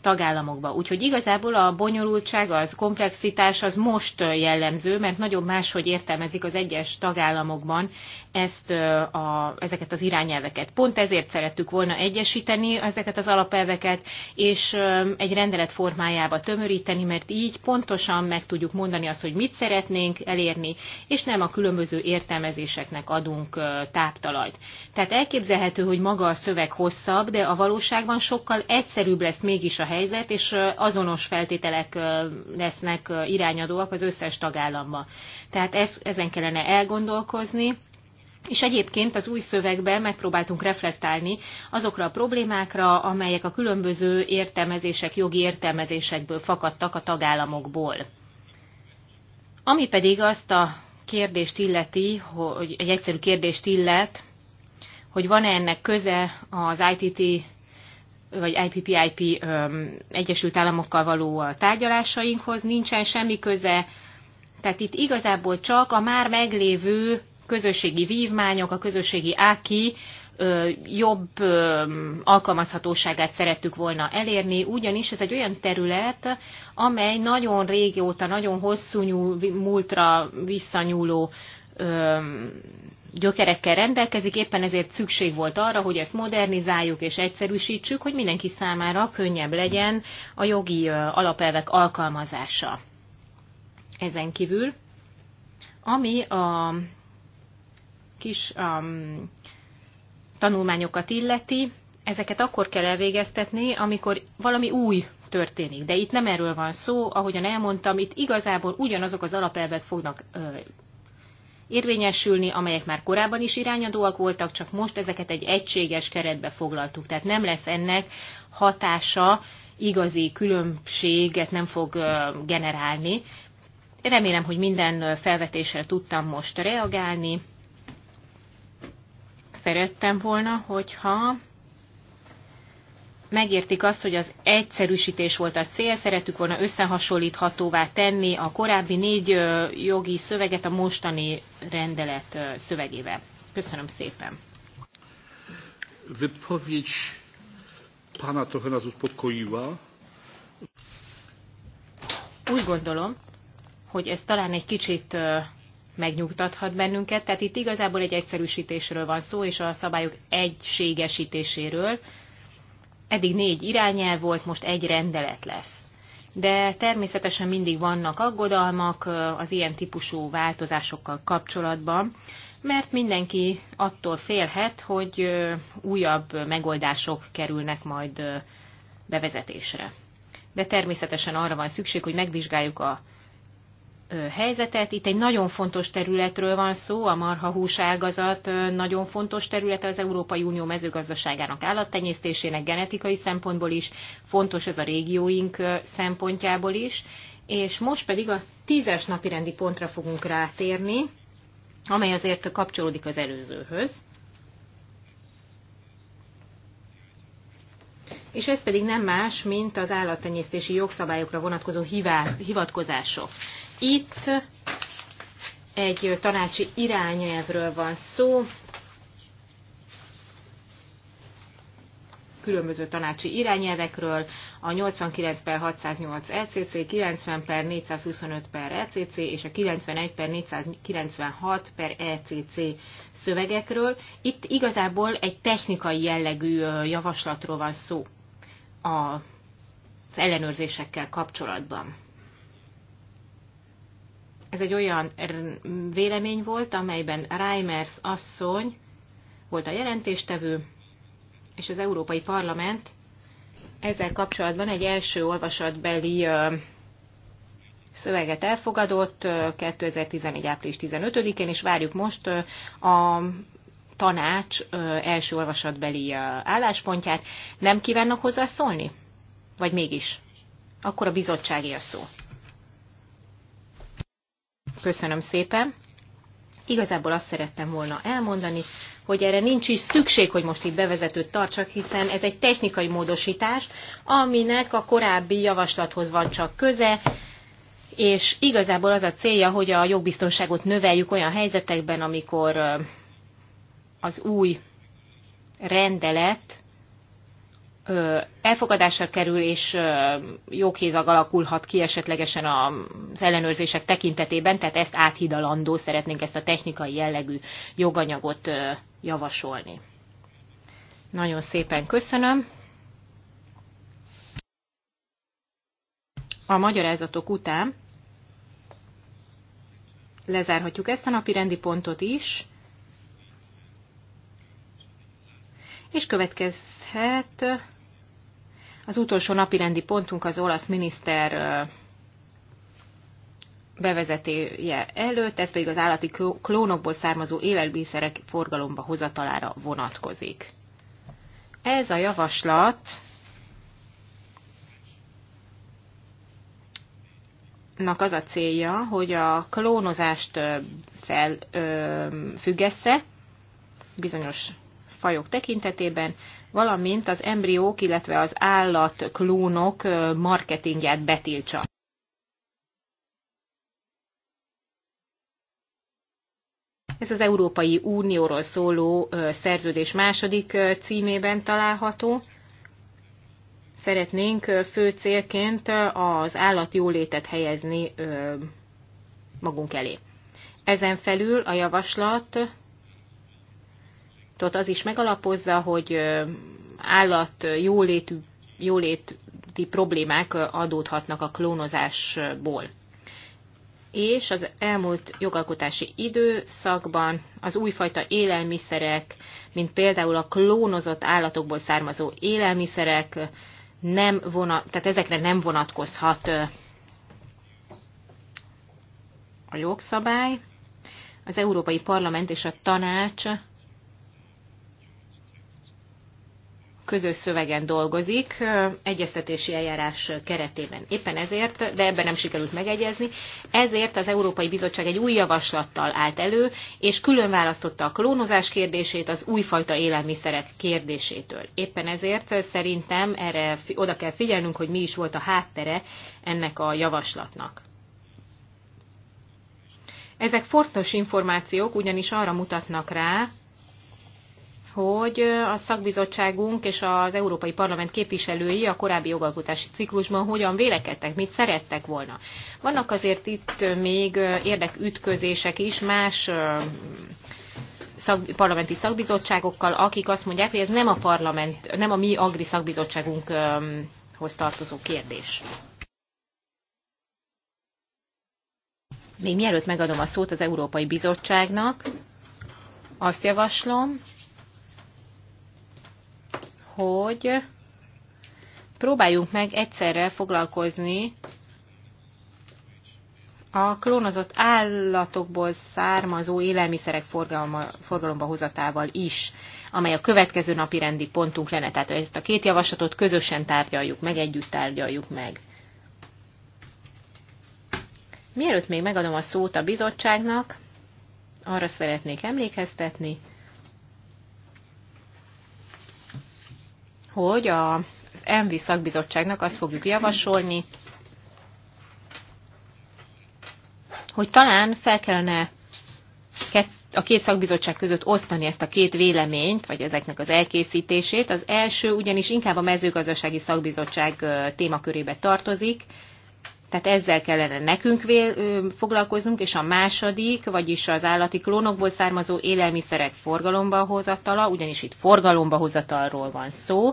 tagállamokba. Úgyhogy igazából a bonyolultság, az komplexitás az most jellemző, mert nagyon máshogy értelmezik az egyes tagállamokban ezt a, ezeket az irányelveket. Pont ezért szerettük volna egyesíteni ezeket az alapelveket, és egy rendelet formájába tömöríteni, mert így pontosan meg tudjuk mondani azt, hogy mit szeretnénk elérni, és nem a különböző értelmezéseknek adunk táptalajt. Tehát elképzelhető, hogy maga a szöveg hosszabb, de a valóságban sokkal egyszerűbb lesz mégis a helyzet, és azonos feltételek lesznek irányadóak az összes tagállamba. Tehát ez, ezen kellene elgondolkozni, és egyébként az új szövegben megpróbáltunk reflektálni azokra a problémákra, amelyek a különböző értelmezések, jogi értelmezésekből fakadtak a tagállamokból. Ami pedig azt a kérdést illeti, hogy egy egyszerű kérdést illet, hogy van-e ennek köze az ITT vagy IPPIP um, Egyesült Államokkal való tárgyalásainkhoz, nincsen semmi köze. Tehát itt igazából csak a már meglévő közösségi vívmányok, a közösségi áki jobb alkalmazhatóságát szerettük volna elérni, ugyanis ez egy olyan terület, amely nagyon régóta, nagyon hosszú nyúl, múltra visszanyúló gyökerekkel rendelkezik, éppen ezért szükség volt arra, hogy ezt modernizáljuk és egyszerűsítsük, hogy mindenki számára könnyebb legyen a jogi alapelvek alkalmazása. Ezen kívül, ami a kis um, tanulmányokat illeti, ezeket akkor kell elvégeztetni, amikor valami új történik. De itt nem erről van szó, ahogyan elmondtam, itt igazából ugyanazok az alapelvek fognak ö, érvényesülni, amelyek már korábban is irányadóak voltak, csak most ezeket egy egységes keretbe foglaltuk. Tehát nem lesz ennek hatása, igazi különbséget nem fog ö, generálni. Remélem, hogy minden felvetésre tudtam most reagálni szerettem volna, hogyha megértik azt, hogy az egyszerűsítés volt a cél, szeretük volna összehasonlíthatóvá tenni a korábbi négy jogi szöveget a mostani rendelet szövegével. Köszönöm szépen. Wypowiedź pana trochę nas uspokoiła. Úgy gondolom, hogy ez talán egy kicsit megnyugtathat bennünket. Tehát itt igazából egy egyszerűsítésről van szó, és a szabályok egységesítéséről. Eddig négy irányel volt, most egy rendelet lesz. De természetesen mindig vannak aggodalmak az ilyen típusú változásokkal kapcsolatban, mert mindenki attól félhet, hogy újabb megoldások kerülnek majd bevezetésre. De természetesen arra van szükség, hogy megvizsgáljuk a helyzetet. Itt egy nagyon fontos területről van szó, a marha húságazat nagyon fontos terület az Európai Unió mezőgazdaságának állattenyésztésének genetikai szempontból is, fontos ez a régióink szempontjából is, és most pedig a tízes napi rendi pontra fogunk rátérni, amely azért kapcsolódik az előzőhöz. és ez pedig nem más, mint az állattenyésztési jogszabályokra vonatkozó hivatkozások. Itt egy tanácsi irányelvről van szó, különböző tanácsi irányelvekről, a 89 per 608 ECC, 90 per 425 per ECC és a 91 per 496 per ECC szövegekről. Itt igazából egy technikai jellegű javaslatról van szó az ellenőrzésekkel kapcsolatban. Ez egy olyan vélemény volt, amelyben Reimers asszony volt a jelentéstevő, és az Európai Parlament ezzel kapcsolatban egy első olvasatbeli szöveget elfogadott 2014. április 15-én, és várjuk most a tanács első olvasatbeli álláspontját. Nem kívánnak hozzászólni? Vagy mégis? Akkor a bizottsági a szó. Köszönöm szépen. Igazából azt szerettem volna elmondani, hogy erre nincs is szükség, hogy most itt bevezetőt tartsak, hiszen ez egy technikai módosítás, aminek a korábbi javaslathoz van csak köze, és igazából az a célja, hogy a jogbiztonságot növeljük olyan helyzetekben, amikor az új rendelet elfogadásra kerül, és jókézag alakulhat ki esetlegesen az ellenőrzések tekintetében, tehát ezt áthidalandó szeretnénk ezt a technikai jellegű joganyagot javasolni. Nagyon szépen köszönöm. A magyarázatok után lezárhatjuk ezt a napi rendi pontot is, és következhet az utolsó napirendi pontunk az olasz miniszter bevezetéje előtt, ez pedig az állati klónokból származó élelmiszerek forgalomba hozatalára vonatkozik. Ez a javaslat nak az a célja, hogy a klónozást felfüggesse bizonyos fajok tekintetében, valamint az embriók, illetve az állat klónok marketingját betiltsa. Ez az Európai Unióról szóló szerződés második címében található. Szeretnénk fő célként az állatjólétet helyezni magunk elé. Ezen felül a javaslat állatot az is megalapozza, hogy állat jólétű, jóléti problémák adódhatnak a klónozásból. És az elmúlt jogalkotási időszakban az újfajta élelmiszerek, mint például a klónozott állatokból származó élelmiszerek, nem vonat, tehát ezekre nem vonatkozhat a jogszabály. Az Európai Parlament és a Tanács közös szövegen dolgozik, egyeztetési eljárás keretében. Éppen ezért, de ebben nem sikerült megegyezni, ezért az Európai Bizottság egy új javaslattal állt elő, és külön választotta a klónozás kérdését az újfajta élelmiszerek kérdésétől. Éppen ezért szerintem erre oda kell figyelnünk, hogy mi is volt a háttere ennek a javaslatnak. Ezek fontos információk ugyanis arra mutatnak rá, hogy a szakbizottságunk és az Európai Parlament képviselői a korábbi jogalkotási ciklusban hogyan vélekedtek, mit szerettek volna. Vannak azért itt még érdekütközések is más szak, parlamenti szakbizottságokkal, akik azt mondják, hogy ez nem a parlament, nem a mi agri szakbizottságunkhoz tartozó kérdés. Még mielőtt megadom a szót az Európai Bizottságnak, azt javaslom, hogy próbáljunk meg egyszerre foglalkozni a klónozott állatokból származó élelmiszerek forgalma, forgalomba hozatával is, amely a következő napi rendi pontunk lenne. Tehát ezt a két javaslatot közösen tárgyaljuk meg, együtt tárgyaljuk meg. Mielőtt még megadom a szót a bizottságnak, arra szeretnék emlékeztetni, hogy a, az ENVI szakbizottságnak azt fogjuk javasolni, hogy talán fel kellene a két szakbizottság között osztani ezt a két véleményt, vagy ezeknek az elkészítését. Az első ugyanis inkább a mezőgazdasági szakbizottság témakörébe tartozik, tehát ezzel kellene nekünk foglalkoznunk, és a második, vagyis az állati klónokból származó élelmiszerek forgalomba hozatala, ugyanis itt forgalomba hozatalról van szó,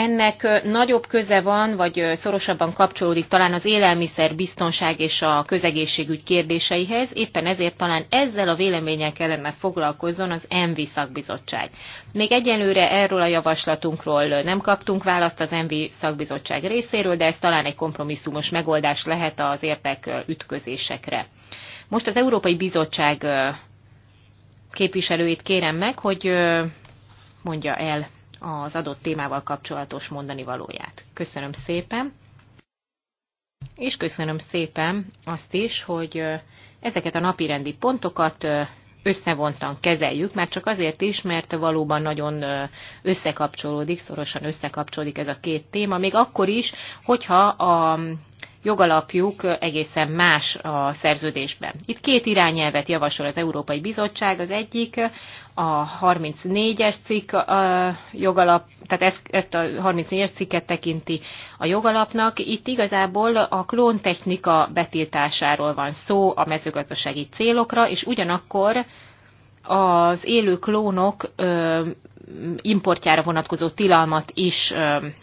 ennek nagyobb köze van, vagy szorosabban kapcsolódik talán az élelmiszer biztonság és a közegészségügy kérdéseihez, éppen ezért talán ezzel a vélemények kellene foglalkozzon az ENVI szakbizottság. Még egyenlőre erről a javaslatunkról nem kaptunk választ az ENVI szakbizottság részéről, de ez talán egy kompromisszumos megoldás lehet az értek ütközésekre. Most az Európai Bizottság képviselőit kérem meg, hogy mondja el az adott témával kapcsolatos mondani valóját. Köszönöm szépen, és köszönöm szépen azt is, hogy ezeket a napirendi pontokat összevontan kezeljük, mert csak azért is, mert valóban nagyon összekapcsolódik, szorosan összekapcsolódik ez a két téma, még akkor is, hogyha a jogalapjuk egészen más a szerződésben. Itt két irányelvet javasol az Európai Bizottság, az egyik a 34-es cikk a jogalap, tehát ezt, ezt a 34-es cikket tekinti a jogalapnak. Itt igazából a klóntechnika betiltásáról van szó a mezőgazdasági célokra, és ugyanakkor az élő klónok importjára vonatkozó tilalmat is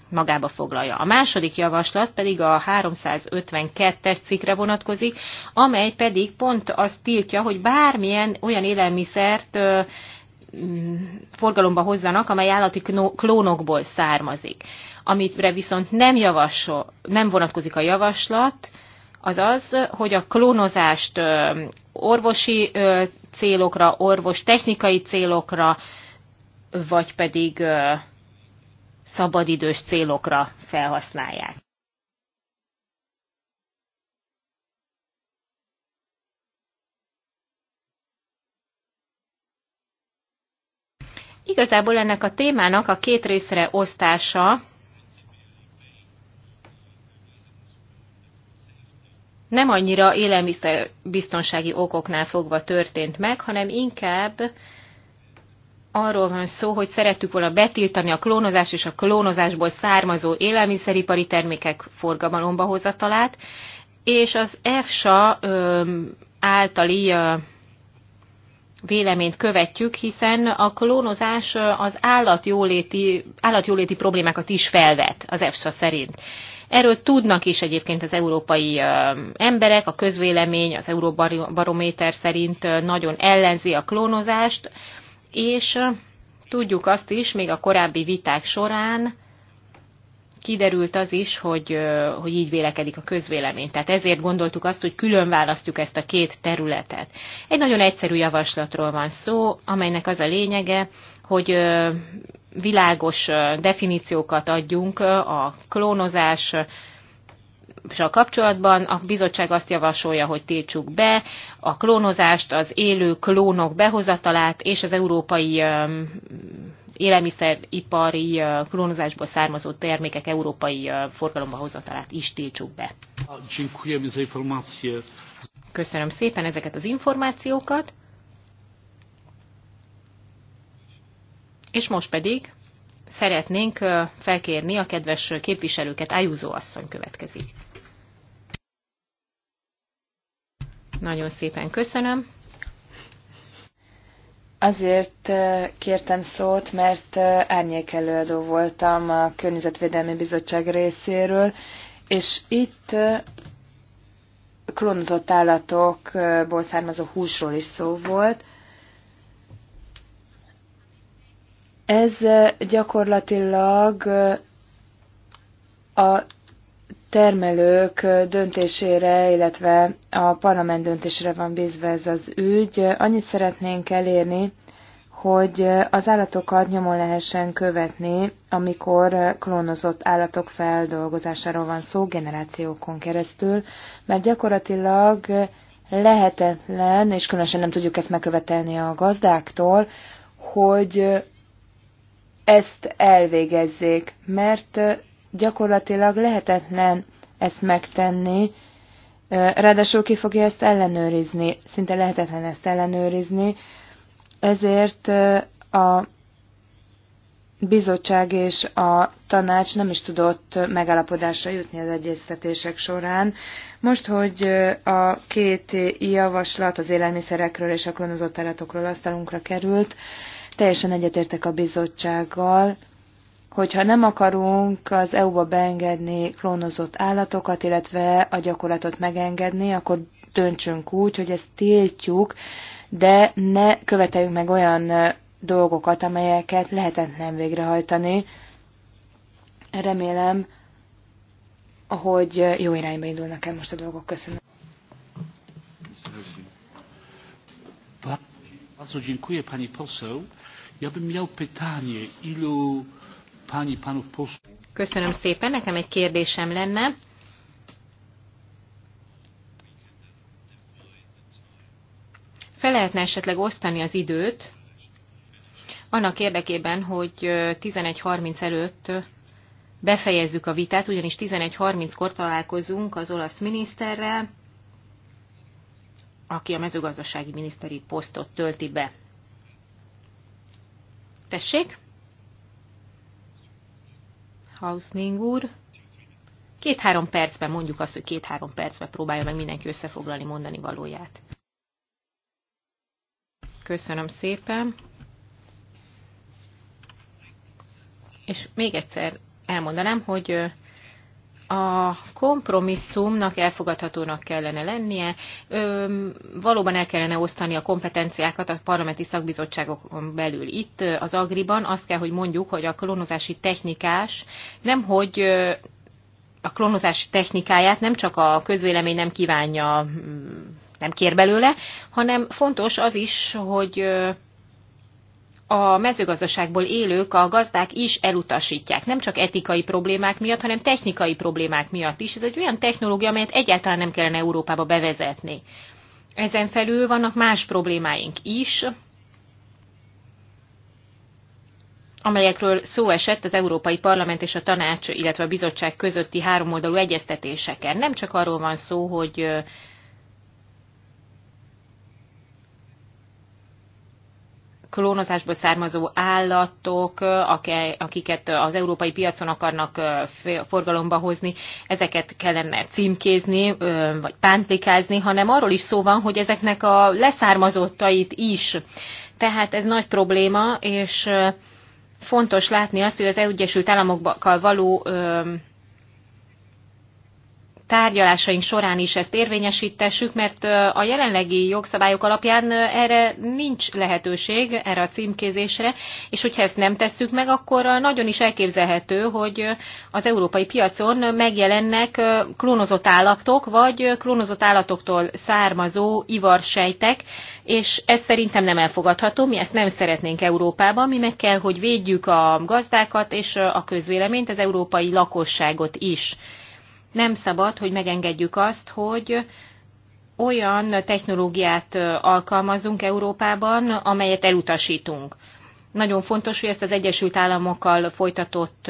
magába foglalja. A második javaslat pedig a 352-es cikkre vonatkozik, amely pedig pont azt tiltja, hogy bármilyen olyan élelmiszert forgalomba hozzanak, amely állati klónokból származik. Amire viszont nem, javasol, nem vonatkozik a javaslat, az az, hogy a klónozást orvosi célokra, orvos technikai célokra vagy pedig szabadidős célokra felhasználják. Igazából ennek a témának a két részre osztása nem annyira élelmiszerbiztonsági okoknál fogva történt meg, hanem inkább arról van szó, hogy szerettük volna betiltani a klónozás és a klónozásból származó élelmiszeripari termékek forgalomba hozatalát, és az EFSA általi véleményt követjük, hiszen a klónozás az állatjóléti, állatjóléti problémákat is felvet az EFSA szerint. Erről tudnak is egyébként az európai emberek, a közvélemény, az Euróbarométer szerint nagyon ellenzi a klónozást, és tudjuk azt is, még a korábbi viták során kiderült az is, hogy, hogy így vélekedik a közvélemény. Tehát ezért gondoltuk azt, hogy külön választjuk ezt a két területet. Egy nagyon egyszerű javaslatról van szó, amelynek az a lényege, hogy világos definíciókat adjunk a klónozás, kapcsolatban a bizottság azt javasolja, hogy tiltsuk be a klónozást, az élő klónok behozatalát és az európai élelmiszeripari klónozásból származó termékek európai forgalomba hozatalát is tiltsuk be. Köszönöm szépen ezeket az információkat. És most pedig szeretnénk felkérni a kedves képviselőket. Ájúzó asszony következik. Nagyon szépen köszönöm. Azért kértem szót, mert árnyék voltam a Környezetvédelmi Bizottság részéről, és itt klónozott állatokból származó húsról is szó volt. Ez gyakorlatilag a termelők döntésére, illetve a parlament döntésére van bízva ez az ügy. Annyit szeretnénk elérni, hogy az állatokat nyomon lehessen követni, amikor klónozott állatok feldolgozásáról van szó generációkon keresztül, mert gyakorlatilag lehetetlen, és különösen nem tudjuk ezt megkövetelni a gazdáktól, hogy ezt elvégezzék, mert gyakorlatilag lehetetlen ezt megtenni, ráadásul ki fogja ezt ellenőrizni, szinte lehetetlen ezt ellenőrizni, ezért a bizottság és a tanács nem is tudott megállapodásra jutni az egyeztetések során. Most, hogy a két javaslat az élelmiszerekről és a klonozott állatokról asztalunkra került, teljesen egyetértek a bizottsággal, hogyha nem akarunk az EU-ba beengedni klónozott állatokat, illetve a gyakorlatot megengedni, akkor döntsünk úgy, hogy ezt tiltjuk, de ne követeljünk meg olyan dolgokat, amelyeket lehetetlen végrehajtani. Remélem, hogy jó irányba indulnak el most a dolgok. Köszönöm. Bardzo dziękuję pani poseł. Ja bym miał pytanie, ilu Köszönöm szépen, nekem egy kérdésem lenne. Fel lehetne esetleg osztani az időt, annak érdekében, hogy 11.30 előtt befejezzük a vitát, ugyanis 11.30-kor találkozunk az olasz miniszterrel, aki a mezőgazdasági miniszteri posztot tölti be. Tessék! Hausning úr. Két-három percben, mondjuk azt, hogy két-három percben próbálja meg mindenki összefoglalni mondani valóját. Köszönöm szépen. És még egyszer elmondanám, hogy a kompromisszumnak elfogadhatónak kellene lennie, Ö, valóban el kellene osztani a kompetenciákat a parlamenti szakbizottságokon belül. Itt az Agriban azt kell, hogy mondjuk, hogy a klónozási technikás nem, hogy a klónozási technikáját nem csak a közvélemény nem kívánja, nem kér belőle, hanem fontos az is, hogy a mezőgazdaságból élők, a gazdák is elutasítják. Nem csak etikai problémák miatt, hanem technikai problémák miatt is. Ez egy olyan technológia, amelyet egyáltalán nem kellene Európába bevezetni. Ezen felül vannak más problémáink is, amelyekről szó esett az Európai Parlament és a Tanács, illetve a Bizottság közötti háromoldalú egyeztetéseken. Nem csak arról van szó, hogy klónozásból származó állatok, akiket az európai piacon akarnak forgalomba hozni, ezeket kellene címkézni, vagy pántlikázni, hanem arról is szó van, hogy ezeknek a leszármazottait is. Tehát ez nagy probléma, és fontos látni azt, hogy az Egyesült Államokkal való tárgyalásaink során is ezt érvényesítessük, mert a jelenlegi jogszabályok alapján erre nincs lehetőség, erre a címkézésre, és hogyha ezt nem tesszük meg, akkor nagyon is elképzelhető, hogy az európai piacon megjelennek klónozott állatok, vagy klónozott állatoktól származó ivarsejtek, és ez szerintem nem elfogadható, mi ezt nem szeretnénk Európában, mi meg kell, hogy védjük a gazdákat és a közvéleményt, az európai lakosságot is nem szabad, hogy megengedjük azt, hogy olyan technológiát alkalmazunk Európában, amelyet elutasítunk. Nagyon fontos, hogy ezt az Egyesült Államokkal folytatott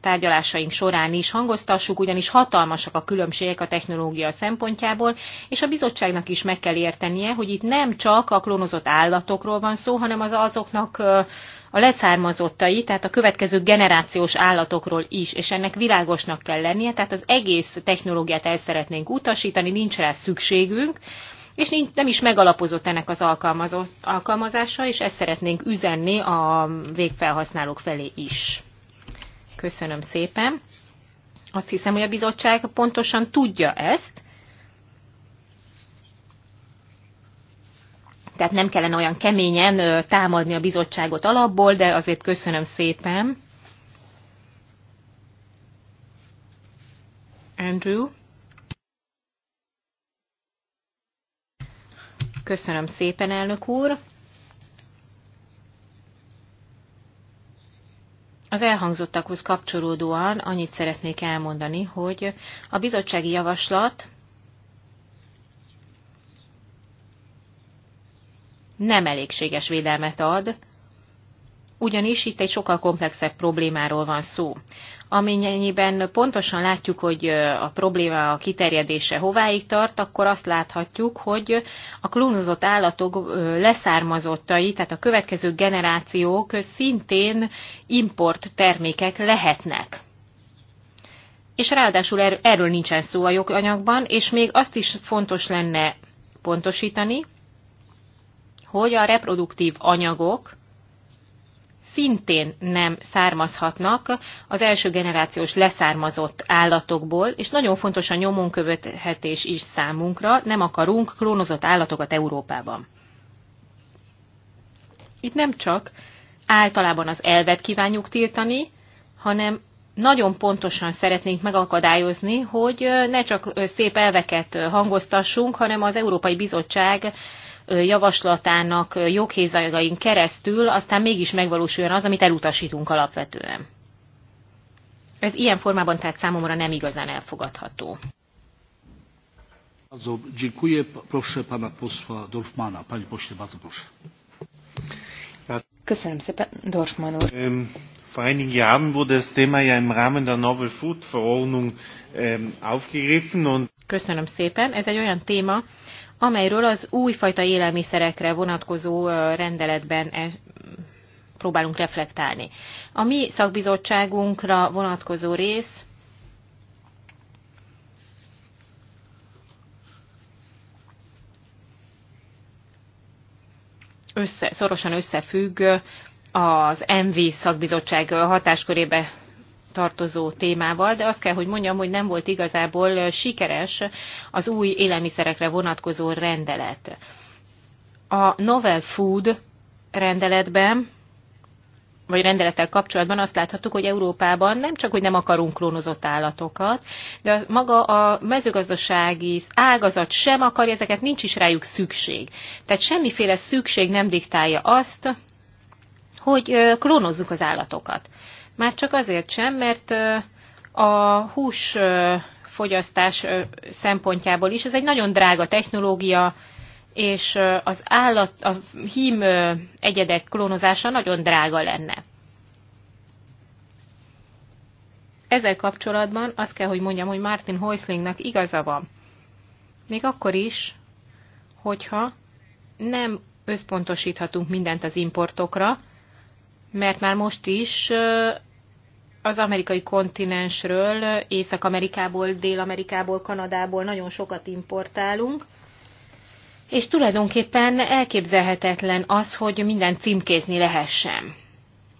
tárgyalásaink során is hangoztassuk, ugyanis hatalmasak a különbségek a technológia szempontjából, és a bizottságnak is meg kell értenie, hogy itt nem csak a klónozott állatokról van szó, hanem az azoknak a leszármazottai, tehát a következő generációs állatokról is, és ennek világosnak kell lennie, tehát az egész technológiát el szeretnénk utasítani, nincs rá szükségünk, és nem is megalapozott ennek az alkalmazása, és ezt szeretnénk üzenni a végfelhasználók felé is. Köszönöm szépen. Azt hiszem, hogy a bizottság pontosan tudja ezt, tehát nem kellene olyan keményen támadni a bizottságot alapból, de azért köszönöm szépen. Andrew. Köszönöm szépen, elnök úr. Az elhangzottakhoz kapcsolódóan annyit szeretnék elmondani, hogy a bizottsági javaslat nem elégséges védelmet ad, ugyanis itt egy sokkal komplexebb problémáról van szó. Amennyiben pontosan látjuk, hogy a probléma a kiterjedése hováig tart, akkor azt láthatjuk, hogy a klónozott állatok leszármazottai, tehát a következő generációk szintén import termékek lehetnek. És ráadásul er-, erről nincsen szó a joganyagban, és még azt is fontos lenne pontosítani, hogy a reproduktív anyagok szintén nem származhatnak az első generációs leszármazott állatokból, és nagyon fontos a nyomon követhetés is számunkra, nem akarunk klónozott állatokat Európában. Itt nem csak általában az elvet kívánjuk tiltani, hanem nagyon pontosan szeretnénk megakadályozni, hogy ne csak szép elveket hangoztassunk, hanem az Európai Bizottság javaslatának joghézagain keresztül aztán mégis megvalósuljon az, amit elutasítunk alapvetően. Ez ilyen formában tehát számomra nem igazán elfogadható. Köszönöm szépen, Dorfman úr. Vor einigen Jahren wurde das Thema ja im Rahmen der Novel Food Verordnung ähm, aufgegriffen und Köszönöm szépen. Ez egy olyan téma, amelyről az újfajta élelmiszerekre vonatkozó rendeletben e, próbálunk reflektálni. A mi szakbizottságunkra vonatkozó rész össze, szorosan összefügg az MV szakbizottság hatáskörébe tartozó témával, de azt kell, hogy mondjam, hogy nem volt igazából sikeres az új élelmiszerekre vonatkozó rendelet. A Novel Food rendeletben vagy rendelettel kapcsolatban azt láthattuk, hogy Európában nem csak, hogy nem akarunk klónozott állatokat, de maga a mezőgazdasági ágazat sem akarja ezeket, nincs is rájuk szükség. Tehát semmiféle szükség nem diktálja azt, hogy klónozzuk az állatokat. Már csak azért sem, mert a hús fogyasztás szempontjából is ez egy nagyon drága technológia, és az állat, a hím egyedek klónozása nagyon drága lenne. Ezzel kapcsolatban azt kell, hogy mondjam, hogy Martin Hoislingnak igaza van. Még akkor is, hogyha nem összpontosíthatunk mindent az importokra, mert már most is az amerikai kontinensről, Észak-Amerikából, Dél-Amerikából, Kanadából nagyon sokat importálunk, és tulajdonképpen elképzelhetetlen az, hogy minden címkézni lehessen,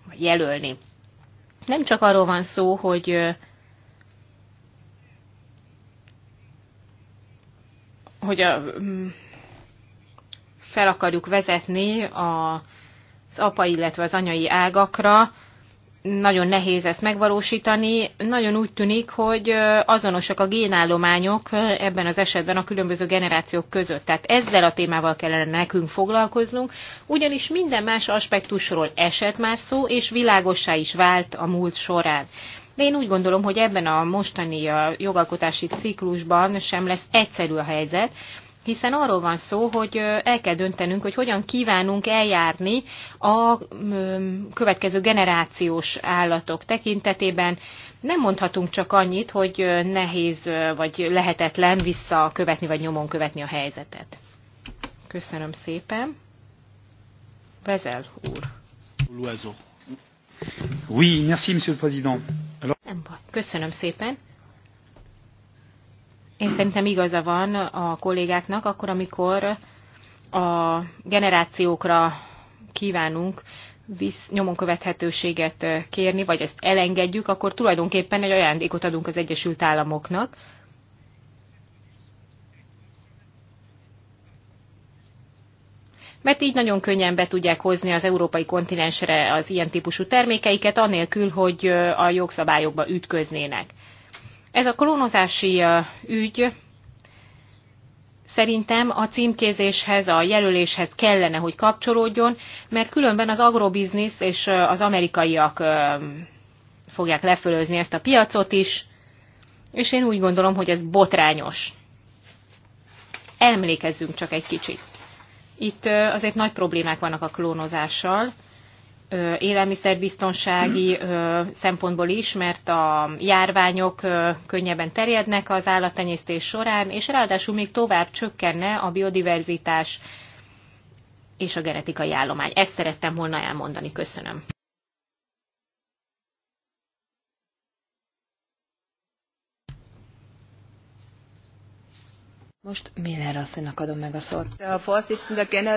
vagy jelölni. Nem csak arról van szó, hogy hogy a, mm, fel akarjuk vezetni a, az apa, illetve az anyai ágakra nagyon nehéz ezt megvalósítani. Nagyon úgy tűnik, hogy azonosak a génállományok ebben az esetben a különböző generációk között. Tehát ezzel a témával kellene nekünk foglalkoznunk, ugyanis minden más aspektusról esett már szó, és világossá is vált a múlt során. De én úgy gondolom, hogy ebben a mostani jogalkotási ciklusban sem lesz egyszerű a helyzet, hiszen arról van szó, hogy el kell döntenünk, hogy hogyan kívánunk eljárni a következő generációs állatok tekintetében. Nem mondhatunk csak annyit, hogy nehéz vagy lehetetlen visszakövetni vagy nyomon követni a helyzetet. Köszönöm szépen. Vezel úr. Oui, merci, monsieur le président. Köszönöm szépen én szerintem igaza van a kollégáknak, akkor, amikor a generációkra kívánunk visz, nyomon követhetőséget eh, kérni, vagy ezt elengedjük, akkor tulajdonképpen egy ajándékot adunk az Egyesült Államoknak. Mert így nagyon könnyen be tudják hozni az európai kontinensre az ilyen típusú termékeiket, anélkül, hogy eh, a jogszabályokba ütköznének. Ez a klónozási ügy szerintem a címkézéshez, a jelöléshez kellene, hogy kapcsolódjon, mert különben az agrobiznisz és az amerikaiak fogják lefölözni ezt a piacot is, és én úgy gondolom, hogy ez botrányos. Emlékezzünk csak egy kicsit. Itt azért nagy problémák vannak a klónozással, élelmiszerbiztonsági szempontból is, mert a járványok könnyebben terjednek az állattenyésztés során, és ráadásul még tovább csökkenne a biodiverzitás és a genetikai állomány. Ezt szerettem volna elmondani. Köszönöm. Most Miller asszonynak adom meg a szót. A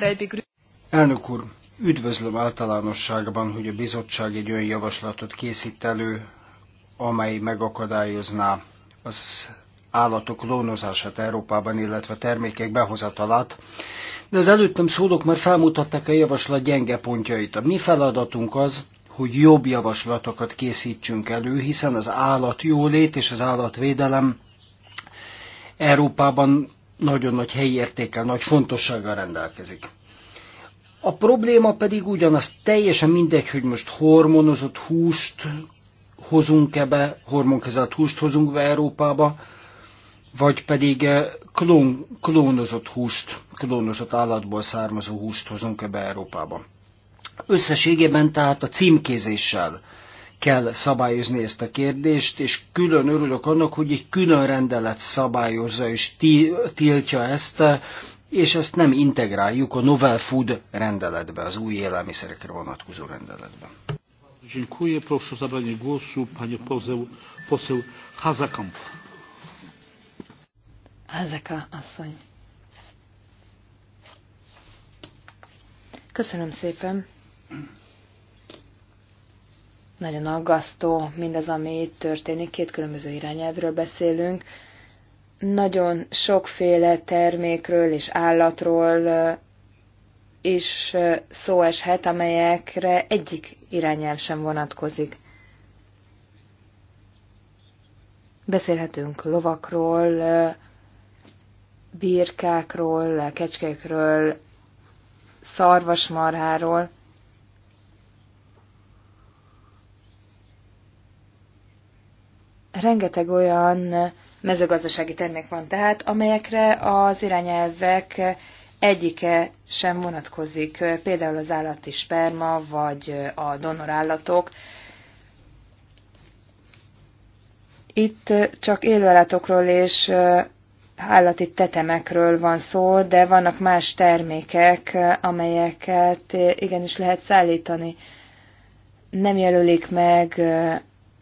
Elnök úr, Üdvözlöm általánosságban, hogy a bizottság egy olyan javaslatot készít elő, amely megakadályozná az állatok klónozását Európában, illetve termékek behozatalát, de az előttem szólók már felmutatták a javaslat gyenge pontjait. A mi feladatunk az, hogy jobb javaslatokat készítsünk elő, hiszen az állat jólét és az állatvédelem Európában nagyon nagy helyi értékkel, nagy fontossággal rendelkezik. A probléma pedig ugyanaz, teljesen mindegy, hogy most hormonozott húst hozunk ebbe, be, hormonkezelt húst hozunk be Európába, vagy pedig eh, klón, klónozott húst, klónozott állatból származó húst hozunk ebbe Európába. Összességében tehát a címkézéssel kell szabályozni ezt a kérdést, és külön örülök annak, hogy egy külön rendelet szabályozza és tiltja ezt, és ezt nem integráljuk a Novel Food rendeletbe, az új élelmiszerekre vonatkozó rendeletbe. Dziękuję. Proszę o zabranie głosu panią poseł, poseł Hazakamp. Hazaka asszony. Köszönöm szépen. Nagyon aggasztó mindez, ami itt történik. Két különböző irányelvről beszélünk nagyon sokféle termékről és állatról is szó eshet, amelyekre egyik irányel sem vonatkozik. Beszélhetünk lovakról, birkákról, kecskékről, szarvasmarháról. Rengeteg olyan mezőgazdasági termék van tehát, amelyekre az irányelvek egyike sem vonatkozik, például az állati sperma vagy a donorállatok. Itt csak élőállatokról és állati tetemekről van szó, de vannak más termékek, amelyeket igenis lehet szállítani. Nem jelölik meg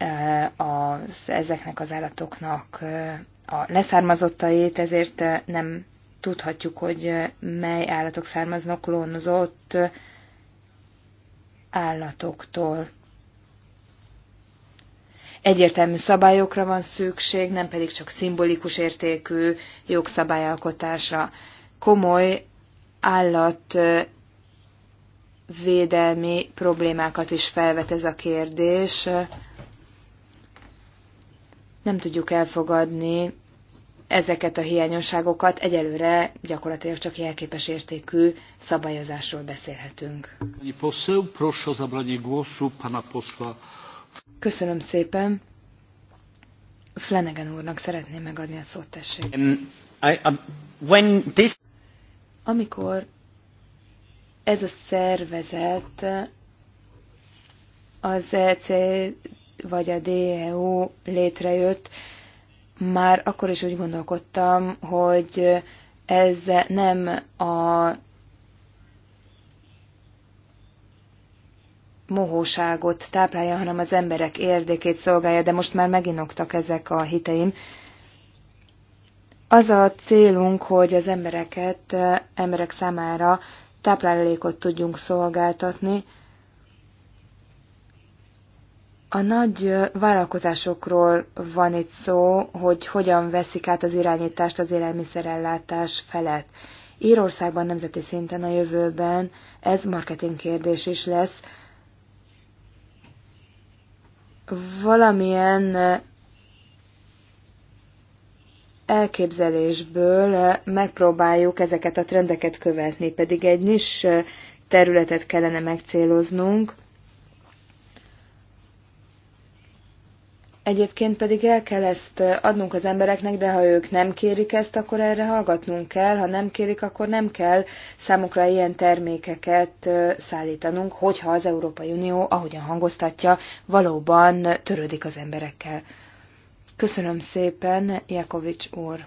Eh, az, ezeknek az állatoknak eh, a leszármazottait, ezért eh, nem tudhatjuk, hogy mely állatok származnak klónozott állatoktól. Egyértelmű szabályokra van szükség, nem pedig csak szimbolikus értékű jogszabályalkotásra. Komoly állatvédelmi problémákat is felvet ez a kérdés nem tudjuk elfogadni ezeket a hiányosságokat. Egyelőre gyakorlatilag csak jelképes értékű szabályozásról beszélhetünk. Köszönöm szépen. Flanagan úrnak szeretném megadni a szót, tessék. Um, I, um, when this... Amikor ez a szervezet az e vagy a DEO létrejött, már akkor is úgy gondolkodtam, hogy ez nem a mohóságot táplálja, hanem az emberek érdekét szolgálja, de most már meginoktak ezek a hiteim. Az a célunk, hogy az embereket, emberek számára táplálékot tudjunk szolgáltatni, a nagy vállalkozásokról van itt szó, hogy hogyan veszik át az irányítást az élelmiszerellátás felett. Írországban nemzeti szinten a jövőben ez marketing kérdés is lesz. Valamilyen elképzelésből megpróbáljuk ezeket a trendeket követni, pedig egy nis területet kellene megcéloznunk, Egyébként pedig el kell ezt adnunk az embereknek, de ha ők nem kérik ezt, akkor erre hallgatnunk kell, ha nem kérik, akkor nem kell számukra ilyen termékeket szállítanunk, hogyha az Európai Unió, ahogyan hangoztatja, valóban törődik az emberekkel. Köszönöm szépen, Jakovics úr!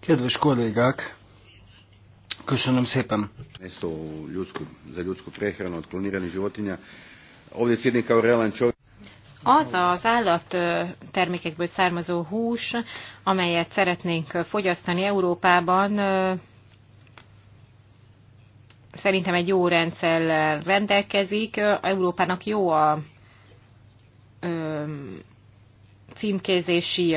Kedves kollégák! Köszönöm szépen! Ez a ljudsku, za ljudsku prehranu od životinja Ovdje kao realan čovjek. Az az állattermékekből származó hús, amelyet szeretnénk fogyasztani Európában, szerintem egy jó rendszer rendelkezik. Európának jó a címkézési,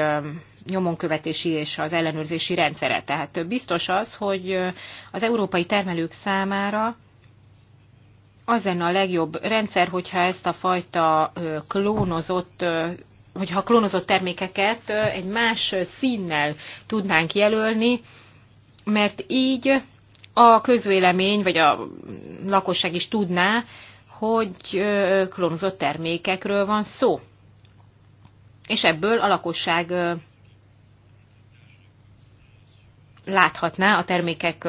nyomonkövetési és az ellenőrzési rendszere. Tehát biztos az, hogy az európai termelők számára az lenne a legjobb rendszer, hogyha ezt a fajta klónozott hogyha klónozott termékeket egy más színnel tudnánk jelölni, mert így a közvélemény vagy a lakosság is tudná, hogy klónozott termékekről van szó. És ebből a lakosság láthatná a termékek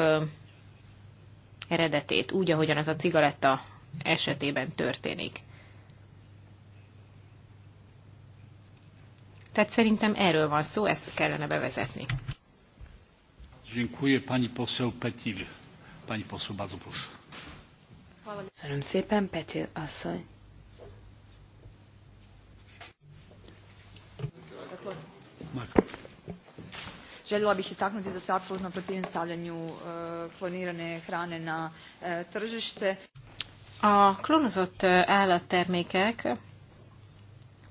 eredetét, úgy, ahogyan az a cigaretta esetében történik. Tehát szerintem erről van szó, ezt kellene bevezetni. Dziękuję pani poseł Petil. Pani poseł, bardzo proszę. Köszönöm szépen, Petil asszony. Željela bih istaknuti da se apsolutno protivim stavljanju e, klonirane hrane na e, tržište. A klónozott e, állattermékek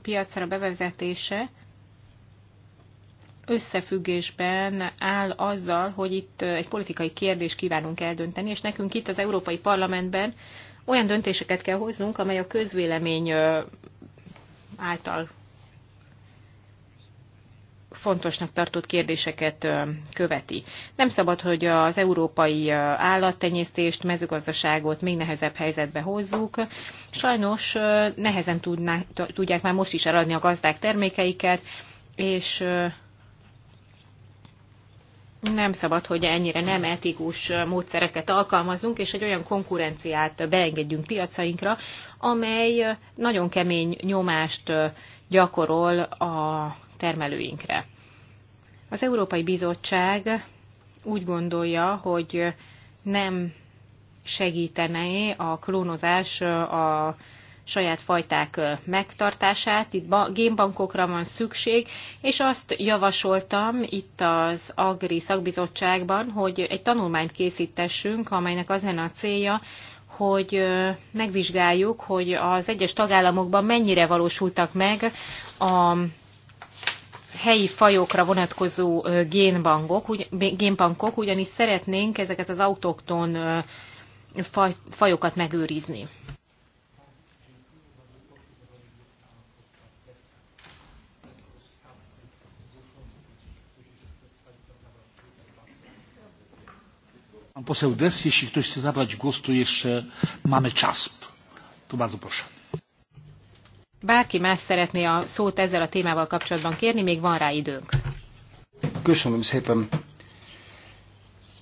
piacra bevezetése összefüggésben áll azzal, hogy itt egy politikai kérdést kívánunk eldönteni, és nekünk itt az Európai Parlamentben olyan döntéseket kell hoznunk, amely a közvélemény által fontosnak tartott kérdéseket követi. Nem szabad, hogy az európai állattenyésztést, mezőgazdaságot még nehezebb helyzetbe hozzuk. Sajnos nehezen tudná, tudják már most is eladni a gazdák termékeiket, és nem szabad, hogy ennyire nem etikus módszereket alkalmazunk, és egy olyan konkurenciát beengedjünk piacainkra, amely nagyon kemény nyomást gyakorol a termelőinkre. Az Európai Bizottság úgy gondolja, hogy nem segítené a klónozás a saját fajták megtartását, itt génbankokra van szükség, és azt javasoltam itt az Agri szakbizottságban, hogy egy tanulmányt készítessünk, amelynek az lenne a célja, hogy megvizsgáljuk, hogy az egyes tagállamokban mennyire valósultak meg a helyi fajokra vonatkozó génbankok, ugy, génbankok, ugyanis szeretnénk ezeket az autokton faj, fajokat megőrizni. Pan poseł Des, jeśli ktoś chce zabrać głos, to jeszcze mamy czas. To bardzo proszę bárki más szeretné a szót ezzel a témával kapcsolatban kérni, még van rá időnk. Köszönöm szépen.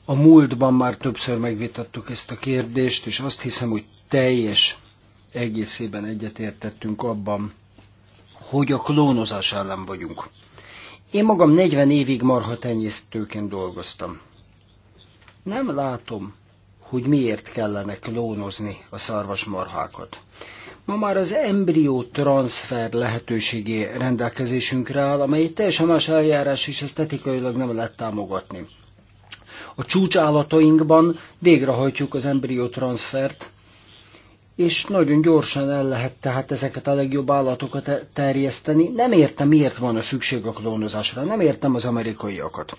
A múltban már többször megvitattuk ezt a kérdést, és azt hiszem, hogy teljes egészében egyetértettünk abban, hogy a klónozás ellen vagyunk. Én magam 40 évig marha tenyésztőként dolgoztam. Nem látom, hogy miért kellene klónozni a szarvasmarhákat. Ma már az embrió transfer lehetőségé rendelkezésünkre áll, amely egy teljesen más eljárás, és ezt etikailag nem lehet támogatni. A csúcsállatainkban végrehajtjuk az embrió transfert, és nagyon gyorsan el lehet tehát ezeket a legjobb állatokat e- terjeszteni. Nem értem, miért van a szükség a klónozásra, nem értem az amerikaiakat.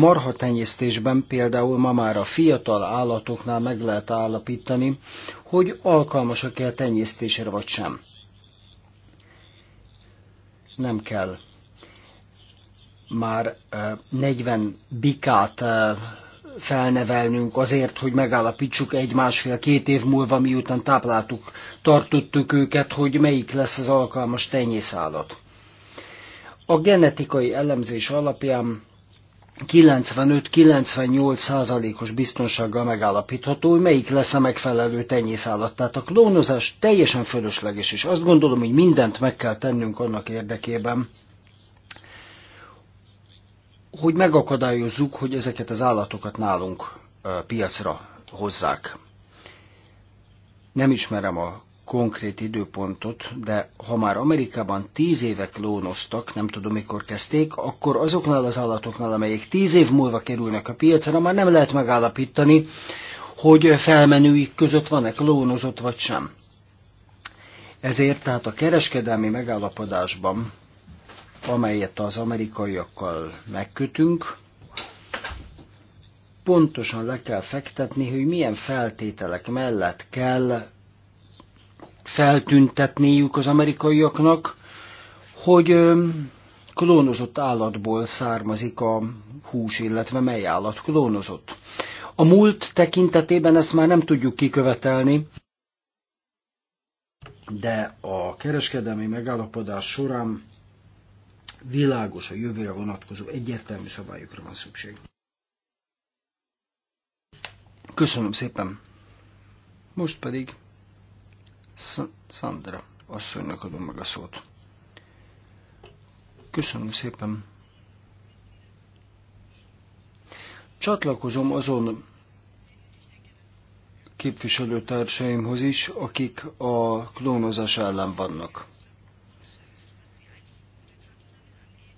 A tenyésztésben például ma már a fiatal állatoknál meg lehet állapítani, hogy alkalmasak-e a tenyésztésre vagy sem. Nem kell már 40 bikát felnevelnünk azért, hogy megállapítsuk egy-másfél-két év múlva, miután tápláltuk, tartottuk őket, hogy melyik lesz az alkalmas tenyészállat. A genetikai elemzés alapján 95-98 százalékos biztonsággal megállapítható, hogy melyik lesz a megfelelő tenyészállat. Tehát a klónozás teljesen fölösleges, és azt gondolom, hogy mindent meg kell tennünk annak érdekében, hogy megakadályozzuk, hogy ezeket az állatokat nálunk piacra hozzák. Nem ismerem a konkrét időpontot, de ha már Amerikában tíz éve klónoztak, nem tudom mikor kezdték, akkor azoknál az állatoknál, amelyek tíz év múlva kerülnek a piacra, már nem lehet megállapítani, hogy felmenőik között van-e klónozott vagy sem. Ezért tehát a kereskedelmi megállapodásban, amelyet az amerikaiakkal megkötünk, pontosan le kell fektetni, hogy milyen feltételek mellett kell feltüntetniük az amerikaiaknak, hogy klónozott állatból származik a hús, illetve mely állat klónozott. A múlt tekintetében ezt már nem tudjuk kikövetelni, de a kereskedelmi megállapodás során világos a jövőre vonatkozó egyértelmű szabályokra van szükség. Köszönöm szépen! Most pedig Sandra asszonynak adom meg a szót. Köszönöm szépen. Csatlakozom azon képviselőtársaimhoz is, akik a klónozás ellen vannak.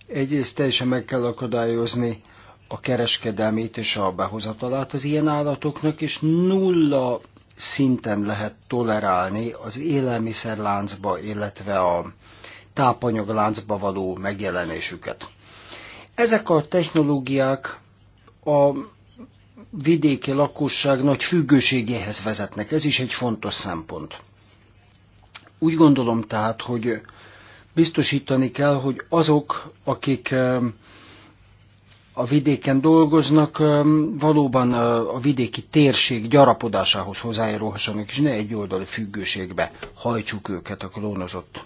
Egyrészt teljesen meg kell akadályozni a kereskedelmét és a behozatalát az ilyen állatoknak, és nulla szinten lehet tolerálni az élelmiszerláncba, illetve a tápanyagláncba való megjelenésüket. Ezek a technológiák a vidéki lakosság nagy függőségéhez vezetnek, ez is egy fontos szempont. Úgy gondolom tehát, hogy biztosítani kell, hogy azok, akik a vidéken dolgoznak, valóban a vidéki térség gyarapodásához hozzájárulhassanak, és ne egy oldali függőségbe hajtsuk őket a klónozott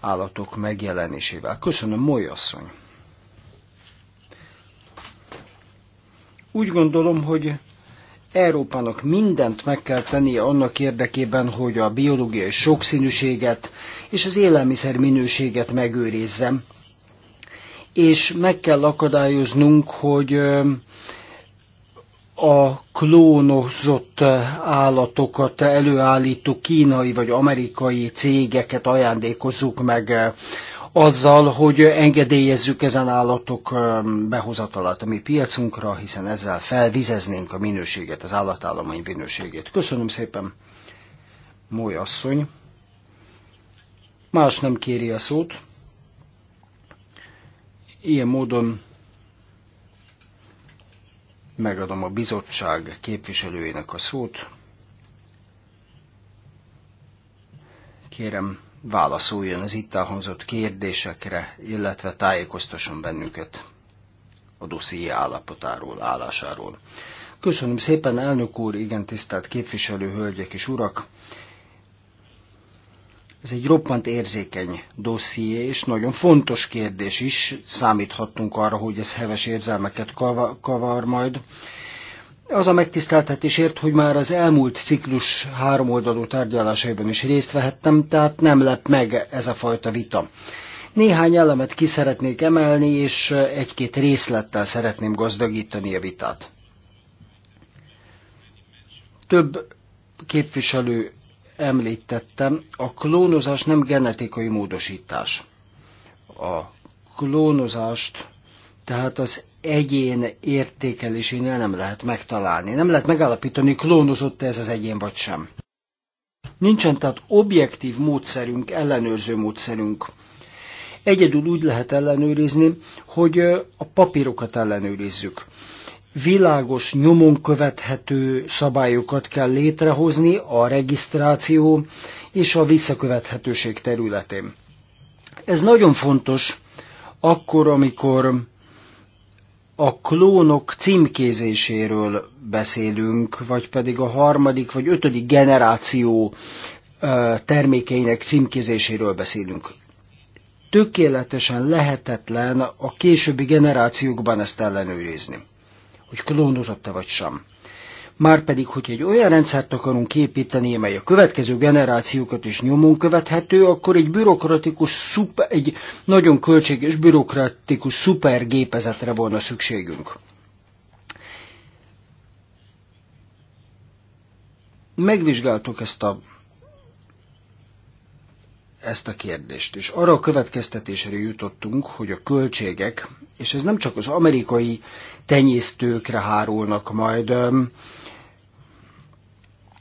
állatok megjelenésével. Köszönöm, Moly asszony! Úgy gondolom, hogy Európának mindent meg kell tennie annak érdekében, hogy a biológiai sokszínűséget és az élelmiszer minőséget megőrizzem, és meg kell akadályoznunk, hogy a klónozott állatokat előállító kínai vagy amerikai cégeket ajándékozzuk meg azzal, hogy engedélyezzük ezen állatok behozatalát a mi piacunkra, hiszen ezzel felvizeznénk a minőséget, az állatállomány minőségét. Köszönöm szépen, Mój asszony. Más nem kéri a szót. Ilyen módon megadom a bizottság képviselőjének a szót. Kérem, válaszoljon az itt elhangzott kérdésekre, illetve tájékoztasson bennünket a dosszié állapotáról, állásáról. Köszönöm szépen, elnök úr, igen tisztelt képviselő, hölgyek és urak! Ez egy roppant érzékeny dosszié, és nagyon fontos kérdés is. Számíthattunk arra, hogy ez heves érzelmeket kavar majd. Az a megtiszteltetésért, hogy már az elmúlt ciklus háromoldalú tárgyalásaiban is részt vehettem, tehát nem lep meg ez a fajta vita. Néhány elemet ki szeretnék emelni, és egy-két részlettel szeretném gazdagítani a vitát. Több képviselő említettem, a klónozás nem genetikai módosítás. A klónozást, tehát az egyén értékelésénél nem lehet megtalálni. Nem lehet megállapítani, klónozott ez az egyén vagy sem. Nincsen tehát objektív módszerünk, ellenőrző módszerünk. Egyedül úgy lehet ellenőrizni, hogy a papírokat ellenőrizzük világos, nyomon követhető szabályokat kell létrehozni a regisztráció és a visszakövethetőség területén. Ez nagyon fontos akkor, amikor a klónok címkézéséről beszélünk, vagy pedig a harmadik vagy ötödik generáció termékeinek címkézéséről beszélünk. Tökéletesen lehetetlen a későbbi generációkban ezt ellenőrizni hogy klónozott-e vagy sem. Márpedig, hogy egy olyan rendszert akarunk képíteni, mely a következő generációkat is nyomon követhető, akkor egy bürokratikus, szuper, egy nagyon költséges bürokratikus szupergépezetre volna szükségünk. Megvizsgáltuk ezt a ezt a kérdést, és arra a következtetésre jutottunk, hogy a költségek, és ez nem csak az amerikai tenyésztőkre hárulnak majd,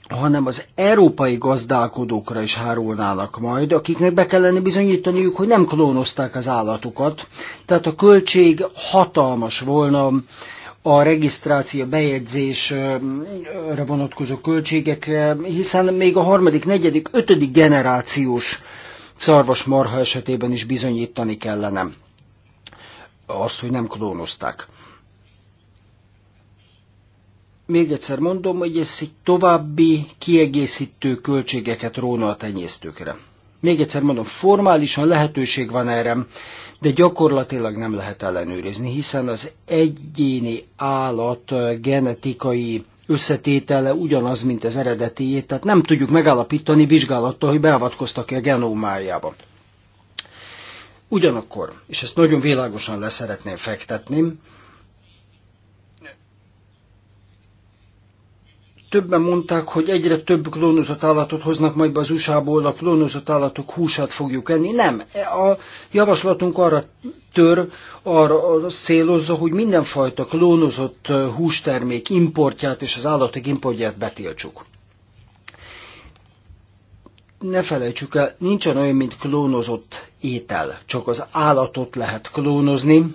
hanem az európai gazdálkodókra is hárulnának majd, akiknek be kellene bizonyítaniuk, hogy nem klónozták az állatukat. Tehát a költség hatalmas volna a regisztráció bejegyzésre vonatkozó költségek, hiszen még a harmadik, negyedik, ötödik generációs marha esetében is bizonyítani kellene azt, hogy nem klónozták. Még egyszer mondom, hogy ez egy további kiegészítő költségeket róna a tenyésztőkre. Még egyszer mondom, formálisan lehetőség van erre, de gyakorlatilag nem lehet ellenőrizni, hiszen az egyéni állat genetikai összetétele ugyanaz, mint az eredetiét, tehát nem tudjuk megállapítani vizsgálattal, hogy beavatkoztak-e a genómájába. Ugyanakkor, és ezt nagyon világosan leszeretném fektetni, Többen mondták, hogy egyre több klónozott állatot hoznak majd be az USA-ból, a klónozott állatok húsát fogjuk enni. Nem, a javaslatunk arra tör, arra célozza, hogy mindenfajta klónozott hústermék importját és az állatok importját betiltsuk ne felejtsük el, nincsen olyan, mint klónozott étel, csak az állatot lehet klónozni,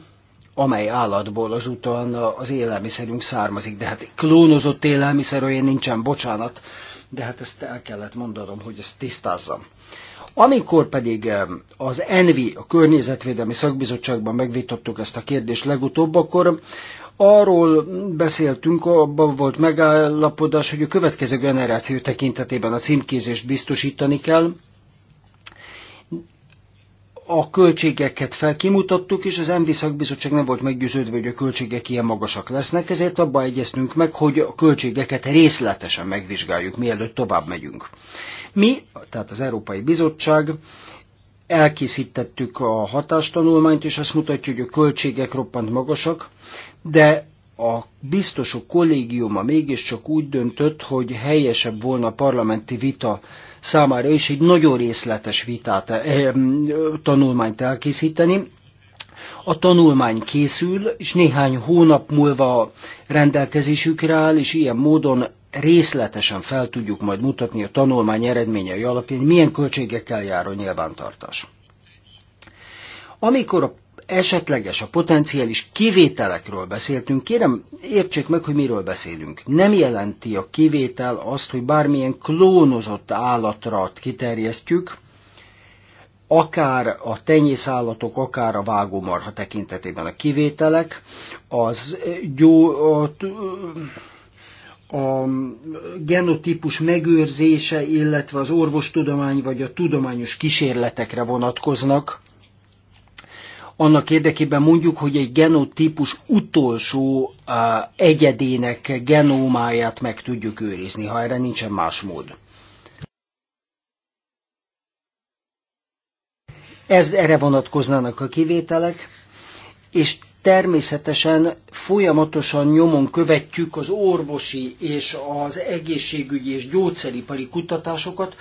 amely állatból úton az élelmiszerünk származik. De hát klónozott élelmiszer olyan nincsen, bocsánat, de hát ezt el kellett mondanom, hogy ezt tisztázzam. Amikor pedig az ENVI, a Környezetvédelmi Szakbizottságban megvitattuk ezt a kérdést legutóbb, akkor arról beszéltünk, abban volt megállapodás, hogy a következő generáció tekintetében a címkézést biztosítani kell, a költségeket felkimutattuk, és az MV szakbizottság nem volt meggyőződve, hogy a költségek ilyen magasak lesznek, ezért abba egyeztünk meg, hogy a költségeket részletesen megvizsgáljuk, mielőtt tovább megyünk. Mi, tehát az Európai Bizottság, elkészítettük a hatástanulmányt, és azt mutatja, hogy a költségek roppant magasak, de a biztosok kollégiuma mégiscsak úgy döntött, hogy helyesebb volna a parlamenti vita számára is egy nagyon részletes vitát, eh, tanulmányt elkészíteni. A tanulmány készül, és néhány hónap múlva rendelkezésükre áll, és ilyen módon részletesen fel tudjuk majd mutatni a tanulmány eredményei alapján, milyen költségekkel jár a nyilvántartás. Amikor a esetleges, a potenciális kivételekről beszéltünk, kérem értsék meg, hogy miről beszélünk. Nem jelenti a kivétel azt, hogy bármilyen klónozott állatra kiterjesztjük, akár a tenyészállatok, akár a vágómarha tekintetében a kivételek, az gyó, a, a genotípus megőrzése, illetve az orvostudomány vagy a tudományos kísérletekre vonatkoznak, annak érdekében mondjuk, hogy egy genotípus utolsó egyedének genómáját meg tudjuk őrizni, ha erre nincsen más mód. Ez erre vonatkoznának a kivételek, és természetesen folyamatosan nyomon követjük az orvosi és az egészségügyi és gyógyszeripari kutatásokat,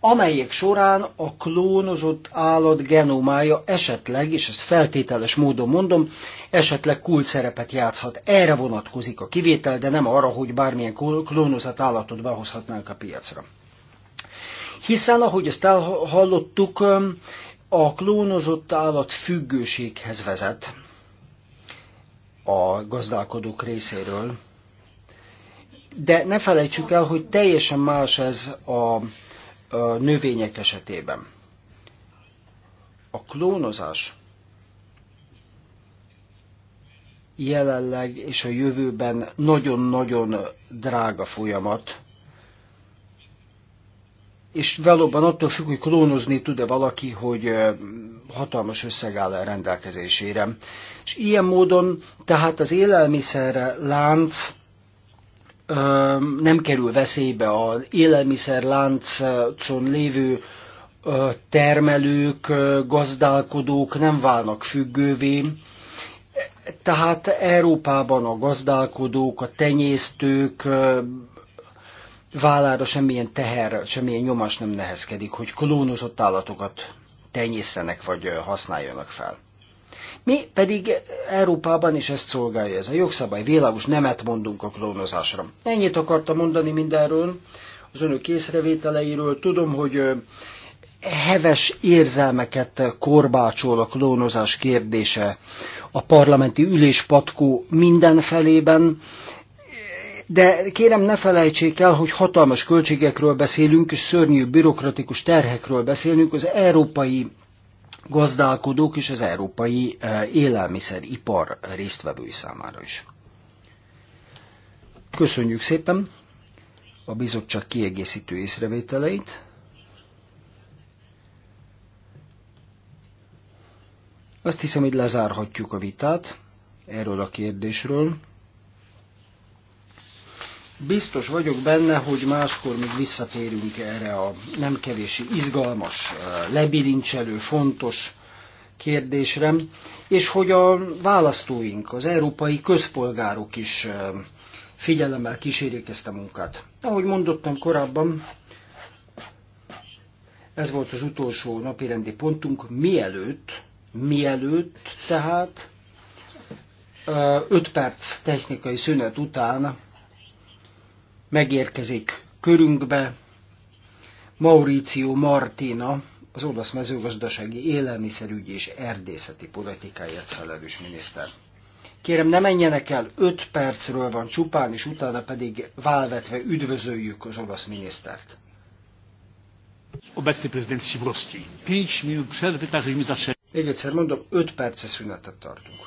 amelyek során a klónozott állat genomája esetleg, és ezt feltételes módon mondom, esetleg kult szerepet játszhat. Erre vonatkozik a kivétel, de nem arra, hogy bármilyen klónozott állatot behozhatnánk a piacra. Hiszen, ahogy ezt elhallottuk, a klónozott állat függőséghez vezet a gazdálkodók részéről, de ne felejtsük el, hogy teljesen más ez a a növények esetében. A klónozás jelenleg és a jövőben nagyon-nagyon drága folyamat, és valóban attól függ, hogy klónozni tud-e valaki, hogy hatalmas összeg áll a rendelkezésére. És ilyen módon tehát az élelmiszerre lánc nem kerül veszélybe az élelmiszerláncon lévő termelők, gazdálkodók nem válnak függővé. Tehát Európában a gazdálkodók, a tenyésztők vállára semmilyen teher, semmilyen nyomás nem nehezkedik, hogy klónozott állatokat tenyészenek vagy használjanak fel. Mi pedig Európában is ezt szolgálja ez a jogszabály. Világos nemet mondunk a klónozásra. Ennyit akartam mondani mindenről, az önök észrevételeiről. Tudom, hogy heves érzelmeket korbácsol a klónozás kérdése a parlamenti üléspatkó mindenfelében, de kérem ne felejtsék el, hogy hatalmas költségekről beszélünk, és szörnyű bürokratikus terhekről beszélünk, az európai gazdálkodók és az európai eh, élelmiszeripar résztvevői számára is. Köszönjük szépen a bizottság kiegészítő észrevételeit. Azt hiszem, hogy lezárhatjuk a vitát erről a kérdésről. Biztos vagyok benne, hogy máskor még visszatérünk erre a nem kevési izgalmas, eh, lebilincselő, fontos kérdésre, és hogy a választóink, az európai közpolgárok is eh, figyelemmel kísérjék ezt a munkát. Ahogy mondottam korábban, ez volt az utolsó napirendi pontunk, mielőtt, mielőtt tehát 5 eh, perc technikai szünet után megérkezik körünkbe Mauricio Martina, az olasz mezőgazdasági élelmiszerügyi és erdészeti politikáért felelős miniszter. Kérem, ne menjenek el, öt percről van csupán, és utána pedig válvetve üdvözöljük az olasz minisztert. Obecny prezident Sivrosti. 5 minut przerwy, tak żeśmy zaczęli. Még egyszer mondom, 5 perce szünetet tartunk.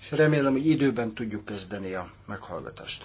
És remélem, hogy időben tudjuk kezdeni a meghallgatást.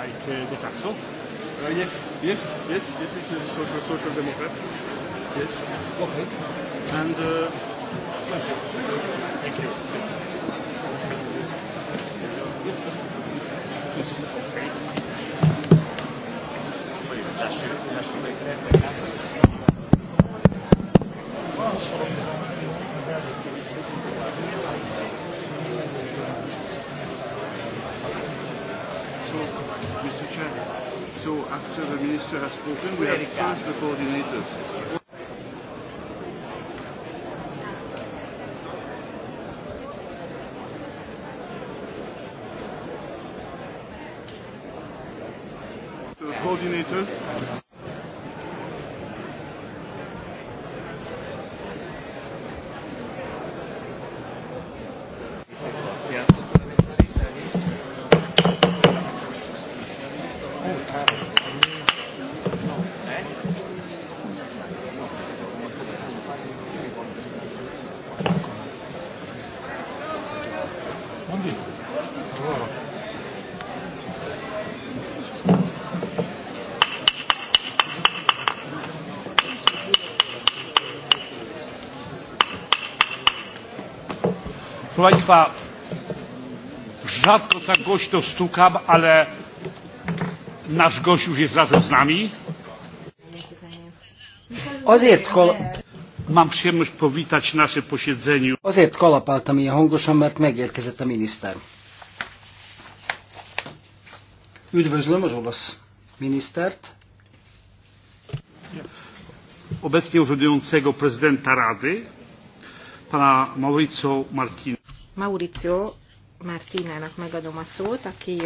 like uh, De Castro. Uh, yes, yes, yes, yes, he's a social, social democrat. Yes. Okay. And uh, coordinators. Proszę Państwa, rzadko tak głośno stukam, ale nasz gość już jest razem z nami. Azért kol... Mam przyjemność powitać nasze posiedzeniu. Azért kalapáltam ilyen hangosan, mert megérkezett a miniszter. Üdvözlöm az olasz minisztert. Obecnie urzędującego prezydenta Rady, pana Mauricio Martin. Mauricio Martínának megadom a szót, aki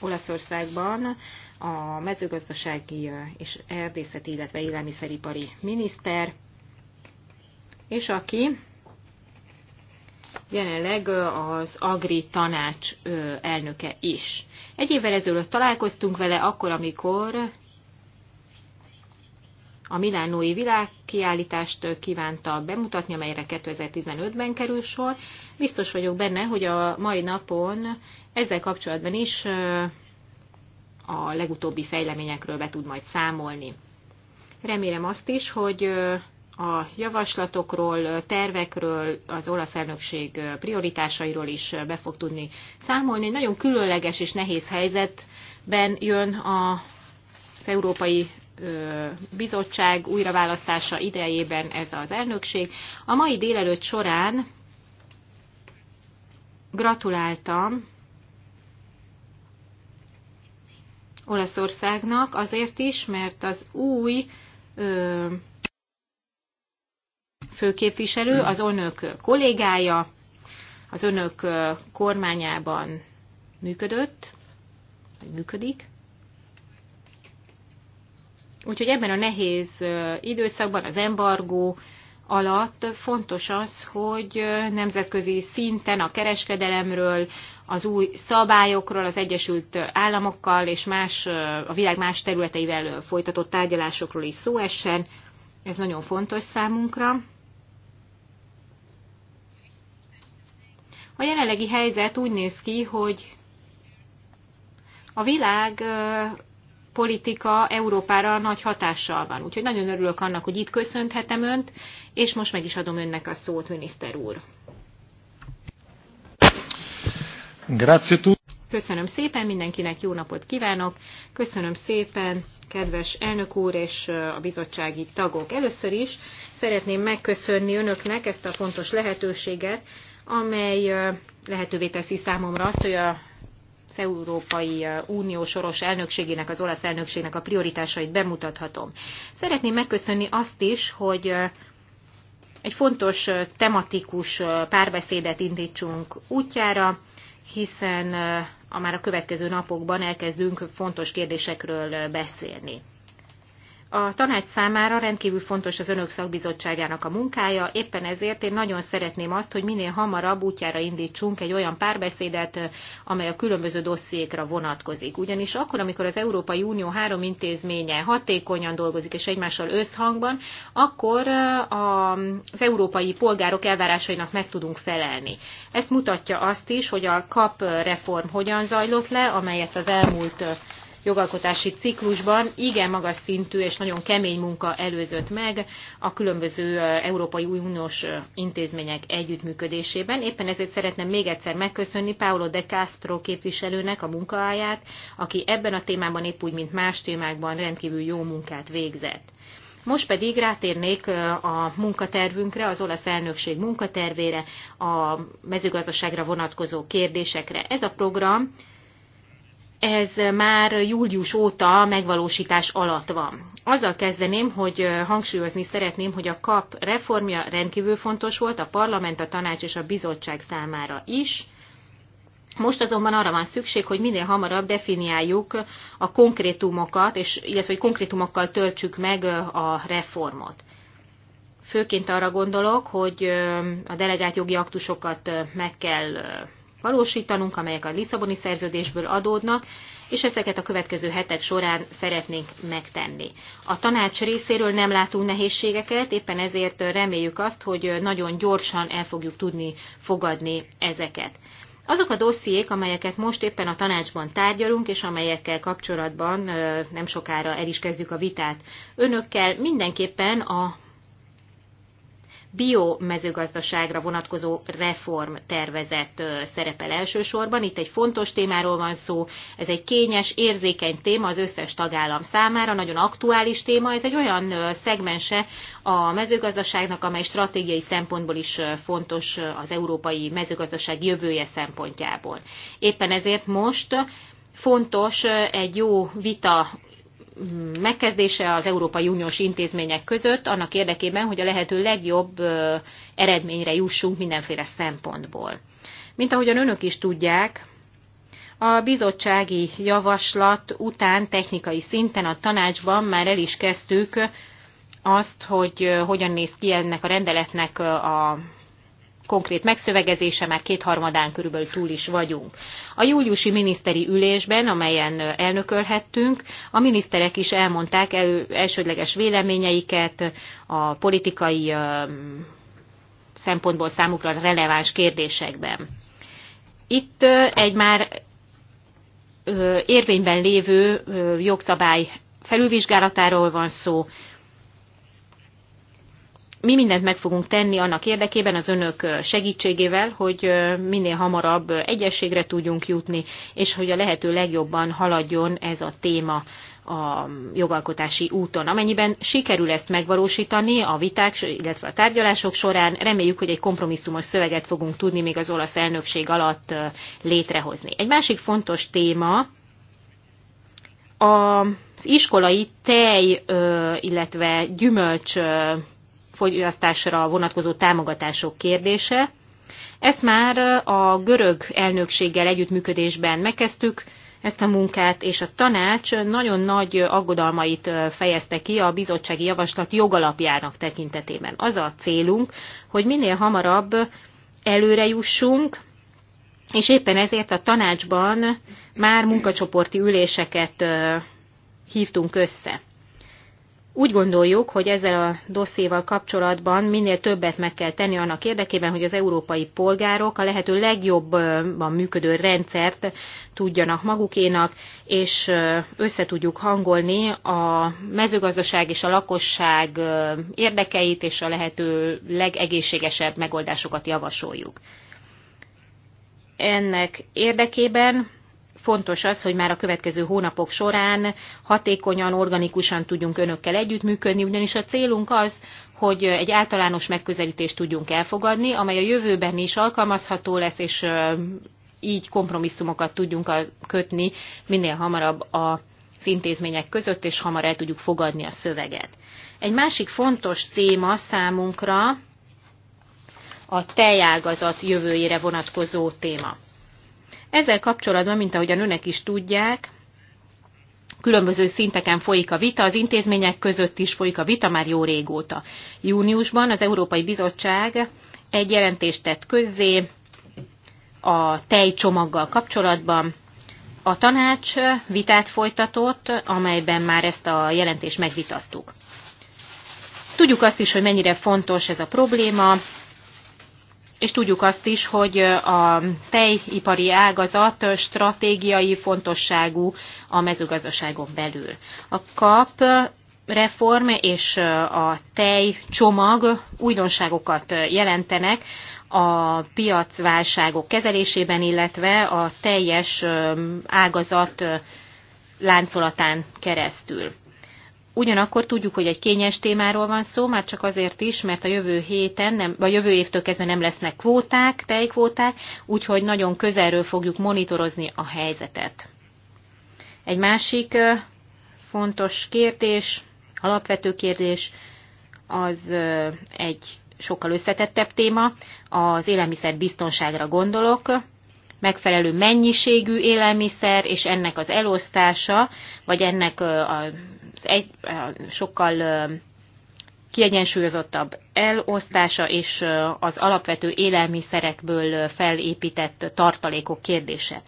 Olaszországban a mezőgazdasági és erdészeti, illetve élelmiszeripari miniszter, és aki jelenleg az Agri Tanács elnöke is. Egy évvel ezelőtt találkoztunk vele, akkor, amikor a Milánói világkiállítást kívánta bemutatni, amelyre 2015-ben kerül sor. Biztos vagyok benne, hogy a mai napon ezzel kapcsolatban is a legutóbbi fejleményekről be tud majd számolni. Remélem azt is, hogy a javaslatokról, tervekről, az olasz elnökség prioritásairól is be fog tudni számolni. Nagyon különleges és nehéz helyzetben jön a az Európai bizottság újraválasztása idejében ez az elnökség. A mai délelőtt során gratuláltam Olaszországnak azért is, mert az új ö, főképviselő, az önök kollégája, az önök kormányában működött, működik, Úgyhogy ebben a nehéz időszakban, az embargó alatt fontos az, hogy nemzetközi szinten a kereskedelemről, az új szabályokról, az Egyesült Államokkal és más, a világ más területeivel folytatott tárgyalásokról is szó essen. Ez nagyon fontos számunkra. A jelenlegi helyzet úgy néz ki, hogy a világ politika Európára nagy hatással van. Úgyhogy nagyon örülök annak, hogy itt köszönthetem Önt, és most meg is adom Önnek a szót, miniszter úr. Köszönöm szépen, mindenkinek jó napot kívánok. Köszönöm szépen, kedves elnök úr és a bizottsági tagok. Először is szeretném megköszönni önöknek ezt a fontos lehetőséget, amely lehetővé teszi számomra azt, hogy a az Európai Unió soros elnökségének, az olasz elnökségnek a prioritásait bemutathatom. Szeretném megköszönni azt is, hogy egy fontos tematikus párbeszédet indítsunk útjára, hiszen a már a következő napokban elkezdünk fontos kérdésekről beszélni. A tanács számára rendkívül fontos az önök szakbizottságának a munkája, éppen ezért én nagyon szeretném azt, hogy minél hamarabb útjára indítsunk egy olyan párbeszédet, amely a különböző dossziékra vonatkozik. Ugyanis akkor, amikor az Európai Unió három intézménye hatékonyan dolgozik és egymással összhangban, akkor az európai polgárok elvárásainak meg tudunk felelni. Ezt mutatja azt is, hogy a KAP reform hogyan zajlott le, amelyet az elmúlt jogalkotási ciklusban igen magas szintű és nagyon kemény munka előzött meg a különböző Európai Uniós intézmények együttműködésében. Éppen ezért szeretném még egyszer megköszönni Paolo de Castro képviselőnek a munkáját, aki ebben a témában épp úgy, mint más témákban rendkívül jó munkát végzett. Most pedig rátérnék a munkatervünkre, az olasz elnökség munkatervére, a mezőgazdaságra vonatkozó kérdésekre. Ez a program ez már július óta megvalósítás alatt van. Azzal kezdeném, hogy hangsúlyozni szeretném, hogy a KAP reformja rendkívül fontos volt a parlament, a tanács és a bizottság számára is. Most azonban arra van szükség, hogy minél hamarabb definiáljuk a konkrétumokat, és, illetve hogy konkrétumokkal töltsük meg a reformot. Főként arra gondolok, hogy a delegált jogi aktusokat meg kell valósítanunk, amelyek a Lisszaboni szerződésből adódnak, és ezeket a következő hetek során szeretnénk megtenni. A tanács részéről nem látunk nehézségeket, éppen ezért reméljük azt, hogy nagyon gyorsan el fogjuk tudni fogadni ezeket. Azok a dossziék, amelyeket most éppen a tanácsban tárgyalunk, és amelyekkel kapcsolatban nem sokára el is kezdjük a vitát önökkel, mindenképpen a biomezőgazdaságra vonatkozó reformtervezet szerepel elsősorban. Itt egy fontos témáról van szó, ez egy kényes, érzékeny téma az összes tagállam számára, nagyon aktuális téma, ez egy olyan szegmense a mezőgazdaságnak, amely stratégiai szempontból is fontos az európai mezőgazdaság jövője szempontjából. Éppen ezért most fontos egy jó vita megkezdése az Európai Uniós intézmények között, annak érdekében, hogy a lehető legjobb eredményre jussunk mindenféle szempontból. Mint ahogyan önök is tudják, a bizottsági javaslat után technikai szinten a tanácsban már el is kezdtük azt, hogy hogyan néz ki ennek a rendeletnek a konkrét megszövegezése már kétharmadán körülbelül túl is vagyunk. A júliusi miniszteri ülésben, amelyen elnökölhettünk, a miniszterek is elmondták el, elsődleges véleményeiket, a politikai szempontból számukra releváns kérdésekben. Itt egy már érvényben lévő jogszabály felülvizsgálatáról van szó, mi mindent meg fogunk tenni annak érdekében az önök segítségével, hogy minél hamarabb egyességre tudjunk jutni, és hogy a lehető legjobban haladjon ez a téma a jogalkotási úton. Amennyiben sikerül ezt megvalósítani a viták, illetve a tárgyalások során, reméljük, hogy egy kompromisszumos szöveget fogunk tudni még az olasz elnökség alatt létrehozni. Egy másik fontos téma az iskolai tej, illetve gyümölcs fogyasztásra vonatkozó támogatások kérdése. Ezt már a görög elnökséggel együttműködésben megkezdtük, ezt a munkát, és a tanács nagyon nagy aggodalmait fejezte ki a bizottsági javaslat jogalapjának tekintetében. Az a célunk, hogy minél hamarabb előre jussunk, és éppen ezért a tanácsban már munkacsoporti üléseket hívtunk össze. Úgy gondoljuk, hogy ezzel a dosszéval kapcsolatban minél többet meg kell tenni annak érdekében, hogy az európai polgárok a lehető legjobban működő rendszert tudjanak magukénak, és összetudjuk hangolni a mezőgazdaság és a lakosság érdekeit, és a lehető legegészségesebb megoldásokat javasoljuk. Ennek érdekében fontos az, hogy már a következő hónapok során hatékonyan, organikusan tudjunk önökkel együttműködni, ugyanis a célunk az, hogy egy általános megközelítést tudjunk elfogadni, amely a jövőben is alkalmazható lesz, és így kompromisszumokat tudjunk kötni minél hamarabb a intézmények között, és hamar el tudjuk fogadni a szöveget. Egy másik fontos téma számunkra a tejágazat jövőjére vonatkozó téma. Ezzel kapcsolatban, mint ahogyan önök is tudják, Különböző szinteken folyik a vita, az intézmények között is folyik a vita már jó régóta. Júniusban az Európai Bizottság egy jelentést tett közzé a tejcsomaggal kapcsolatban. A tanács vitát folytatott, amelyben már ezt a jelentést megvitattuk. Tudjuk azt is, hogy mennyire fontos ez a probléma, és tudjuk azt is, hogy a tejipari ágazat stratégiai fontosságú a mezőgazdaságon belül. A KAP reform és a csomag újdonságokat jelentenek a piacválságok kezelésében, illetve a teljes ágazat láncolatán keresztül. Ugyanakkor tudjuk, hogy egy kényes témáról van szó, már csak azért is, mert a jövő héten, nem, vagy jövő évtől kezdve nem lesznek kvóták, tejkvóták, úgyhogy nagyon közelről fogjuk monitorozni a helyzetet. Egy másik fontos kérdés, alapvető kérdés, az egy sokkal összetettebb téma, az élelmiszer biztonságra gondolok megfelelő mennyiségű élelmiszer és ennek az elosztása, vagy ennek az egy, sokkal kiegyensúlyozottabb elosztása és az alapvető élelmiszerekből felépített tartalékok kérdése.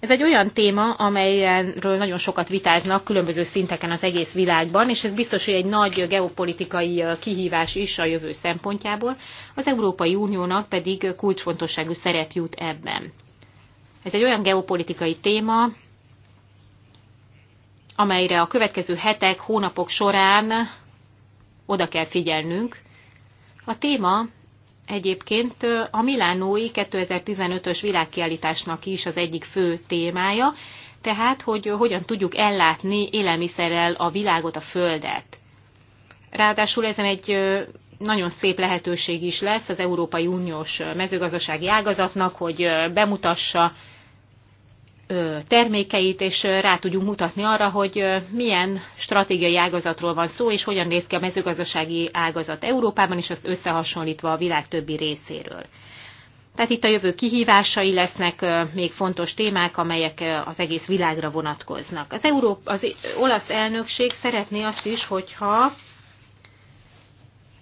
Ez egy olyan téma, amelyről nagyon sokat vitáznak különböző szinteken az egész világban, és ez biztos, hogy egy nagy geopolitikai kihívás is a jövő szempontjából, az Európai Uniónak pedig kulcsfontosságú szerep jut ebben. Ez egy olyan geopolitikai téma, amelyre a következő hetek, hónapok során oda kell figyelnünk. A téma egyébként a Milánói 2015-ös világkiállításnak is az egyik fő témája, tehát hogy hogyan tudjuk ellátni élelmiszerrel a világot, a földet. Ráadásul ez egy nagyon szép lehetőség is lesz az Európai Uniós mezőgazdasági ágazatnak, hogy bemutassa termékeit, és rá tudjunk mutatni arra, hogy milyen stratégiai ágazatról van szó, és hogyan néz ki a mezőgazdasági ágazat Európában, és azt összehasonlítva a világ többi részéről. Tehát itt a jövő kihívásai lesznek még fontos témák, amelyek az egész világra vonatkoznak. Az, Európ, az olasz elnökség szeretné azt is, hogyha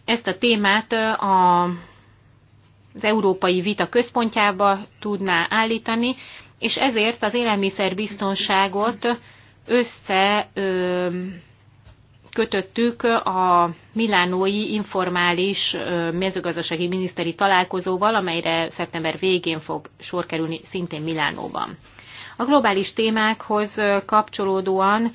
ezt a témát a, az európai vita központjába tudná állítani, és ezért az élelmiszerbiztonságot összekötöttük a milánói informális mezőgazdasági miniszteri találkozóval, amelyre szeptember végén fog sor kerülni szintén Milánóban. A globális témákhoz kapcsolódóan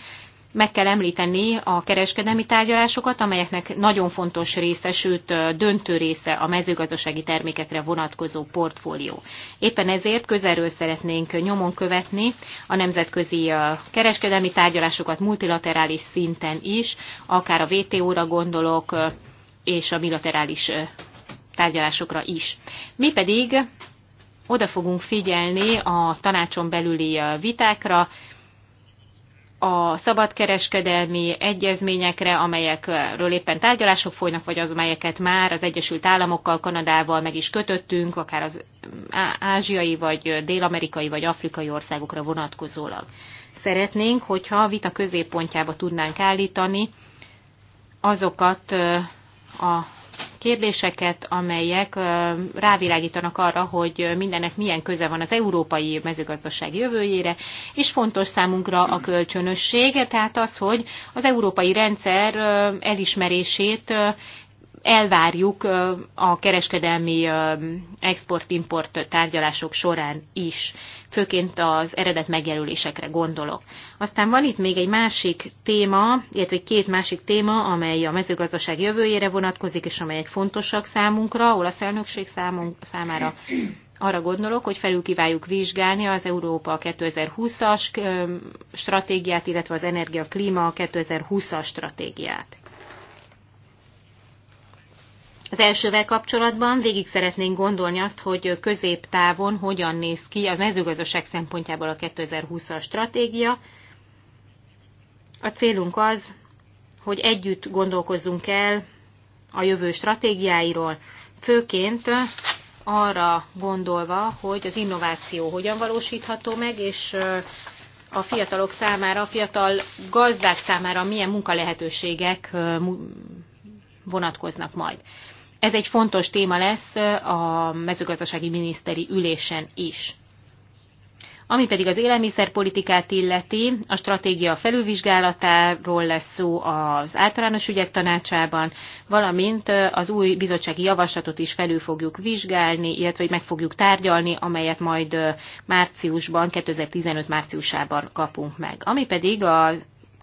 meg kell említeni a kereskedelmi tárgyalásokat, amelyeknek nagyon fontos része, sőt döntő része a mezőgazdasági termékekre vonatkozó portfólió. Éppen ezért közelről szeretnénk nyomon követni a nemzetközi kereskedelmi tárgyalásokat multilaterális szinten is, akár a WTO-ra gondolok, és a bilaterális tárgyalásokra is. Mi pedig oda fogunk figyelni a tanácson belüli vitákra, a szabadkereskedelmi egyezményekre, amelyekről éppen tárgyalások folynak, vagy az, amelyeket már az Egyesült Államokkal, Kanadával meg is kötöttünk, akár az ázsiai, vagy dél-amerikai, vagy afrikai országokra vonatkozólag. Szeretnénk, hogyha a vita középpontjába tudnánk állítani azokat a kérdéseket, amelyek rávilágítanak arra, hogy mindennek milyen köze van az európai mezőgazdaság jövőjére, és fontos számunkra a kölcsönösség, tehát az, hogy az európai rendszer elismerését elvárjuk a kereskedelmi export-import tárgyalások során is, főként az eredet megjelölésekre gondolok. Aztán van itt még egy másik téma, illetve két másik téma, amely a mezőgazdaság jövőjére vonatkozik, és amelyek fontosak számunkra, olasz elnökség számunk, számára arra gondolok, hogy felül vizsgálni az Európa 2020-as stratégiát, illetve az Energia-Klíma 2020-as stratégiát. Az elsővel kapcsolatban végig szeretnénk gondolni azt, hogy középtávon hogyan néz ki a mezőgazdaság szempontjából a 2020-as stratégia. A célunk az, hogy együtt gondolkozzunk el a jövő stratégiáiról, főként arra gondolva, hogy az innováció hogyan valósítható meg, és a fiatalok számára, a fiatal gazdák számára milyen munkalehetőségek vonatkoznak majd. Ez egy fontos téma lesz a mezőgazdasági miniszteri ülésen is. Ami pedig az élelmiszerpolitikát illeti, a stratégia felülvizsgálatáról lesz szó az általános ügyek tanácsában, valamint az új bizottsági javaslatot is felül fogjuk vizsgálni, illetve hogy meg fogjuk tárgyalni, amelyet majd márciusban, 2015 márciusában kapunk meg. Ami pedig a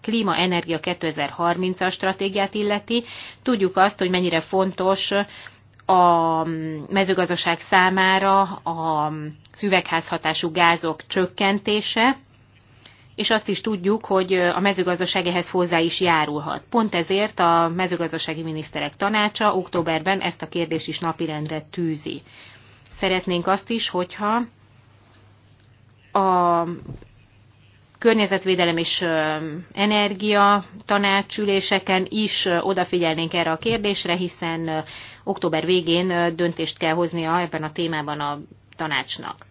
klíma energia 2030-as stratégiát illeti, tudjuk azt, hogy mennyire fontos a mezőgazdaság számára a szüvegházhatású gázok csökkentése, és azt is tudjuk, hogy a mezőgazdaság ehhez hozzá is járulhat. Pont ezért a mezőgazdasági miniszterek tanácsa októberben ezt a kérdést is napirendre tűzi. Szeretnénk azt is, hogyha a környezetvédelem és energia tanácsüléseken is odafigyelnénk erre a kérdésre, hiszen október végén döntést kell hoznia ebben a témában a tanácsnak.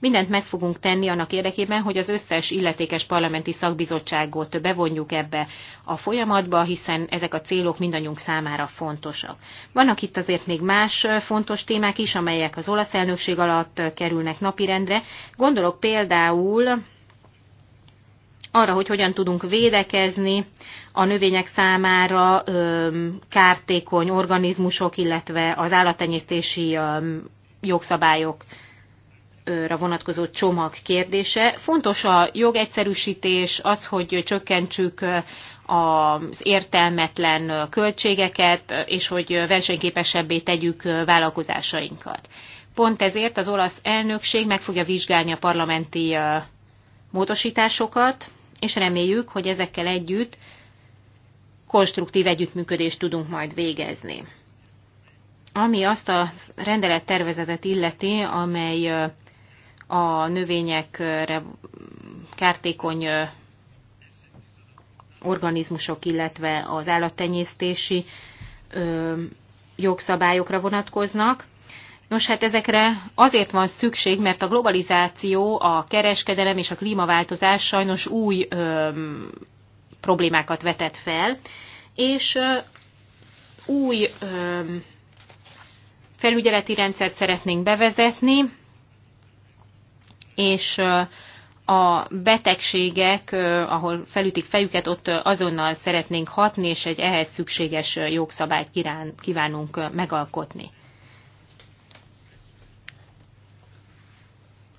Mindent meg fogunk tenni annak érdekében, hogy az összes illetékes parlamenti szakbizottságot bevonjuk ebbe a folyamatba, hiszen ezek a célok mindannyiunk számára fontosak. Vannak itt azért még más fontos témák is, amelyek az olasz elnökség alatt kerülnek napirendre. Gondolok például arra, hogy hogyan tudunk védekezni a növények számára kártékony organizmusok, illetve az állattenyésztési jogszabályok vonatkozó csomag kérdése. Fontos a jogegyszerűsítés, az, hogy csökkentsük az értelmetlen költségeket, és hogy versenyképesebbé tegyük vállalkozásainkat. Pont ezért az olasz elnökség meg fogja vizsgálni a parlamenti módosításokat, és reméljük, hogy ezekkel együtt konstruktív együttműködést tudunk majd végezni. Ami azt a rendelettervezetet illeti, amely a növényekre kártékony organizmusok, illetve az állattenyésztési jogszabályokra vonatkoznak. Nos, hát ezekre azért van szükség, mert a globalizáció, a kereskedelem és a klímaváltozás sajnos új ö, problémákat vetett fel, és ö, új ö, felügyeleti rendszert szeretnénk bevezetni, és ö, a betegségek, ahol felütik fejüket, ott azonnal szeretnénk hatni, és egy ehhez szükséges jogszabályt kívánunk megalkotni.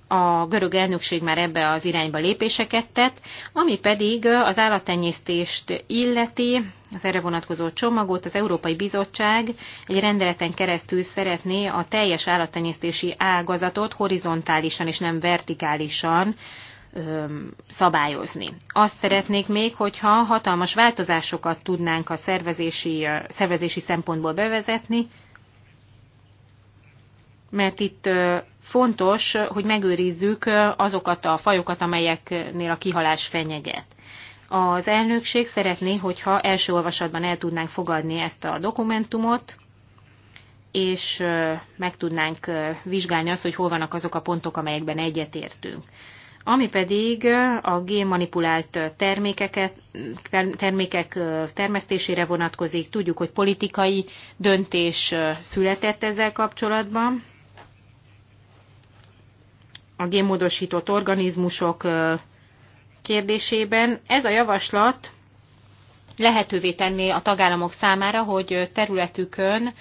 a görög elnökség már ebbe az irányba lépéseket tett, ami pedig az állattenyésztést illeti, az erre vonatkozó csomagot az Európai Bizottság egy rendeleten keresztül szeretné a teljes állattenyésztési ágazatot horizontálisan és nem vertikálisan szabályozni. Azt szeretnék még, hogyha hatalmas változásokat tudnánk a szervezési, szervezési szempontból bevezetni, mert itt fontos, hogy megőrizzük azokat a fajokat, amelyeknél a kihalás fenyeget. Az elnökség szeretné, hogyha első olvasatban el tudnánk fogadni ezt a dokumentumot, és meg tudnánk vizsgálni azt, hogy hol vannak azok a pontok, amelyekben egyetértünk. Ami pedig a génmanipulált termékeket, termékek termesztésére vonatkozik, tudjuk, hogy politikai döntés született ezzel kapcsolatban, a génmódosított organizmusok kérdésében. Ez a javaslat lehetővé tenné a tagállamok számára, hogy területükön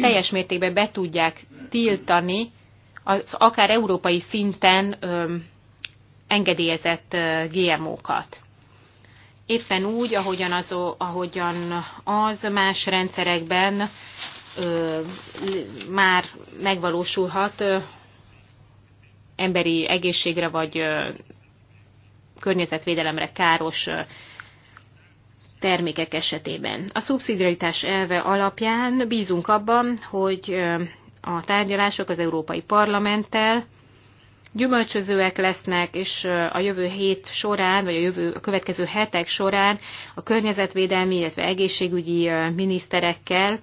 teljes mértékben be tudják tiltani az akár európai szinten engedélyezett GMO-kat. Éppen úgy, ahogyan az, ahogyan az más rendszerekben ö, már megvalósulhat emberi egészségre vagy környezetvédelemre káros termékek esetében. A szubszidiaritás elve alapján bízunk abban, hogy a tárgyalások az Európai Parlamenttel gyümölcsözőek lesznek, és a jövő hét során, vagy a, jövő, a következő hetek során a környezetvédelmi, illetve egészségügyi miniszterekkel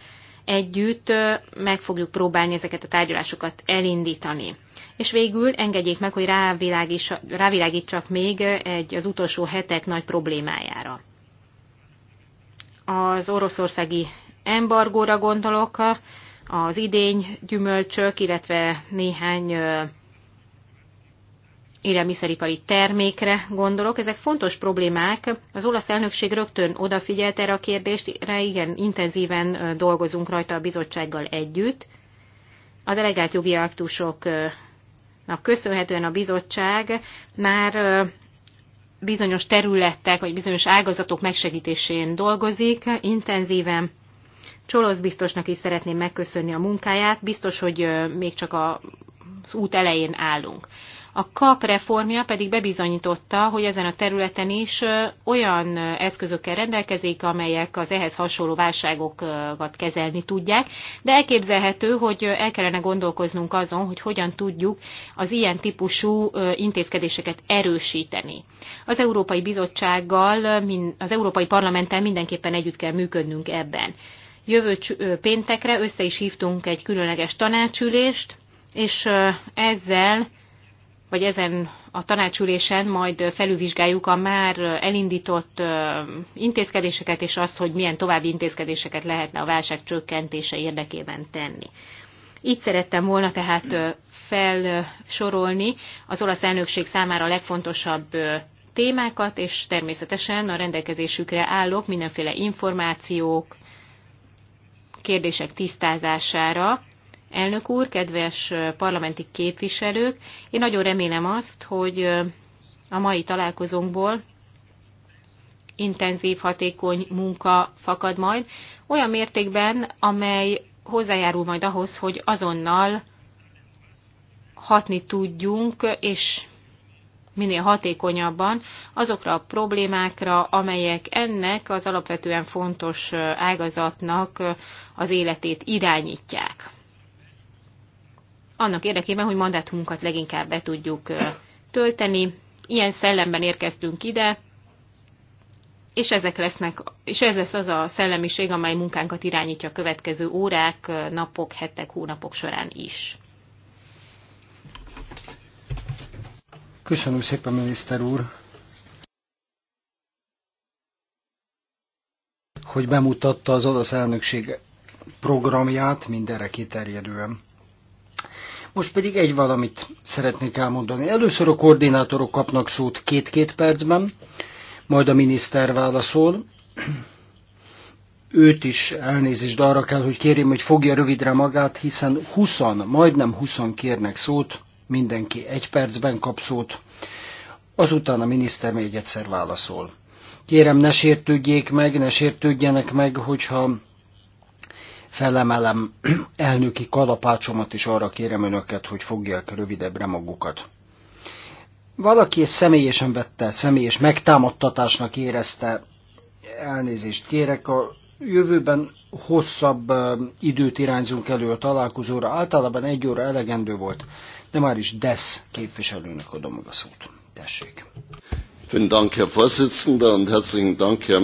együtt meg fogjuk próbálni ezeket a tárgyalásokat elindítani és végül engedjék meg, hogy rávilágítsak még egy az utolsó hetek nagy problémájára. Az oroszországi embargóra gondolok, az idény gyümölcsök, illetve néhány élelmiszeripari termékre gondolok. Ezek fontos problémák. Az olasz elnökség rögtön odafigyelt erre a kérdésre, igen, intenzíven dolgozunk rajta a bizottsággal együtt. A delegált jogi aktusok na köszönhetően a bizottság már bizonyos területek vagy bizonyos ágazatok megsegítésén dolgozik intenzíven. Csolosz biztosnak is szeretném megköszönni a munkáját. Biztos, hogy még csak az út elején állunk. A KAP reformja pedig bebizonyította, hogy ezen a területen is olyan eszközökkel rendelkezik, amelyek az ehhez hasonló válságokat kezelni tudják, de elképzelhető, hogy el kellene gondolkoznunk azon, hogy hogyan tudjuk az ilyen típusú intézkedéseket erősíteni. Az Európai Bizottsággal, az Európai Parlamenttel mindenképpen együtt kell működnünk ebben. Jövő péntekre össze is hívtunk egy különleges tanácsülést, és ezzel vagy ezen a tanácsülésen majd felülvizsgáljuk a már elindított intézkedéseket, és azt, hogy milyen további intézkedéseket lehetne a válság csökkentése érdekében tenni. Így szerettem volna tehát felsorolni az olasz elnökség számára a legfontosabb témákat, és természetesen a rendelkezésükre állok mindenféle információk, kérdések tisztázására, Elnök úr, kedves parlamenti képviselők, én nagyon remélem azt, hogy a mai találkozónkból intenzív, hatékony munka fakad majd, olyan mértékben, amely hozzájárul majd ahhoz, hogy azonnal hatni tudjunk, és minél hatékonyabban azokra a problémákra, amelyek ennek az alapvetően fontos ágazatnak az életét irányítják annak érdekében, hogy mandátumunkat leginkább be tudjuk tölteni. Ilyen szellemben érkeztünk ide, és, ezek lesznek, és ez lesz az a szellemiség, amely munkánkat irányítja a következő órák, napok, hetek, hónapok során is. Köszönöm szépen, miniszter úr, hogy bemutatta az olasz elnökség programját mindenre kiterjedően. Most pedig egy valamit szeretnék elmondani. Először a koordinátorok kapnak szót két-két percben, majd a miniszter válaszol. Őt is elnézést arra kell, hogy kérjem, hogy fogja rövidre magát, hiszen 20, majdnem 20 kérnek szót, mindenki egy percben kap szót. Azután a miniszter még egyszer válaszol. Kérem, ne sértődjék meg, ne sértődjenek meg, hogyha felemelem elnöki kalapácsomat, és arra kérem önöket, hogy fogják rövidebbre magukat. Valaki ezt személyesen vette, személyes megtámadtatásnak érezte, elnézést kérek, a jövőben hosszabb időt irányzunk elő a találkozóra, általában egy óra elegendő volt, de már is DESZ képviselőnek adom a szót. Tessék. Vielen Dank, Herr Vorsitzender, und herzlichen Dank, Herr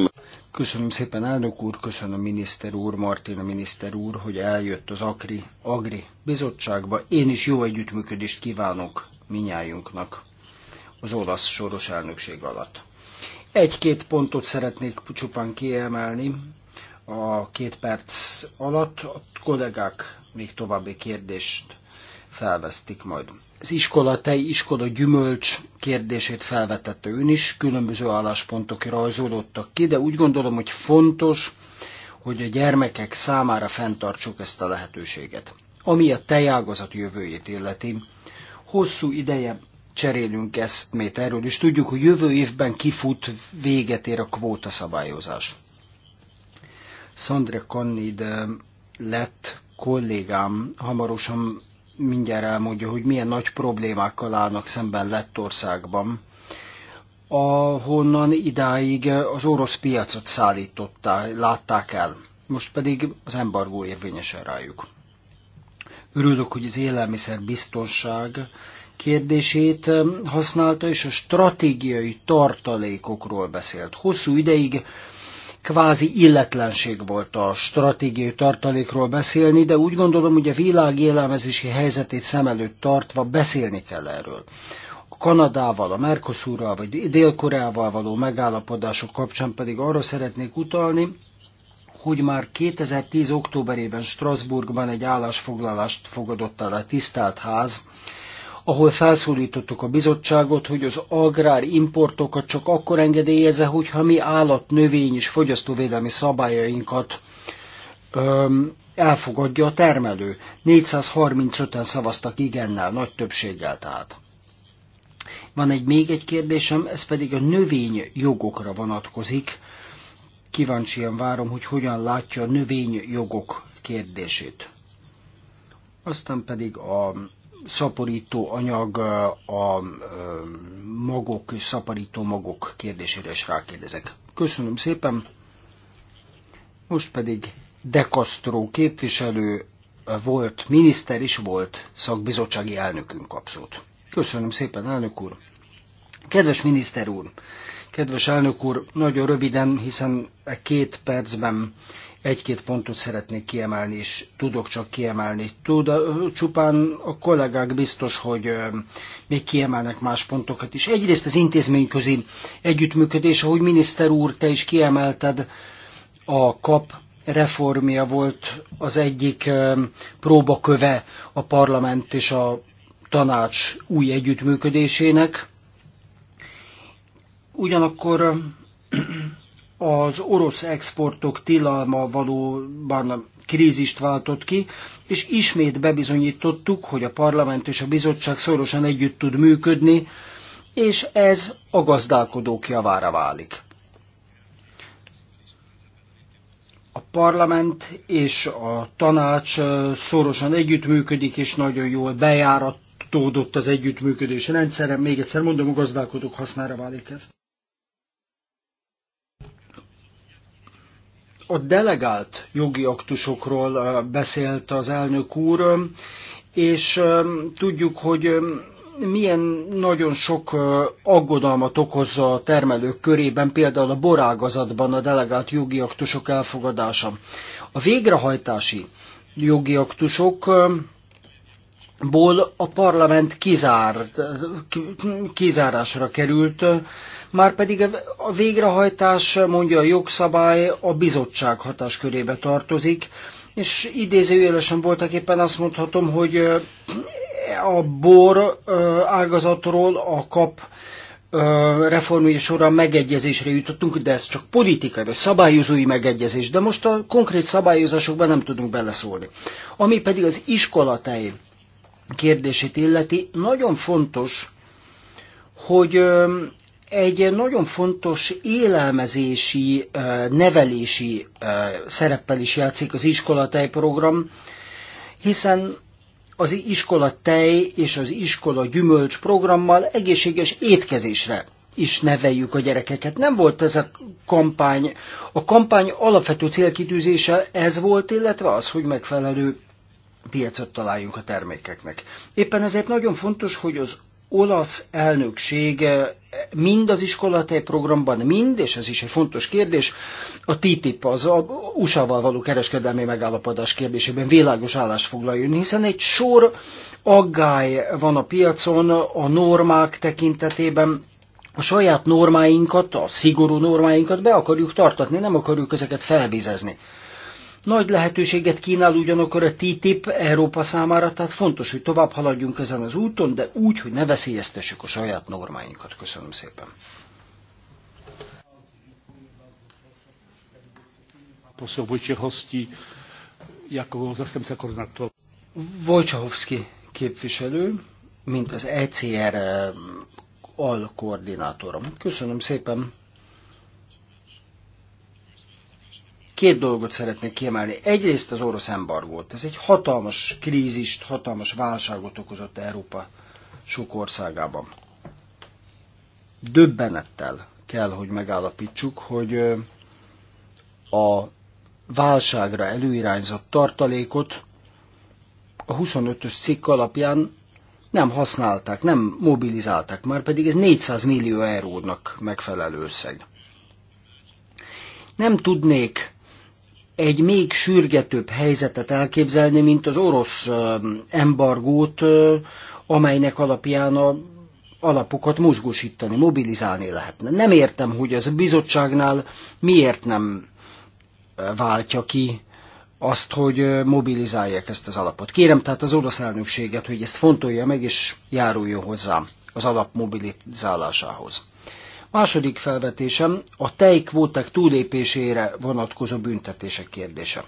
Köszönöm szépen, elnök úr, köszönöm miniszter úr, Martina miniszter úr, hogy eljött az Akri, Agri bizottságba. Én is jó együttműködést kívánok minnyájunknak az olasz soros elnökség alatt. Egy-két pontot szeretnék csupán kiemelni a két perc alatt. A kollégák még további kérdést felvesztik majd az iskola, tej, iskola gyümölcs kérdését felvetette ön is, különböző álláspontok rajzolódtak ki, de úgy gondolom, hogy fontos, hogy a gyermekek számára fenntartsuk ezt a lehetőséget. Ami a tejágazat jövőjét illeti, hosszú ideje cserélünk mert erről, és tudjuk, hogy jövő évben kifut véget ér a kvóta szabályozás. Szandre Kannid lett kollégám hamarosan mindjárt elmondja, hogy milyen nagy problémákkal állnak szemben Lettországban, ahonnan idáig az orosz piacot szállították, látták el. Most pedig az embargó érvényesen rájuk. Örülök, hogy az élelmiszer biztonság kérdését használta, és a stratégiai tartalékokról beszélt. Hosszú ideig kvázi illetlenség volt a stratégiai tartalékról beszélni, de úgy gondolom, hogy a világ élelmezési helyzetét szem előtt tartva beszélni kell erről. A Kanadával, a Mercosurral vagy Dél-Koreával való megállapodások kapcsán pedig arra szeretnék utalni, hogy már 2010. októberében Strasbourgban egy állásfoglalást fogadott el a tisztelt ház, ahol felszólítottuk a bizottságot, hogy az agrár importokat csak akkor engedélyezze, hogyha mi állat, növény és fogyasztóvédelmi szabályainkat öm, elfogadja a termelő. 435-en szavaztak igennel, nagy többséggel tehát. Van egy még egy kérdésem, ez pedig a növény jogokra vonatkozik. Kíváncsian várom, hogy hogyan látja a növény jogok kérdését. Aztán pedig a szaporító anyag a magok és szaporító magok kérdésére is rákérdezek. Köszönöm szépen. Most pedig De Castro képviselő volt miniszter is volt szakbizottsági elnökünk kapszót. Köszönöm szépen, elnök úr. Kedves miniszter úr, kedves elnök úr, nagyon röviden, hiszen e két percben egy-két pontot szeretnék kiemelni, és tudok csak kiemelni. Tud, csupán a kollégák biztos, hogy még kiemelnek más pontokat is. Egyrészt az intézményközi együttműködés, ahogy miniszter úr, te is kiemelted, a kap reformja volt az egyik próbaköve a parlament és a tanács új együttműködésének. Ugyanakkor az orosz exportok tilalma valóban krízist váltott ki, és ismét bebizonyítottuk, hogy a parlament és a bizottság szorosan együtt tud működni, és ez a gazdálkodók javára válik. A parlament és a tanács szorosan együttműködik, és nagyon jól bejáratódott az együttműködés rendszere. Még egyszer mondom, a gazdálkodók hasznára válik ez. a delegált jogi aktusokról beszélt az elnök úr, és tudjuk, hogy milyen nagyon sok aggodalmat okoz a termelők körében, például a borágazatban a delegált jogi aktusok elfogadása. A végrehajtási jogi aktusok ból a parlament kizárt, kizárásra került, már pedig a végrehajtás, mondja a jogszabály, a bizottság hatáskörébe tartozik, és idézőjelesen voltak éppen azt mondhatom, hogy a bor ágazatról a kap reformja során megegyezésre jutottunk, de ez csak politikai vagy szabályozói megegyezés, de most a konkrét szabályozásokban nem tudunk beleszólni. Ami pedig az iskolatáj kérdését illeti, nagyon fontos, hogy egy nagyon fontos élelmezési, nevelési szereppel is játszik az program, hiszen az iskola tej és az iskola gyümölcs programmal egészséges étkezésre is neveljük a gyerekeket. Nem volt ez a kampány. A kampány alapvető célkitűzése ez volt, illetve az, hogy megfelelő piacot találjunk a termékeknek. Éppen ezért nagyon fontos, hogy az olasz elnökség eh, mind az iskolatai programban, mind, és ez is egy fontos kérdés, a TTIP, az a USA-val való kereskedelmi megállapodás kérdésében világos állást foglaljon, hiszen egy sor aggály van a piacon a normák tekintetében, a saját normáinkat, a szigorú normáinkat be akarjuk tartatni, nem akarjuk ezeket felvizezni. Nagy lehetőséget kínál ugyanakkor a TTIP Európa számára, tehát fontos, hogy tovább haladjunk ezen az úton, de úgy, hogy ne veszélyeztessük a saját normáinkat. Köszönöm szépen. Vojcsahovszki képviselő, mint az ECR e, alkoordinátora, Köszönöm szépen. Két dolgot szeretnék kiemelni. Egyrészt az orosz embargót. Ez egy hatalmas krízist, hatalmas válságot okozott Európa sok országában. Döbbenettel kell, hogy megállapítsuk, hogy a válságra előirányzott tartalékot a 25-ös cikk alapján nem használták, nem mobilizálták, már pedig ez 400 millió eurónak megfelelő összeg. Nem tudnék egy még sürgetőbb helyzetet elképzelni, mint az orosz embargót, amelynek alapján a alapokat mozgósítani, mobilizálni lehetne. Nem értem, hogy az a bizottságnál miért nem váltja ki azt, hogy mobilizálják ezt az alapot. Kérem tehát az orosz elnökséget, hogy ezt fontolja meg, és járuljon hozzá az alap mobilizálásához. Második felvetésem a tejkvóták túlépésére vonatkozó büntetések kérdése.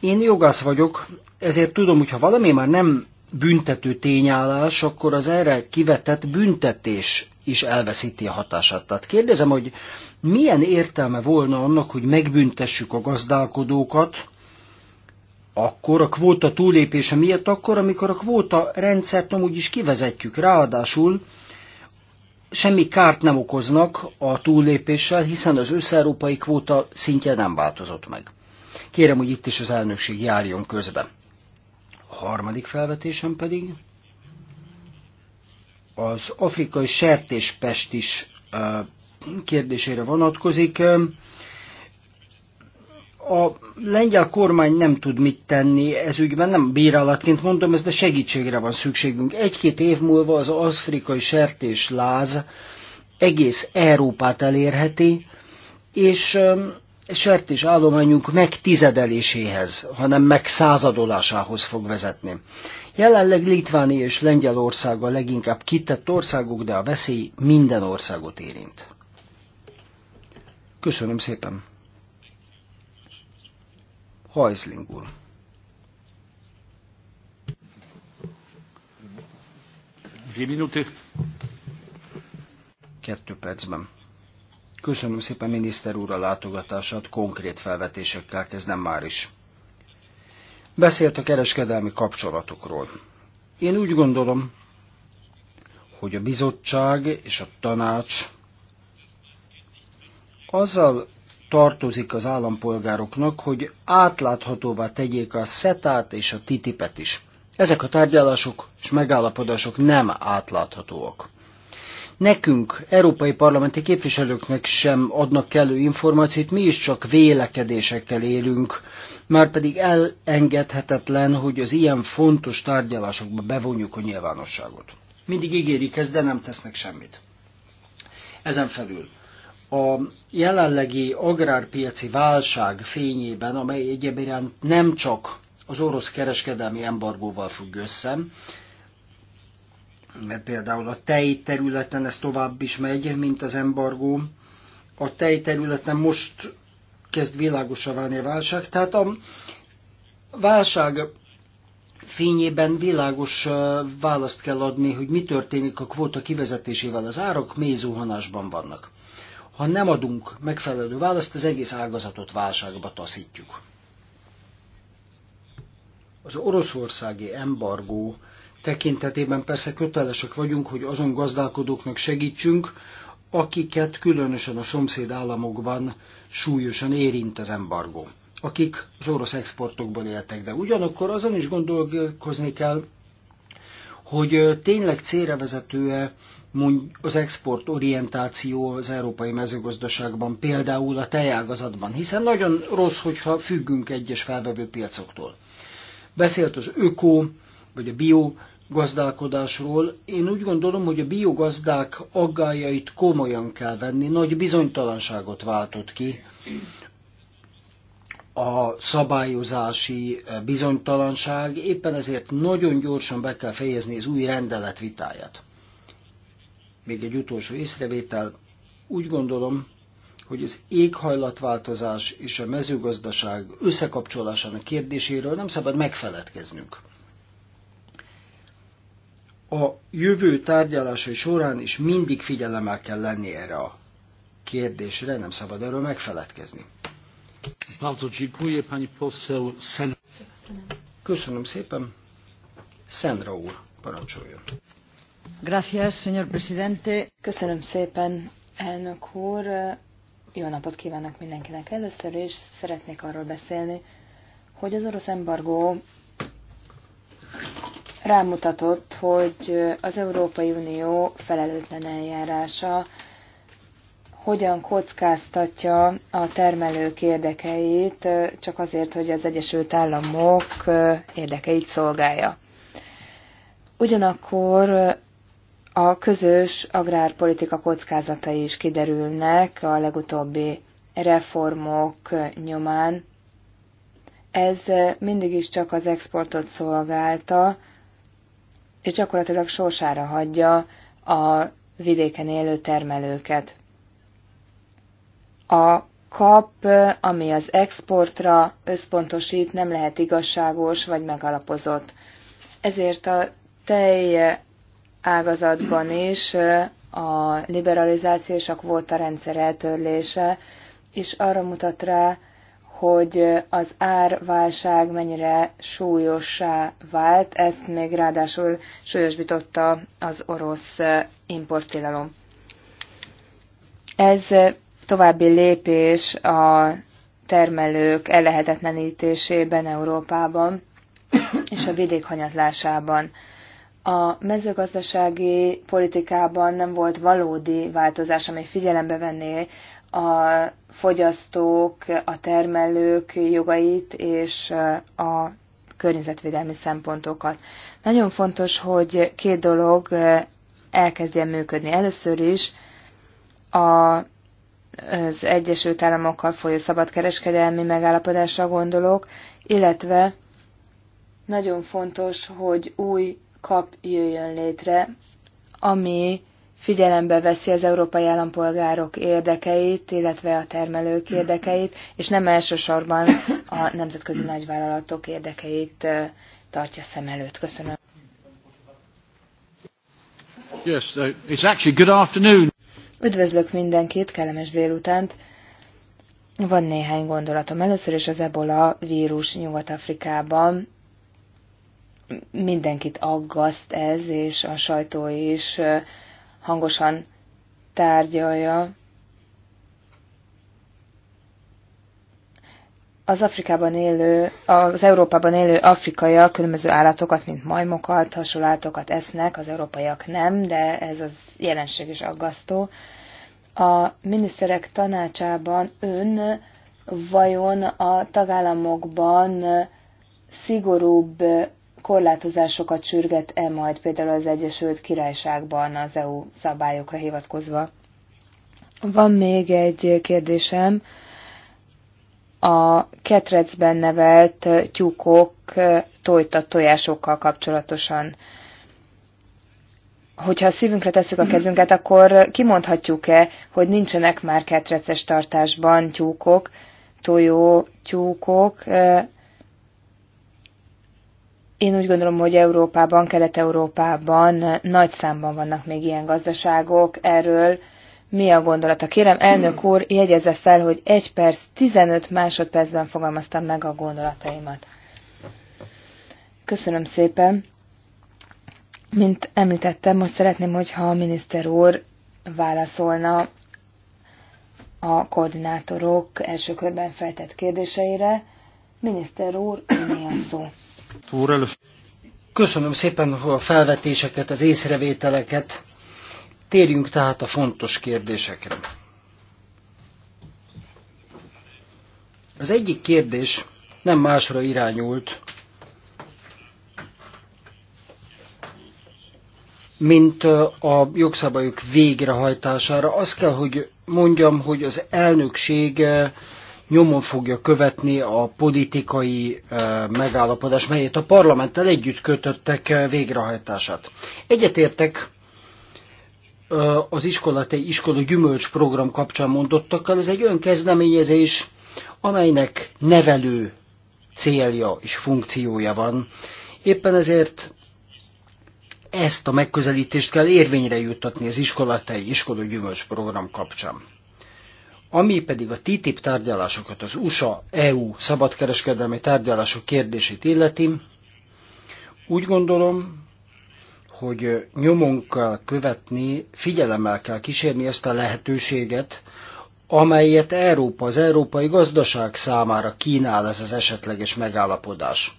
Én jogász vagyok, ezért tudom, hogy ha valami már nem büntető tényállás, akkor az erre kivetett büntetés is elveszíti a hatását. Tehát kérdezem, hogy milyen értelme volna annak, hogy megbüntessük a gazdálkodókat, akkor a kvóta túlépése miatt, akkor, amikor a kvóta rendszert amúgy is kivezetjük. Ráadásul semmi kárt nem okoznak a túllépéssel, hiszen az összeurópai kvóta szintje nem változott meg. Kérem, hogy itt is az elnökség járjon közben. A harmadik felvetésem pedig az afrikai sertéspest is kérdésére vonatkozik a lengyel kormány nem tud mit tenni ez ügyben, nem bírálatként mondom ez, de segítségre van szükségünk. Egy-két év múlva az afrikai láz egész Európát elérheti, és sertés állományunk megtizedeléséhez, hanem megszázadolásához fog vezetni. Jelenleg Litvánia és Lengyelország a leginkább kitett országok, de a veszély minden országot érint. Köszönöm szépen! Hajzling úr. Kettő percben. Köszönöm szépen miniszter úr a látogatását, konkrét felvetésekkel kezdem már is. Beszélt a kereskedelmi kapcsolatokról. Én úgy gondolom, hogy a bizottság és a tanács azzal tartozik az állampolgároknak, hogy átláthatóvá tegyék a SETA-t és a TTIP-et is. Ezek a tárgyalások és megállapodások nem átláthatóak. Nekünk, európai parlamenti képviselőknek sem adnak kellő információt, mi is csak vélekedésekkel élünk, már pedig elengedhetetlen, hogy az ilyen fontos tárgyalásokba bevonjuk a nyilvánosságot. Mindig ígérik ezt, de nem tesznek semmit. Ezen felül a jelenlegi agrárpiaci válság fényében, amely egyébként nem csak az orosz kereskedelmi embargóval függ össze, mert például a tej területen ez tovább is megy, mint az embargó. A tej területen most kezd világosra válni a válság, tehát a válság fényében világos választ kell adni, hogy mi történik a kvóta kivezetésével. Az árak mély zuhanásban vannak. Ha nem adunk megfelelő választ, az egész ágazatot válságba taszítjuk. Az oroszországi embargó tekintetében persze kötelesek vagyunk, hogy azon gazdálkodóknak segítsünk, akiket különösen a szomszéd államokban súlyosan érint az embargó, akik az orosz exportokból éltek. De ugyanakkor azon is gondolkozni kell, hogy tényleg célra az exportorientáció az európai mezőgazdaságban, például a tejágazatban, hiszen nagyon rossz, hogyha függünk egyes felvevő piacoktól. Beszélt az öko, vagy a bio gazdálkodásról. Én úgy gondolom, hogy a biogazdák aggájait komolyan kell venni, nagy bizonytalanságot váltott ki a szabályozási bizonytalanság, éppen ezért nagyon gyorsan be kell fejezni az új rendelet vitáját. Még egy utolsó észrevétel. Úgy gondolom, hogy az éghajlatváltozás és a mezőgazdaság összekapcsolásának kérdéséről nem szabad megfeledkeznünk. A jövő tárgyalásai során is mindig figyelemmel kell lenni erre a kérdésre, nem szabad erről megfeledkezni. Köszönöm szépen. Szenra úr, parancsoljon. Köszönöm szépen, elnök úr. Jó napot kívánok mindenkinek. Először is szeretnék arról beszélni, hogy az orosz embargó rámutatott, hogy az Európai Unió felelőtlen eljárása hogyan kockáztatja a termelők érdekeit csak azért, hogy az Egyesült Államok érdekeit szolgálja. Ugyanakkor a közös agrárpolitika kockázatai is kiderülnek a legutóbbi reformok nyomán. Ez mindig is csak az exportot szolgálta, és gyakorlatilag sorsára hagyja a vidéken élő termelőket. A kap, ami az exportra összpontosít, nem lehet igazságos vagy megalapozott. Ezért a tej ágazatban is eh, a liberalizáció és a kvóta rendszer eltörlése és arra mutat rá, hogy az árválság mennyire súlyossá vált, ezt még ráadásul súlyosbította az orosz eh, importtilalom. Ez eh, további lépés a termelők ellehetetlenítésében Európában és a vidék hanyatlásában a mezőgazdasági politikában nem volt valódi változás, ami figyelembe venné a fogyasztók, a termelők jogait és a környezetvédelmi szempontokat. Nagyon fontos, hogy két dolog elkezdjen működni. Először is a, az Egyesült Államokkal folyó szabadkereskedelmi megállapodásra gondolok, illetve nagyon fontos, hogy új kap jöjjön létre, ami figyelembe veszi az európai állampolgárok érdekeit, illetve a termelők érdekeit, és nem elsősorban a nemzetközi nagyvállalatok érdekeit tartja szem előtt. Köszönöm. Yes, uh, it's actually good afternoon. Üdvözlök mindenkit, kellemes délutánt. Van néhány gondolatom. Először is az ebola vírus Nyugat-Afrikában mindenkit aggaszt ez, és a sajtó is hangosan tárgyalja. Az Afrikában élő, az Európában élő afrikaiak különböző állatokat, mint majmokat, hasonló állatokat esznek, az európaiak nem, de ez az jelenség is aggasztó. A miniszterek tanácsában ön vajon a tagállamokban szigorúbb korlátozásokat sürget-e majd például az Egyesült Királyságban az EU szabályokra hivatkozva. Van még egy kérdésem. A ketrecben nevelt tyúkok tojtott tojásokkal kapcsolatosan. Hogyha a szívünkre tesszük a kezünket, akkor kimondhatjuk-e, hogy nincsenek már ketreces tartásban tyúkok, tojó tyúkok, én úgy gondolom, hogy Európában, Kelet-Európában nagy számban vannak még ilyen gazdaságok. Erről mi a gondolata? Kérem, elnök úr, jegyezze fel, hogy egy perc 15 másodpercben fogalmaztam meg a gondolataimat. Köszönöm szépen. Mint említettem, most szeretném, hogyha a miniszter úr válaszolna a koordinátorok első körben feltett kérdéseire. Miniszter úr, mi a szó? Köszönöm szépen a felvetéseket, az észrevételeket. Térjünk tehát a fontos kérdésekre. Az egyik kérdés nem másra irányult, mint a jogszabályok végrehajtására. Azt kell, hogy mondjam, hogy az elnökség nyomon fogja követni a politikai megállapodás, melyet a parlamenttel együtt kötöttek végrehajtását. Egyetértek az iskolatai iskola gyümölcs program kapcsán mondottakkal, ez egy önkezdeményezés, amelynek nevelő célja és funkciója van. Éppen ezért ezt a megközelítést kell érvényre juttatni az iskolatai iskola gyümölcs program kapcsán. Ami pedig a TTIP tárgyalásokat, az USA-EU e szabadkereskedelmi tárgyalások kérdését illeti, úgy gondolom, hogy nyomon kell követni, figyelemmel kell kísérni ezt a lehetőséget, amelyet Európa, az európai gazdaság számára kínál ez az esetleges megállapodás.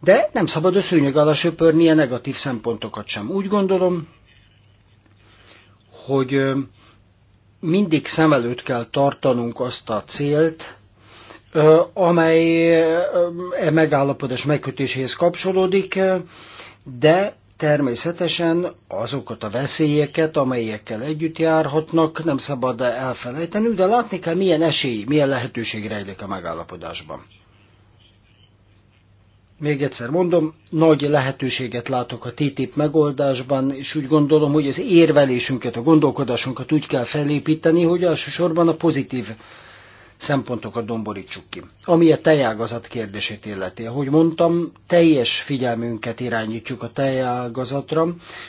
De nem szabad a szőnyeg alá söpörni a negatív szempontokat sem. Úgy gondolom, hogy mindig szem előtt kell tartanunk azt a célt, amely e megállapodás megkötéséhez kapcsolódik, de természetesen azokat a veszélyeket, amelyekkel együtt járhatnak, nem szabad elfelejteni. de látni kell, milyen esély, milyen lehetőség rejlik a megállapodásban. Még egyszer mondom, nagy lehetőséget látok a TTIP megoldásban, és úgy gondolom, hogy az érvelésünket, a gondolkodásunkat úgy kell felépíteni, hogy elsősorban a pozitív szempontokat domborítsuk ki. Ami a tejágazat kérdését illeti. Ahogy mondtam, teljes figyelmünket irányítjuk a tejágazatra,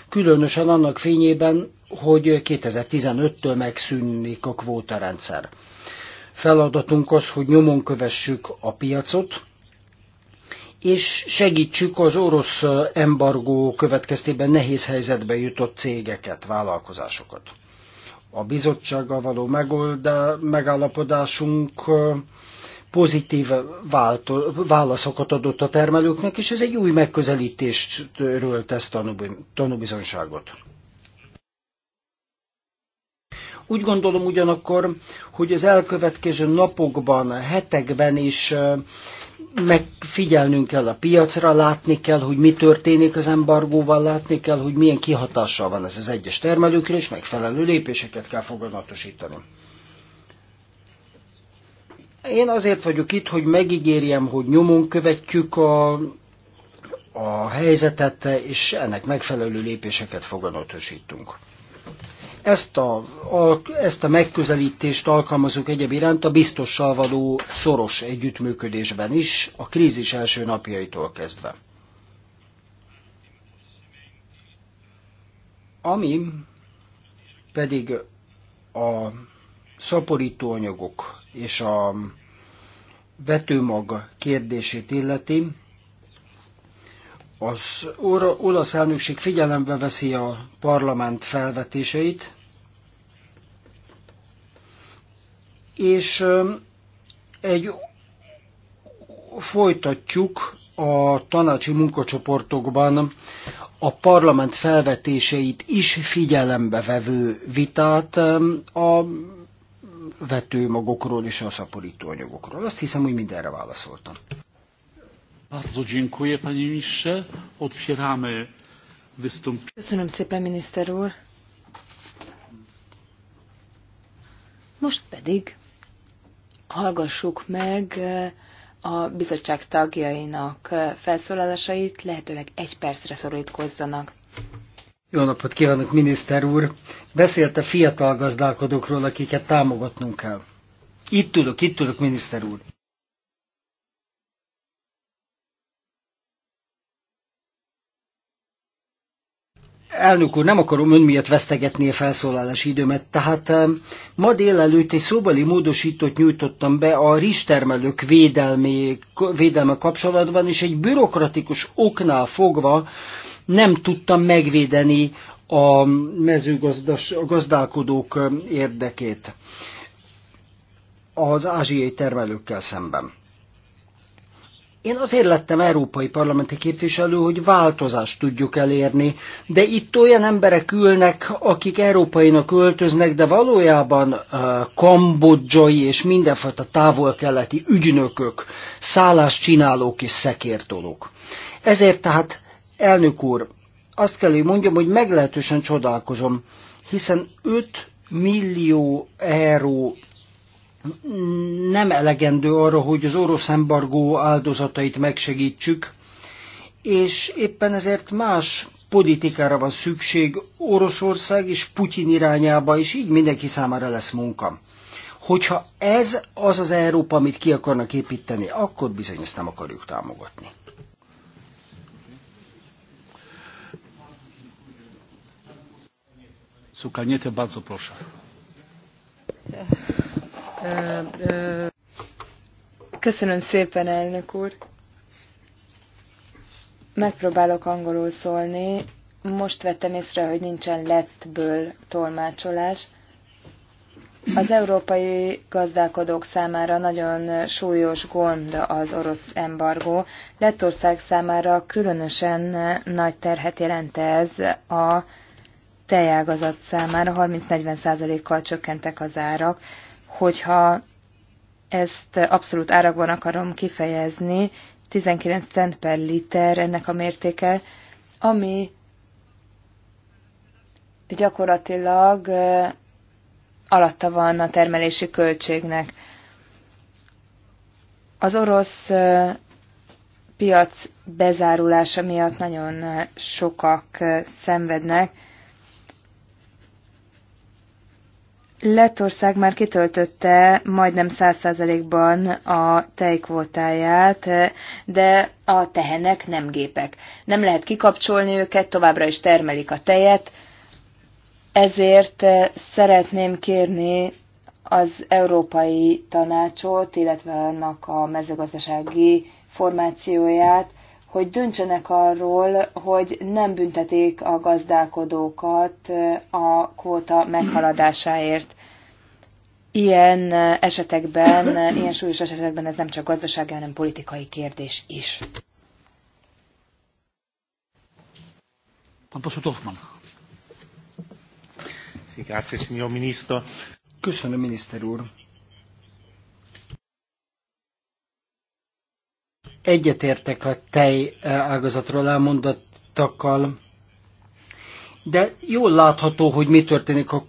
különösen annak fényében, hogy 2015-től megszűnik a kvótarendszer. Feladatunk az, hogy nyomon kövessük a piacot, és segítsük az orosz embargó következtében nehéz helyzetbe jutott cégeket, vállalkozásokat. A bizottsággal való megoldá, megállapodásunk pozitív válto, válaszokat adott a termelőknek, és ez egy új megközelítésről tesz tanúbizonságot. Úgy gondolom ugyanakkor, hogy az elkövetkező napokban, hetekben is megfigyelnünk kell a piacra, látni kell, hogy mi történik az embargóval, látni kell, hogy milyen kihatással van ez az egyes termelőkre, és megfelelő lépéseket kell foganatosítani. Én azért vagyok itt, hogy megígérjem, hogy nyomon követjük a, a helyzetet, és ennek megfelelő lépéseket foganatosítunk. Ezt a, a, ezt a megközelítést alkalmazunk egyéb iránt a biztossal való szoros együttműködésben is, a krízis első napjaitól kezdve. Ami pedig a szaporítóanyagok és a vetőmag kérdését illeti, az olasz elnökség figyelembe veszi a parlament felvetéseit, és egy folytatjuk a tanácsi munkacsoportokban a parlament felvetéseit is figyelembe vevő vitát a vetőmagokról és a szaporítóanyagokról. Azt hiszem, hogy mindenre válaszoltam. Bardzo dziękuję, panie ministrze. Otwieramy wystąpienie. Köszönöm szépen, miniszter úr. Most pedig hallgassuk meg eh, a bizottság tagjainak eh, felszólalásait, lehetőleg egy percre szorítkozzanak. Jó napot kívánok, miniszter úr! Beszélt a fiatal gazdálkodókról, akiket támogatnunk kell. Itt ülök, itt ülök, miniszter úr! Elnök úr, nem akarom ön miatt vesztegetni a felszólalási időmet, tehát ma délelőtt egy szóbeli módosítót nyújtottam be a rizstermelők védelmi, védelme kapcsolatban, és egy bürokratikus oknál fogva nem tudtam megvédeni a mezőgazdálkodók érdekét az ázsiai termelőkkel szemben. Én azért lettem európai parlamenti képviselő, hogy változást tudjuk elérni, de itt olyan emberek ülnek, akik európainak öltöznek, de valójában uh, kambodzsai és mindenfajta távol-keleti ügynökök, szálláscsinálók és szekértolók. Ezért tehát, elnök úr, azt kell, hogy mondjam, hogy meglehetősen csodálkozom, hiszen 5 millió euró nem elegendő arra, hogy az orosz embargó áldozatait megsegítsük, és éppen ezért más politikára van szükség Oroszország és Putyin irányába, és így mindenki számára lesz munka. Hogyha ez az az Európa, amit ki akarnak építeni, akkor bizony ezt nem akarjuk támogatni. Szukányéte, bardzo proszę. Köszönöm szépen, elnök úr. Megpróbálok angolul szólni. Most vettem észre, hogy nincsen lettből tolmácsolás. Az európai gazdálkodók számára nagyon súlyos gond az orosz embargó. Lettország számára különösen nagy terhet jelent ez a tejágazat számára. 30-40 kal csökkentek az árak hogyha ezt abszolút árakban akarom kifejezni, 19 cent per liter ennek a mértéke, ami gyakorlatilag alatta van a termelési költségnek. Az orosz piac bezárulása miatt nagyon sokak szenvednek, Lettország már kitöltötte majdnem 100%-ban a tejkvótáját, de a tehenek nem gépek. Nem lehet kikapcsolni őket, továbbra is termelik a tejet, ezért szeretném kérni az Európai Tanácsot, illetve annak a mezőgazdasági formációját, hogy döntsenek arról, hogy nem büntetik a gazdálkodókat a kvóta meghaladásáért. Ilyen esetekben, ilyen súlyos esetekben ez nem csak gazdasági, hanem politikai kérdés is. Köszönöm, miniszter úr. Egyetértek a tej eh, ágazatról elmondottakkal, de jól látható, hogy mi történik a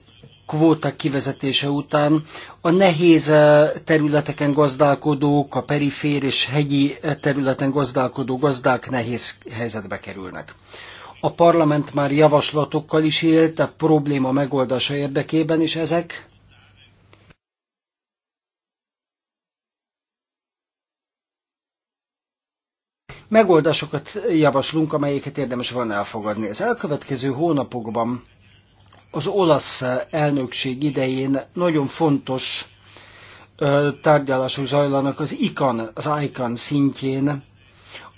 kvóta kivezetése után a nehéz eh, területeken gazdálkodók, a perifér és hegyi eh, területen gazdálkodó gazdák nehéz helyzetbe kerülnek. A parlament már javaslatokkal is élt a probléma megoldása érdekében, és ezek megoldásokat javaslunk, amelyeket érdemes van elfogadni. Az elkövetkező hónapokban az olasz elnökség idején nagyon fontos tárgyalások zajlanak az ICAN, az ICAN szintjén,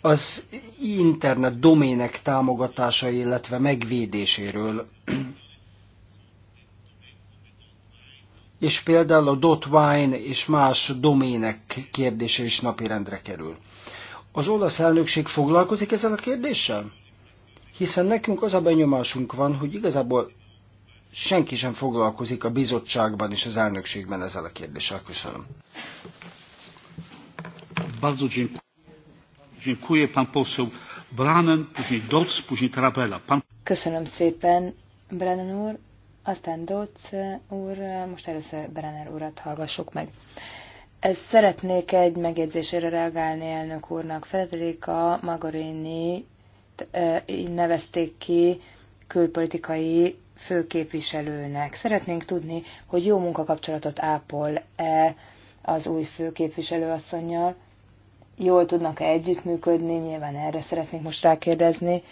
az internet domének támogatása, illetve megvédéséről. és például a .wine és más domének kérdése is napirendre kerül. Az olasz elnökség foglalkozik ezzel a kérdéssel? Hiszen nekünk az a benyomásunk van, hogy igazából senki sem foglalkozik a bizottságban és az elnökségben ezzel a kérdéssel. Köszönöm. Bardzo dziękuję. Pan poseł Branen, później Doc, później Tarabella. Pan... Köszönöm szépen, Branen úr. Aztán Doc eh, úr, eh, most először Brenner urat hallgassuk meg. Ezt szeretnék egy megjegyzésére reagálni elnök úrnak. Federica Magorini eh, nevezték ki külpolitikai főképviselőnek. Szeretnénk tudni, hogy jó munkakapcsolatot ápol-e az új főképviselőasszonynal, jól tudnak-e együttműködni, nyilván erre szeretnék most rákérdezni.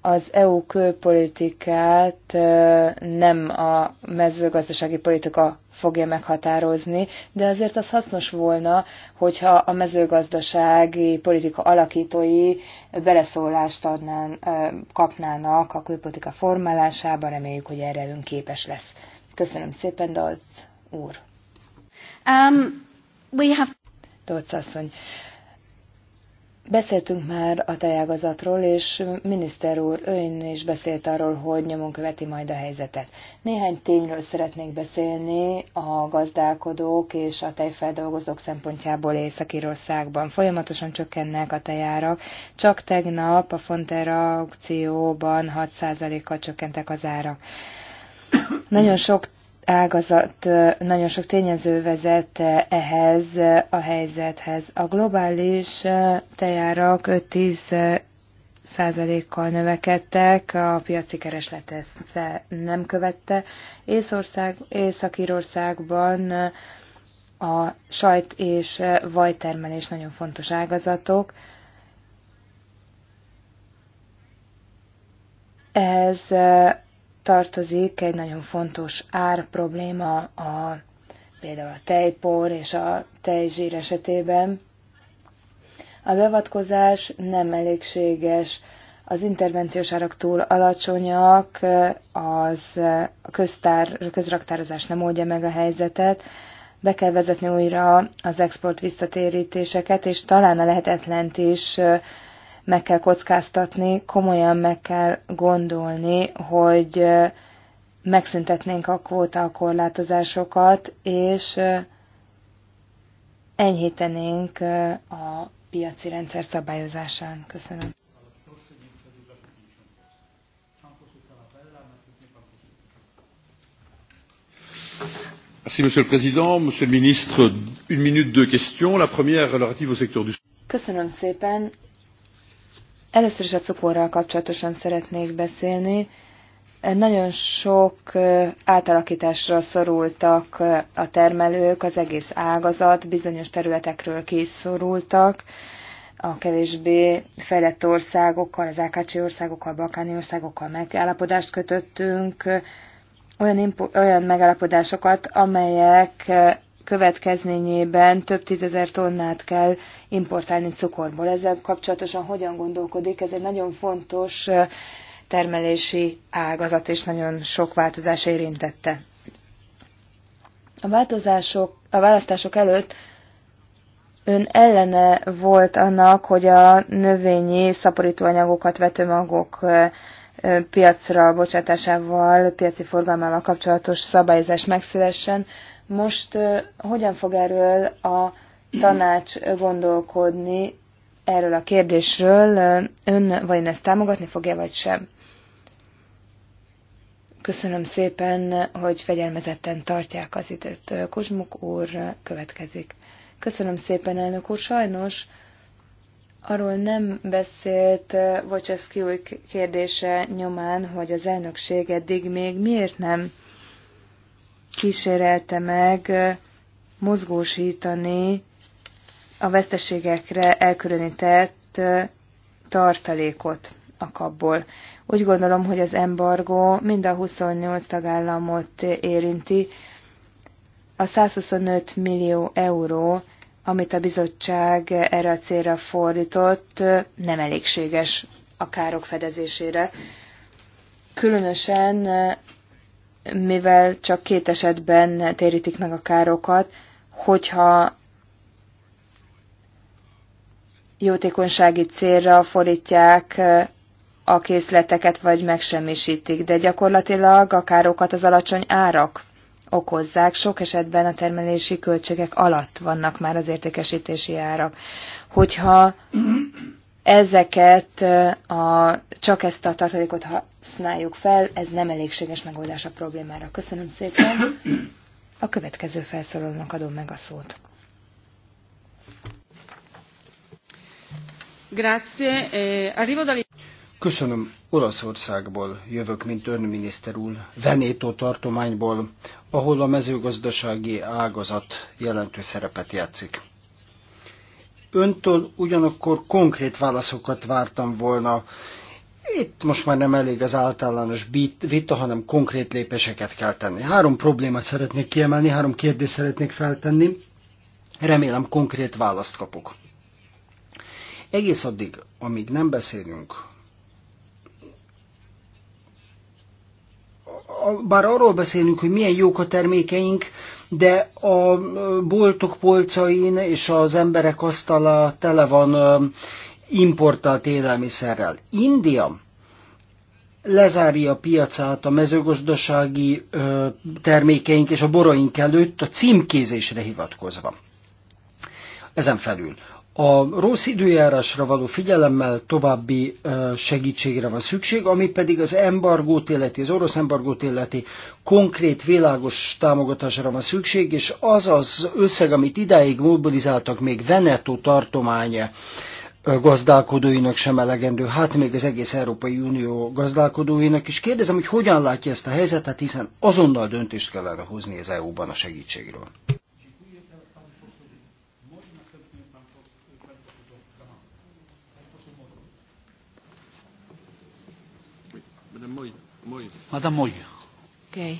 Az EU külpolitikát eh, nem a mezőgazdasági politika fogja meghatározni, de azért az hasznos volna, hogyha a mezőgazdasági politika alakítói beleszólást adnán, kapnának a külpolitika formálásába, reméljük, hogy erre ön képes lesz. Köszönöm szépen, Dolc úr. Um, we have... Dolc asszony. Beszéltünk már a tejágazatról, és miniszter úr, ön is beszélt arról, hogy nyomon követi majd a helyzetet. Néhány tényről szeretnék beszélni a gazdálkodók és a tejfeldolgozók szempontjából Észak-Írországban. Folyamatosan csökkennek a tejárak. Csak tegnap a Fonterra aukcióban 6%-kal csökkentek az árak. Nagyon sok ágazat nagyon sok tényező vezet ehhez a helyzethez. A globális tejárak 5-10 százalékkal növekedtek, a piaci kereslet ezt nem követte. Észország, Észak-Írországban a sajt és vajtermelés nagyon fontos ágazatok. Ehhez tartozik egy nagyon fontos ár probléma a például a tejpor és a tejzsír esetében. A beavatkozás nem elégséges, az intervenciós árak túl alacsonyak, az a köztár, a közraktározás nem oldja meg a helyzetet, be kell vezetni újra az export visszatérítéseket, és talán a lehetetlent is meg kell kockáztatni, komolyan meg kell gondolni, hogy megszüntetnénk a kvóta korlátozásokat, és enyhítenénk a piaci rendszer szabályozásán. Köszönöm. Monsieur le Président, Monsieur le Ministre, une minute, deux questions. La première relative au secteur du. Köszönöm szépen. Először is a cukorral kapcsolatosan szeretnék beszélni. Nagyon sok átalakításra szorultak a termelők, az egész ágazat, bizonyos területekről kiszorultak, a kevésbé fejlett országokkal, az Ákácsi országokkal, balkáni országokkal megállapodást kötöttünk, olyan, olyan megállapodásokat, amelyek következményében több tízezer tonnát kell importálni cukorból. Ezzel kapcsolatosan hogyan gondolkodik? Ez egy nagyon fontos termelési ágazat, és nagyon sok változás érintette. A, változások, a választások előtt ön ellene volt annak, hogy a növényi szaporítóanyagokat, vető magok piacra bocsátásával, piaci forgalmával kapcsolatos szabályozás megszülessen. Most hogyan fog erről a tanács gondolkodni erről a kérdésről, ön vajon ezt támogatni fogja, vagy sem? Köszönöm szépen, hogy fegyelmezetten tartják az időt. Kozsmuk úr következik. Köszönöm szépen, elnök úr. Sajnos arról nem beszélt Vocseszki új kérdése nyomán, hogy az elnökség eddig még miért nem kísérelte meg mozgósítani a veszteségekre elkülönített tartalékot a kapból. Úgy gondolom, hogy az embargó mind a 28 tagállamot érinti. A 125 millió euró, amit a bizottság erre a célra fordított, nem elégséges a károk fedezésére. Különösen, mivel csak két esetben térítik meg a károkat, hogyha jótékonysági célra fordítják a készleteket, vagy megsemmisítik, de gyakorlatilag a károkat az alacsony árak okozzák, sok esetben a termelési költségek alatt vannak már az értékesítési árak. Hogyha ezeket, a, csak ezt a tartalékot használjuk fel, ez nem elégséges megoldás a problémára. Köszönöm szépen. A következő felszólalónak adom meg a szót. Grazie. Eh, arrivo Köszönöm, Olaszországból jövök, mint önminiszter úr, Venétó tartományból, ahol a mezőgazdasági ágazat jelentő szerepet játszik. Öntől ugyanakkor konkrét válaszokat vártam volna. Itt most már nem elég az általános vita, hanem konkrét lépéseket kell tenni. Három problémát szeretnék kiemelni, három kérdést szeretnék feltenni. Remélem konkrét választ kapok. Egész addig, amíg nem beszélünk, bár arról beszélünk, hogy milyen jók a termékeink, de a boltok polcain és az emberek asztala tele van importált élelmiszerrel. India lezárja a piacát a mezőgazdasági termékeink és a boraink előtt a címkézésre hivatkozva. Ezen felül a rossz időjárásra való figyelemmel további segítségre van szükség, ami pedig az embargót életi, az orosz embargót életi konkrét, világos támogatásra van szükség, és az az összeg, amit idáig mobilizáltak még Veneto tartománya gazdálkodóinak sem elegendő, hát még az egész Európai Unió gazdálkodóinak, is kérdezem, hogy hogyan látja ezt a helyzetet, hiszen azonnal döntést kellene hozni az EU-ban a segítségről. Madame Moya. Okay.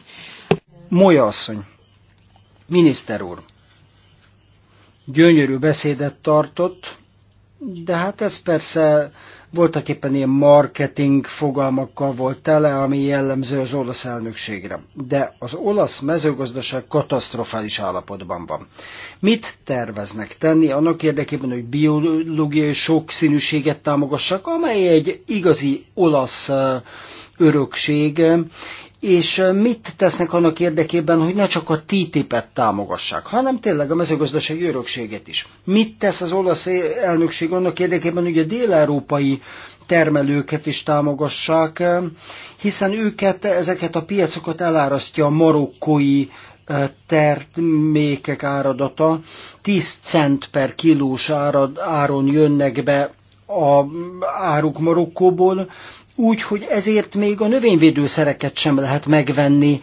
Moya asszony. Miniszter úr. Gyönyörű beszédet tartott, de hát ez persze voltak éppen ilyen marketing fogalmakkal volt tele, ami jellemző az olasz elnökségre. De az olasz mezőgazdaság katasztrofális állapotban van. Mit terveznek tenni annak érdekében, hogy biológiai sokszínűséget támogassak, amely egy igazi olasz örökség, és mit tesznek annak érdekében, hogy ne csak a TTIP-et támogassák, hanem tényleg a mezőgazdasági örökséget is. Mit tesz az olasz elnökség annak érdekében, hogy a dél-európai termelőket is támogassák, hiszen őket, ezeket a piacokat elárasztja a marokkói termékek áradata. 10 cent per kilós árad, áron jönnek be a áruk Marokkóból, úgy, hogy ezért még a növényvédőszereket sem lehet megvenni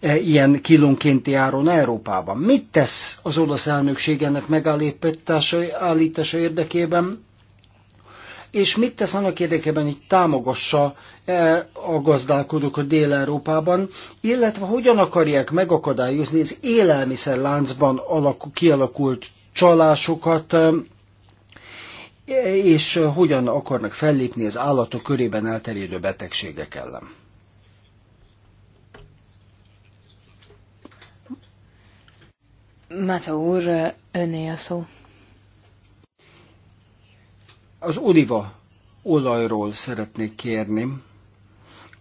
e, ilyen kilónkénti áron Európában. Mit tesz az olasz elnökség ennek megállítása érdekében, és mit tesz annak érdekében, hogy támogassa e, a a Dél-Európában, illetve hogyan akarják megakadályozni az élelmiszerláncban alakul, kialakult csalásokat, e, és hogyan akarnak fellépni az állatok körében elterjedő betegségek ellen. Mata úr, öné a szó. Az oliva olajról szeretnék kérni.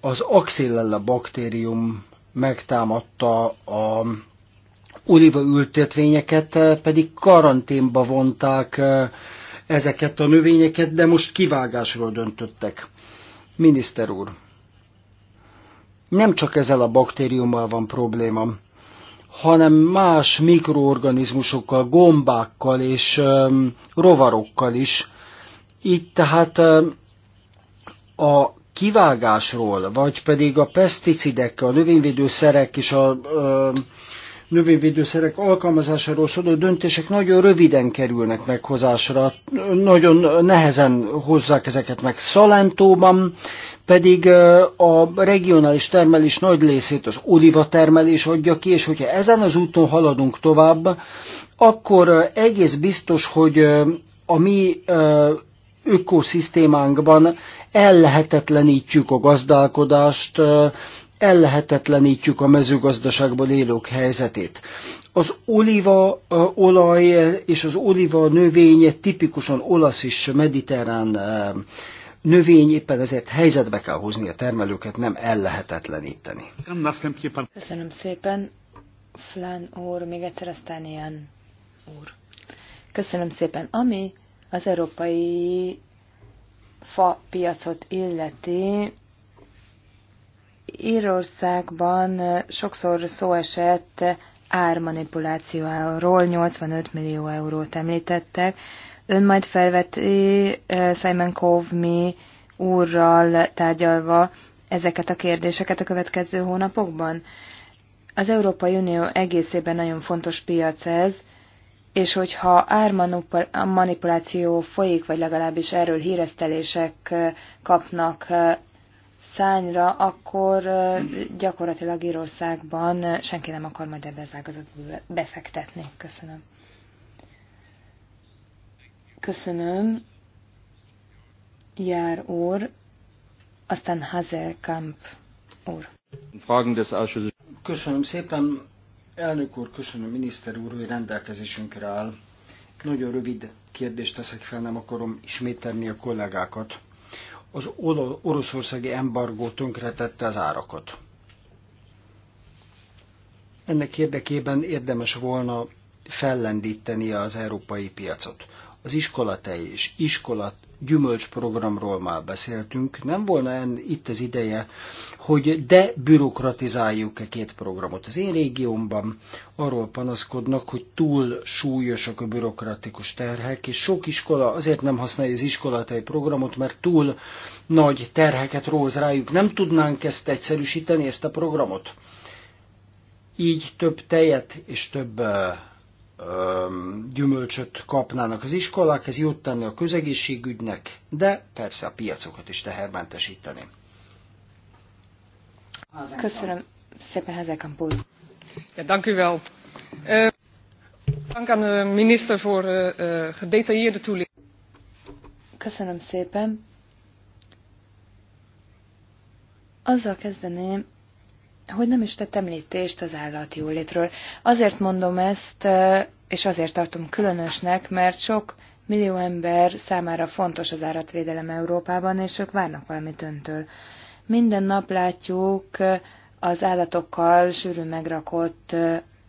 Az axillella baktérium megtámadta a oliva ültetvényeket, pedig karanténba vonták ezeket a növényeket, de most kivágásról döntöttek. Miniszter úr, nem csak ezzel a baktériummal van probléma, hanem más mikroorganizmusokkal, gombákkal és um, rovarokkal is. Itt tehát um, a kivágásról, vagy pedig a peszticidek, a növényvédőszerek és a um, növényvédőszerek alkalmazásáról szóló döntések nagyon röviden kerülnek meghozásra, nagyon nehezen hozzák ezeket meg. Szalentóban pedig a regionális termelés nagy részét az olivatermelés adja ki, és hogyha ezen az úton haladunk tovább, akkor egész biztos, hogy a mi ökoszisztémánkban ellehetetlenítjük a gazdálkodást, ellehetetlenítjük a mezőgazdaságban élők helyzetét. Az oliva olaj és az oliva növénye tipikusan olasz és mediterrán növény, éppen ezért helyzetbe kell hozni a termelőket, nem ellehetetleníteni. Köszönöm szépen, flan úr, még egyszer aztán ilyen úr. Köszönöm szépen. Ami az európai fa piacot illeti, Írországban sokszor szó esett ármanipulációról, 85 millió eurót említettek. Ön majd felveti Simon Kovmi úrral tárgyalva ezeket a kérdéseket a következő hónapokban? Az Európai Unió egészében nagyon fontos piac ez, és hogyha ármanipuláció folyik, vagy legalábbis erről híresztelések kapnak szányra, akkor gyakorlatilag Írországban senki nem akar majd ebbe az ágazatba befektetni. Köszönöm. Köszönöm. Jár úr, aztán Hazelkamp úr. Köszönöm szépen, elnök úr, köszönöm miniszter úr, hogy rendelkezésünkre áll. Nagyon rövid kérdést teszek fel, nem akarom ismételni a kollégákat az oroszországi embargó tönkretette az árakat. Ennek érdekében érdemes volna fellendíteni az európai piacot. Az iskolatej és iskolat gyümölcsprogramról már beszéltünk, nem volna en, itt az ideje, hogy de bürokratizáljuk e két programot. Az én régiómban arról panaszkodnak, hogy túl súlyosak a bürokratikus terhek, és sok iskola azért nem használja az iskolatai programot, mert túl nagy terheket róz rájuk. Nem tudnánk ezt egyszerűsíteni, ezt a programot? Így több tejet és több eh, gyümölcsöt kapnának az iskolák, ez jót tenni a közegészségügynek, de persze a piacokat is tehermentesíteni. Köszönöm szépen, Hezekamp úr. Ja, dank u wel. Eh, dank aan de minister voor eh, eh, gedetailleerde toelichting. Köszönöm szépen. Azzal kezdeném, hogy nem is tett említést az állatjólétről. Azért mondom ezt, és azért tartom különösnek, mert sok millió ember számára fontos az állatvédelem Európában, és ők várnak valamit öntől. Minden nap látjuk az állatokkal sűrűn megrakott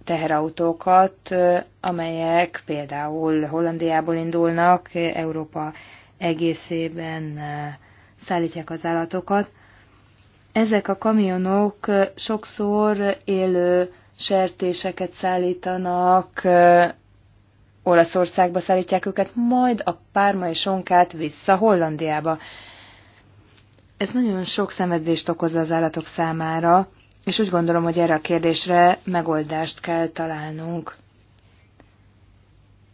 teherautókat, amelyek például Hollandiából indulnak, Európa egészében szállítják az állatokat. Ezek a kamionok sokszor élő sertéseket szállítanak, Olaszországba szállítják őket, majd a pármai sonkát vissza Hollandiába. Ez nagyon sok szenvedést okoz az állatok számára, és úgy gondolom, hogy erre a kérdésre megoldást kell találnunk.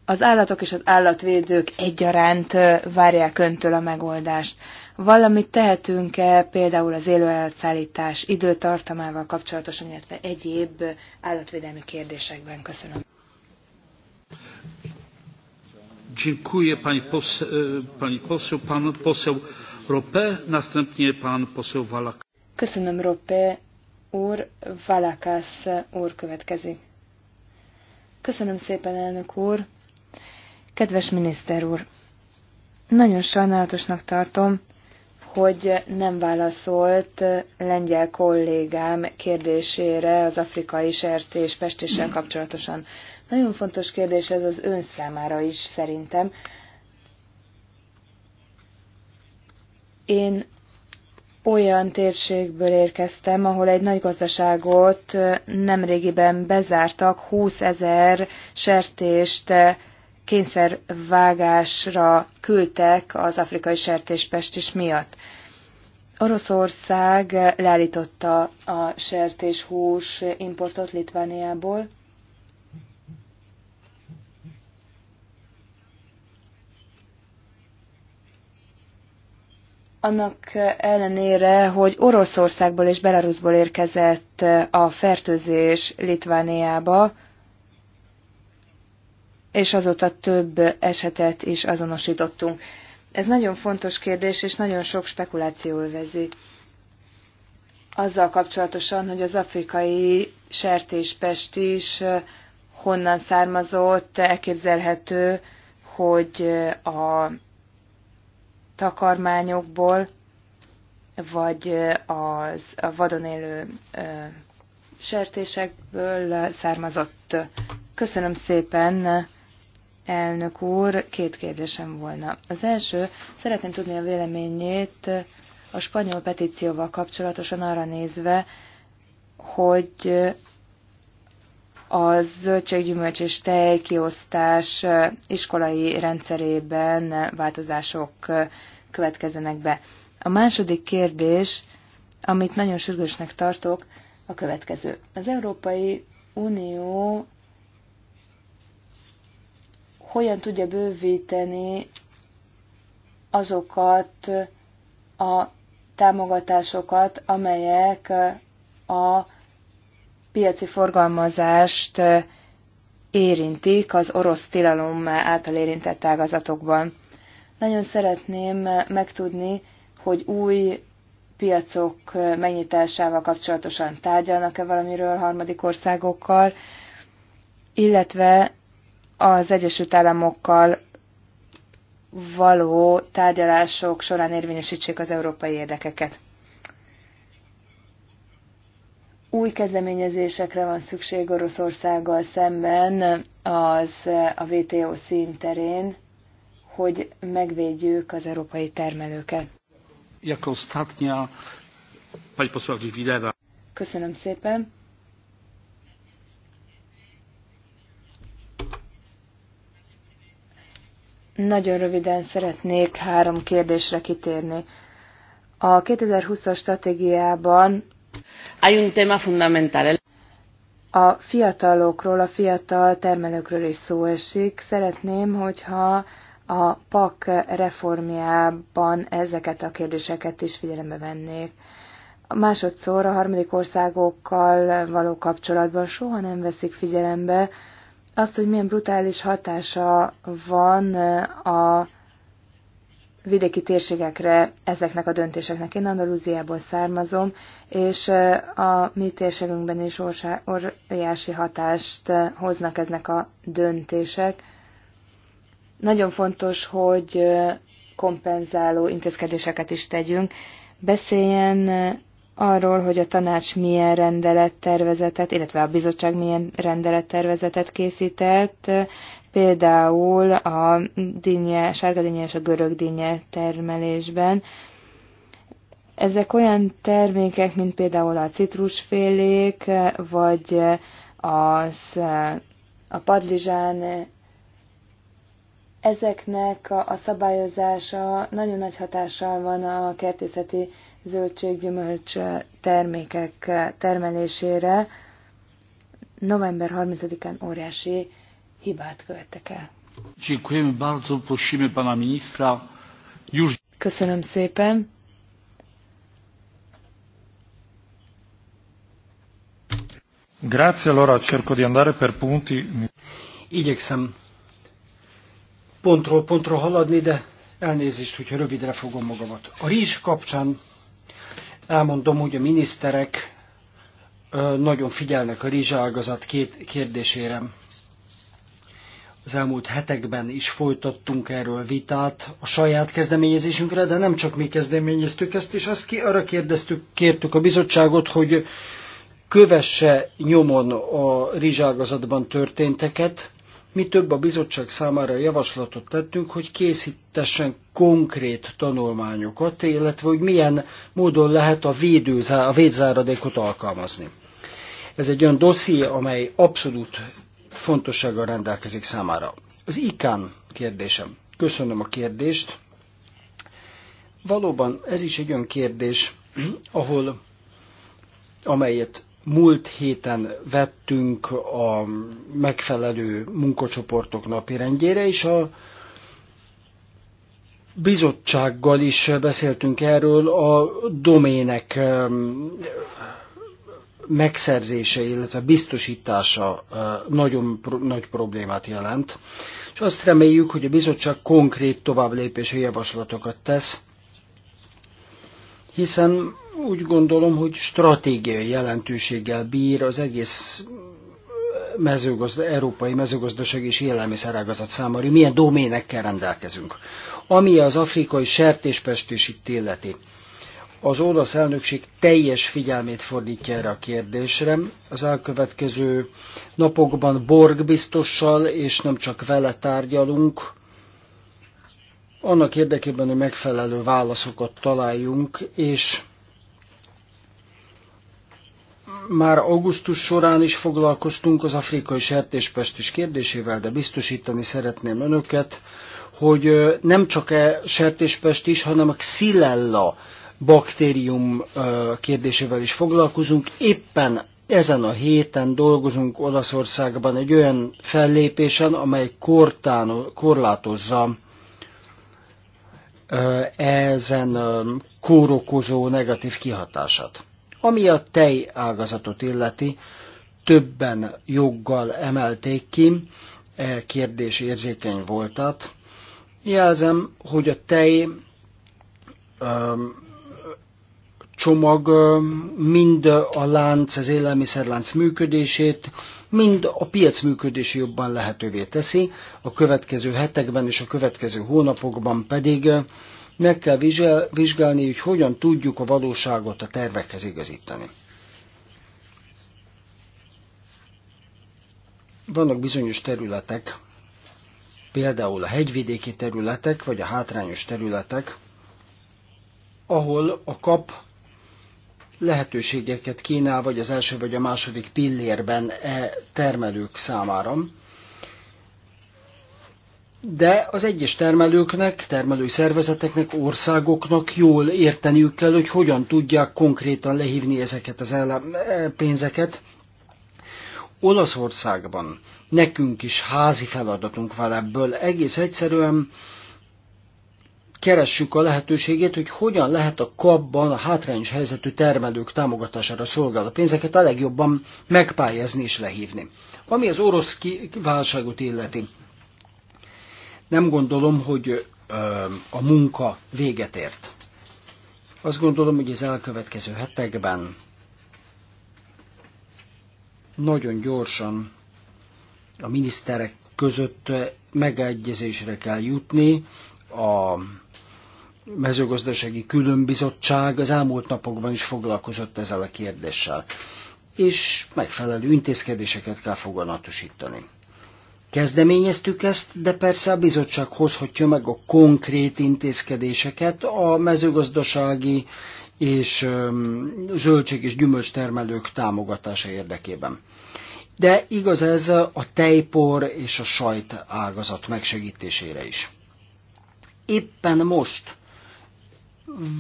Az állatok és az állatvédők egyaránt várják öntől a megoldást. Valamit tehetünk-e például az élőállatszállítás időtartamával kapcsolatosan, illetve egyéb állatvédelmi kérdésekben? Köszönöm. Dziękuję pani poseł, pani poseł, pan poseł Rope, następnie pan poseł Walak. Köszönöm Rope úr, Valakász úr következik. Köszönöm szépen, elnök úr. Kedves miniszter úr, nagyon sajnálatosnak tartom, hogy nem válaszolt lengyel kollégám kérdésére az afrikai sertés pestéssel kapcsolatosan. Nagyon fontos kérdés ez az ön számára is szerintem. Én olyan térségből érkeztem, ahol egy nagy gazdaságot nemrégiben bezártak, 20 ezer sertést kényszervágásra küldtek az afrikai sertéspestis miatt. Oroszország leállította a sertéshús importot Litvániából. Annak ellenére, hogy Oroszországból és Belarusból érkezett a fertőzés Litvániába, és azóta több esetet is azonosítottunk. Ez nagyon fontos kérdés, és nagyon sok spekuláció övezi. Azzal kapcsolatosan, hogy az afrikai sertéspest is eh, honnan származott, elképzelhető, hogy eh, a takarmányokból, vagy eh, az, a vadon élő sertésekből származott. Köszönöm szépen! elnök úr, két kérdésem volna. Az első, szeretném tudni a véleményét a spanyol petícióval kapcsolatosan arra nézve, hogy a zöldséggyümölcs és tej kiosztás iskolai rendszerében változások következzenek be. A második kérdés, amit nagyon sürgősnek tartok, a következő. Az Európai Unió hogyan tudja bővíteni azokat a támogatásokat, amelyek a piaci forgalmazást érintik az orosz tilalom által érintett ágazatokban. Nagyon szeretném megtudni, hogy új piacok megnyitásával kapcsolatosan tárgyalnak-e valamiről harmadik országokkal, illetve az Egyesült Államokkal való tárgyalások során érvényesítsék az európai érdekeket. Új kezdeményezésekre van szükség Oroszországgal szemben az a WTO színterén, hogy megvédjük az európai termelőket. Jako ostatnia, pani Köszönöm szépen. Nagyon röviden szeretnék három kérdésre kitérni. A 2020-as stratégiában Hay un tema fundamental. A fiatalokról, a fiatal termelőkről is szó esik. Szeretném, hogyha a PAK reformjában ezeket a kérdéseket is figyelembe vennék. Másodszor a harmadik országokkal való kapcsolatban soha nem veszik figyelembe azt, hogy milyen brutális hatása van a vidéki térségekre ezeknek a döntéseknek. Én Andalúziából származom, és a mi térségünkben is óriási hatást hoznak eznek a döntések. Nagyon fontos, hogy kompenzáló intézkedéseket is tegyünk. Beszéljen arról, hogy a tanács milyen rendelettervezetet, illetve a bizottság milyen rendelettervezetet készített, például a dinnye, sárga dinnye és a görög dinnye termelésben. Ezek olyan termékek, mint például a citrusfélék, vagy az, a padlizsán, ezeknek a szabályozása nagyon nagy hatással van a kertészeti zöldséggyümölcs termékek termelésére november 30-án óriási hibát követtek el. Köszönöm szépen. Grazie, allora cerco di andare per punti. Igyekszem pontról pontról haladni, de elnézést, hogyha rövidre fogom magamat. A rizs kapcsán Elmondom, hogy a miniszterek nagyon figyelnek a rizsaágazat két kérdésére. Az elmúlt hetekben is folytattunk erről vitát a saját kezdeményezésünkre, de nem csak mi kezdeményeztük ezt, és azt ki, arra kérdeztük, kértük a bizottságot, hogy kövesse nyomon a rizságazatban történteket, mi több a bizottság számára javaslatot tettünk, hogy készítessen konkrét tanulmányokat, illetve hogy milyen módon lehet a, védőzá, a védzáradékot alkalmazni. Ez egy olyan dosszié, amely abszolút fontossággal rendelkezik számára. Az ikan kérdésem. Köszönöm a kérdést. Valóban ez is egy olyan kérdés, ahol amelyet Múlt héten vettünk a megfelelő munkacsoportok napirendjére, és a bizottsággal is beszéltünk erről a domének megszerzése, illetve biztosítása nagyon nagy problémát jelent, és azt reméljük, hogy a bizottság konkrét tovább lépésű javaslatokat tesz, hiszen úgy gondolom, hogy stratégiai jelentőséggel bír az egész mezőgazda, európai mezőgazdaság és élelmiszerágazat számára, milyen doménekkel rendelkezünk. Ami az afrikai itt illeti, az olasz elnökség teljes figyelmét fordítja erre a kérdésre. Az elkövetkező napokban Borg biztossal, és nem csak vele tárgyalunk, annak érdekében, hogy megfelelő válaszokat találjunk, és már augusztus során is foglalkoztunk az afrikai sertéspestis kérdésével, de biztosítani szeretném önöket, hogy nem csak a e sertéspest hanem a xylella baktérium kérdésével is foglalkozunk. Éppen ezen a héten dolgozunk Olaszországban egy olyan fellépésen, amely kortán, korlátozza ezen kórokozó negatív kihatását. Ami a tej ágazatot illeti, többen joggal emelték ki, e kérdés érzékeny voltat. Jelzem, hogy a tej csomag mind a lánc, az élelmiszerlánc működését, mind a piac működési jobban lehetővé teszi, a következő hetekben és a következő hónapokban pedig meg kell vizsgálni, hogy hogyan tudjuk a valóságot a tervekhez igazítani. Vannak bizonyos területek, például a hegyvidéki területek, vagy a hátrányos területek, ahol a kap lehetőségeket kínál, vagy az első vagy a második pillérben e termelők számára. De az egyes termelőknek, termelői szervezeteknek, országoknak jól érteniük kell, hogy hogyan tudják konkrétan lehívni ezeket az e, pénzeket. Olaszországban nekünk is házi feladatunk van ebből. Egész egyszerűen keressük a lehetőségét, hogy hogyan lehet a kapban a hátrányos helyzetű termelők támogatására szolgáló pénzeket a legjobban megpályázni és lehívni. Ami az orosz válságot illeti, nem gondolom, hogy a munka véget ért. Azt gondolom, hogy az elkövetkező hetekben nagyon gyorsan a miniszterek között megegyezésre kell jutni a mezőgazdasági különbizottság az elmúlt napokban is foglalkozott ezzel a kérdéssel, és megfelelő intézkedéseket kell foganatosítani. Kezdeményeztük ezt, de persze a bizottság hozhatja meg a konkrét intézkedéseket a mezőgazdasági és zöldség és gyümölcstermelők támogatása érdekében. De igaz ez a tejpor és a sajt ágazat megsegítésére is. Éppen most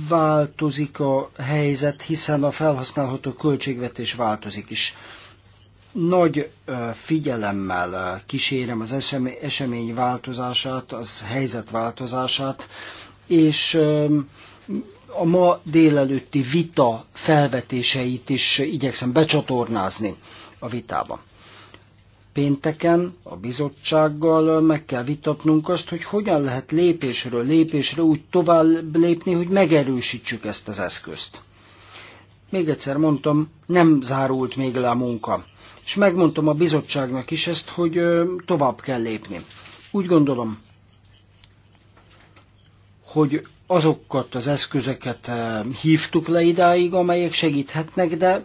változik a helyzet, hiszen a felhasználható költségvetés változik is. Nagy figyelemmel kísérem az esemény változását, az helyzet változását, és a ma délelőtti vita felvetéseit is igyekszem becsatornázni a vitába. Pénteken a bizottsággal meg kell vitatnunk azt, hogy hogyan lehet lépésről lépésre úgy tovább lépni, hogy megerősítsük ezt az eszközt. Még egyszer mondtam, nem zárult még le a munka. És megmondtam a bizottságnak is ezt, hogy tovább kell lépni. Úgy gondolom, hogy azokat az eszközöket hívtuk le idáig, amelyek segíthetnek, de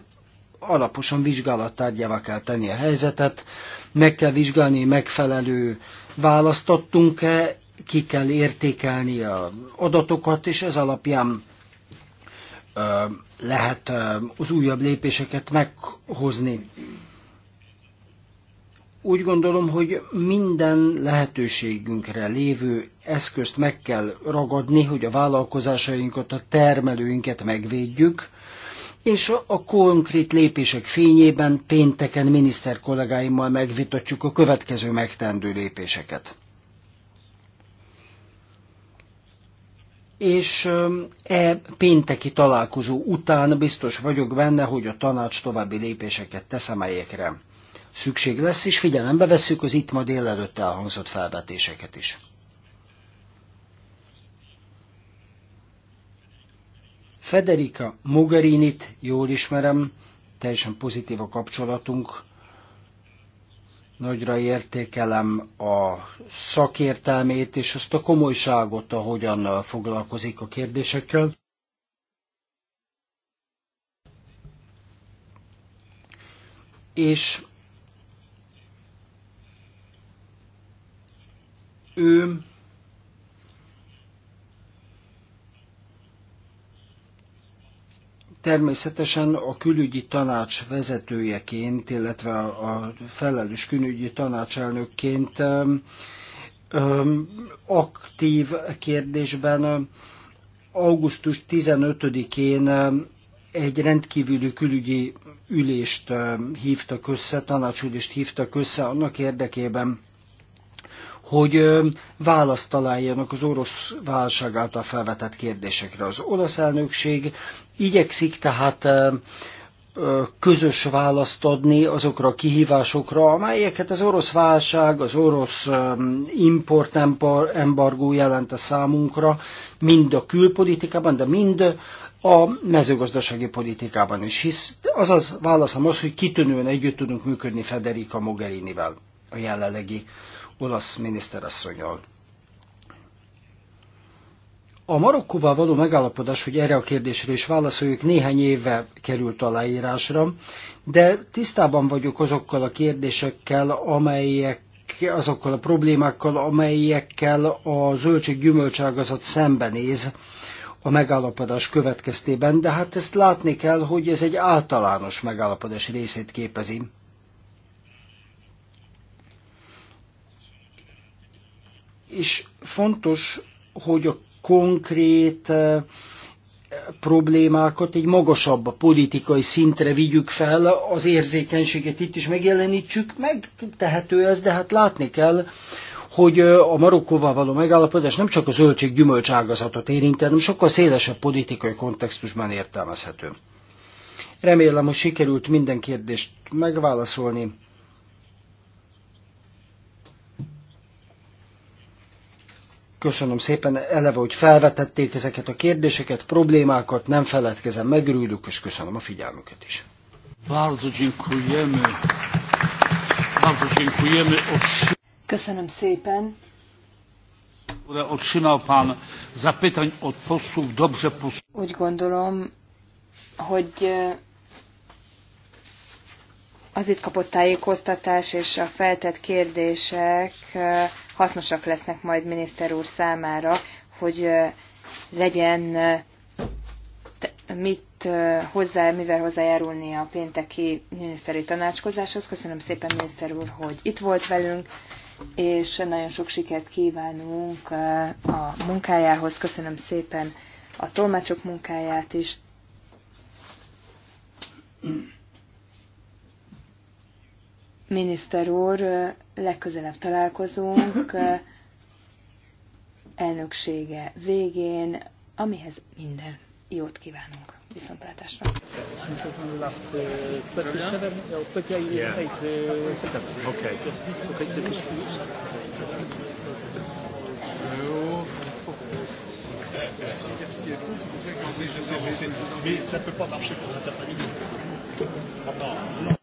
alaposan vizsgálattárgyává kell tenni a helyzetet, meg kell vizsgálni, megfelelő választottunk e ki kell értékelni a adatokat, és ez alapján lehet az újabb lépéseket meghozni. Úgy gondolom, hogy minden lehetőségünkre lévő eszközt meg kell ragadni, hogy a vállalkozásainkat, a termelőinket megvédjük, és a konkrét lépések fényében pénteken miniszter kollégáimmal megvitatjuk a következő megtendő lépéseket. És e pénteki találkozó után biztos vagyok benne, hogy a tanács további lépéseket tesz, amelyekre szükség lesz, és figyelembe veszük az itt ma délelőtt elhangzott felvetéseket is. Federica Mogherinit jól ismerem, teljesen pozitív a kapcsolatunk, nagyra értékelem a szakértelmét és azt a komolyságot, ahogyan foglalkozik a kérdésekkel. És ő Természetesen a külügyi tanács vezetőjeként, illetve a felelős külügyi tanácselnökként aktív kérdésben augusztus 15-én egy rendkívüli külügyi ülést hívtak össze, tanácsülést hívtak össze annak érdekében, hogy választ találjanak az orosz válság által felvetett kérdésekre. Az olasz elnökség igyekszik tehát közös választ adni azokra a kihívásokra, amelyeket az orosz válság, az orosz importembargó jelent a számunkra, mind a külpolitikában, de mind a mezőgazdasági politikában is. Hisz azaz válaszom az, hogy kitűnően együtt tudunk működni Federica Mogherinivel a jelenlegi olasz miniszterasszonyjal. A Marokkóval való megállapodás, hogy erre a kérdésre is válaszoljuk, néhány éve került aláírásra, de tisztában vagyok azokkal a kérdésekkel, amelyek azokkal a problémákkal, amelyekkel a zöldség-gyümölcságazat szembenéz a megállapodás következtében, de hát ezt látni kell, hogy ez egy általános megállapodás részét képezi. és fontos, hogy a konkrét eh, problémákat egy magasabb a politikai szintre vigyük fel, az érzékenységet itt is megjelenítsük, meg tehető ez, de hát látni kell, hogy eh, a Marokkóval való megállapodás nem csak a zöldség gyümölcs ágazatot érint, hanem sokkal szélesebb politikai kontextusban értelmezhető. Remélem, hogy sikerült minden kérdést megválaszolni. Köszönöm szépen eleve, hogy felvetették ezeket a kérdéseket, problémákat, nem feledkezem, megörülök, és köszönöm a figyelmüket is. Köszönöm szépen. Úgy gondolom, hogy e, az itt kapott tájékoztatás és a feltett kérdések e, hasznosak lesznek majd miniszter úr számára, hogy legyen mit hozzá, mivel hozzájárulni a pénteki miniszteri tanácskozáshoz. Köszönöm szépen, miniszter úr, hogy itt volt velünk, és nagyon sok sikert kívánunk a munkájához. Köszönöm szépen a tolmácsok munkáját is. Mm. Miniszter úr, legközelebb találkozunk elnöksége végén, amihez minden jót kívánunk. Viszontlátásra. Mais ça ne peut pas marcher pour cet après-midi.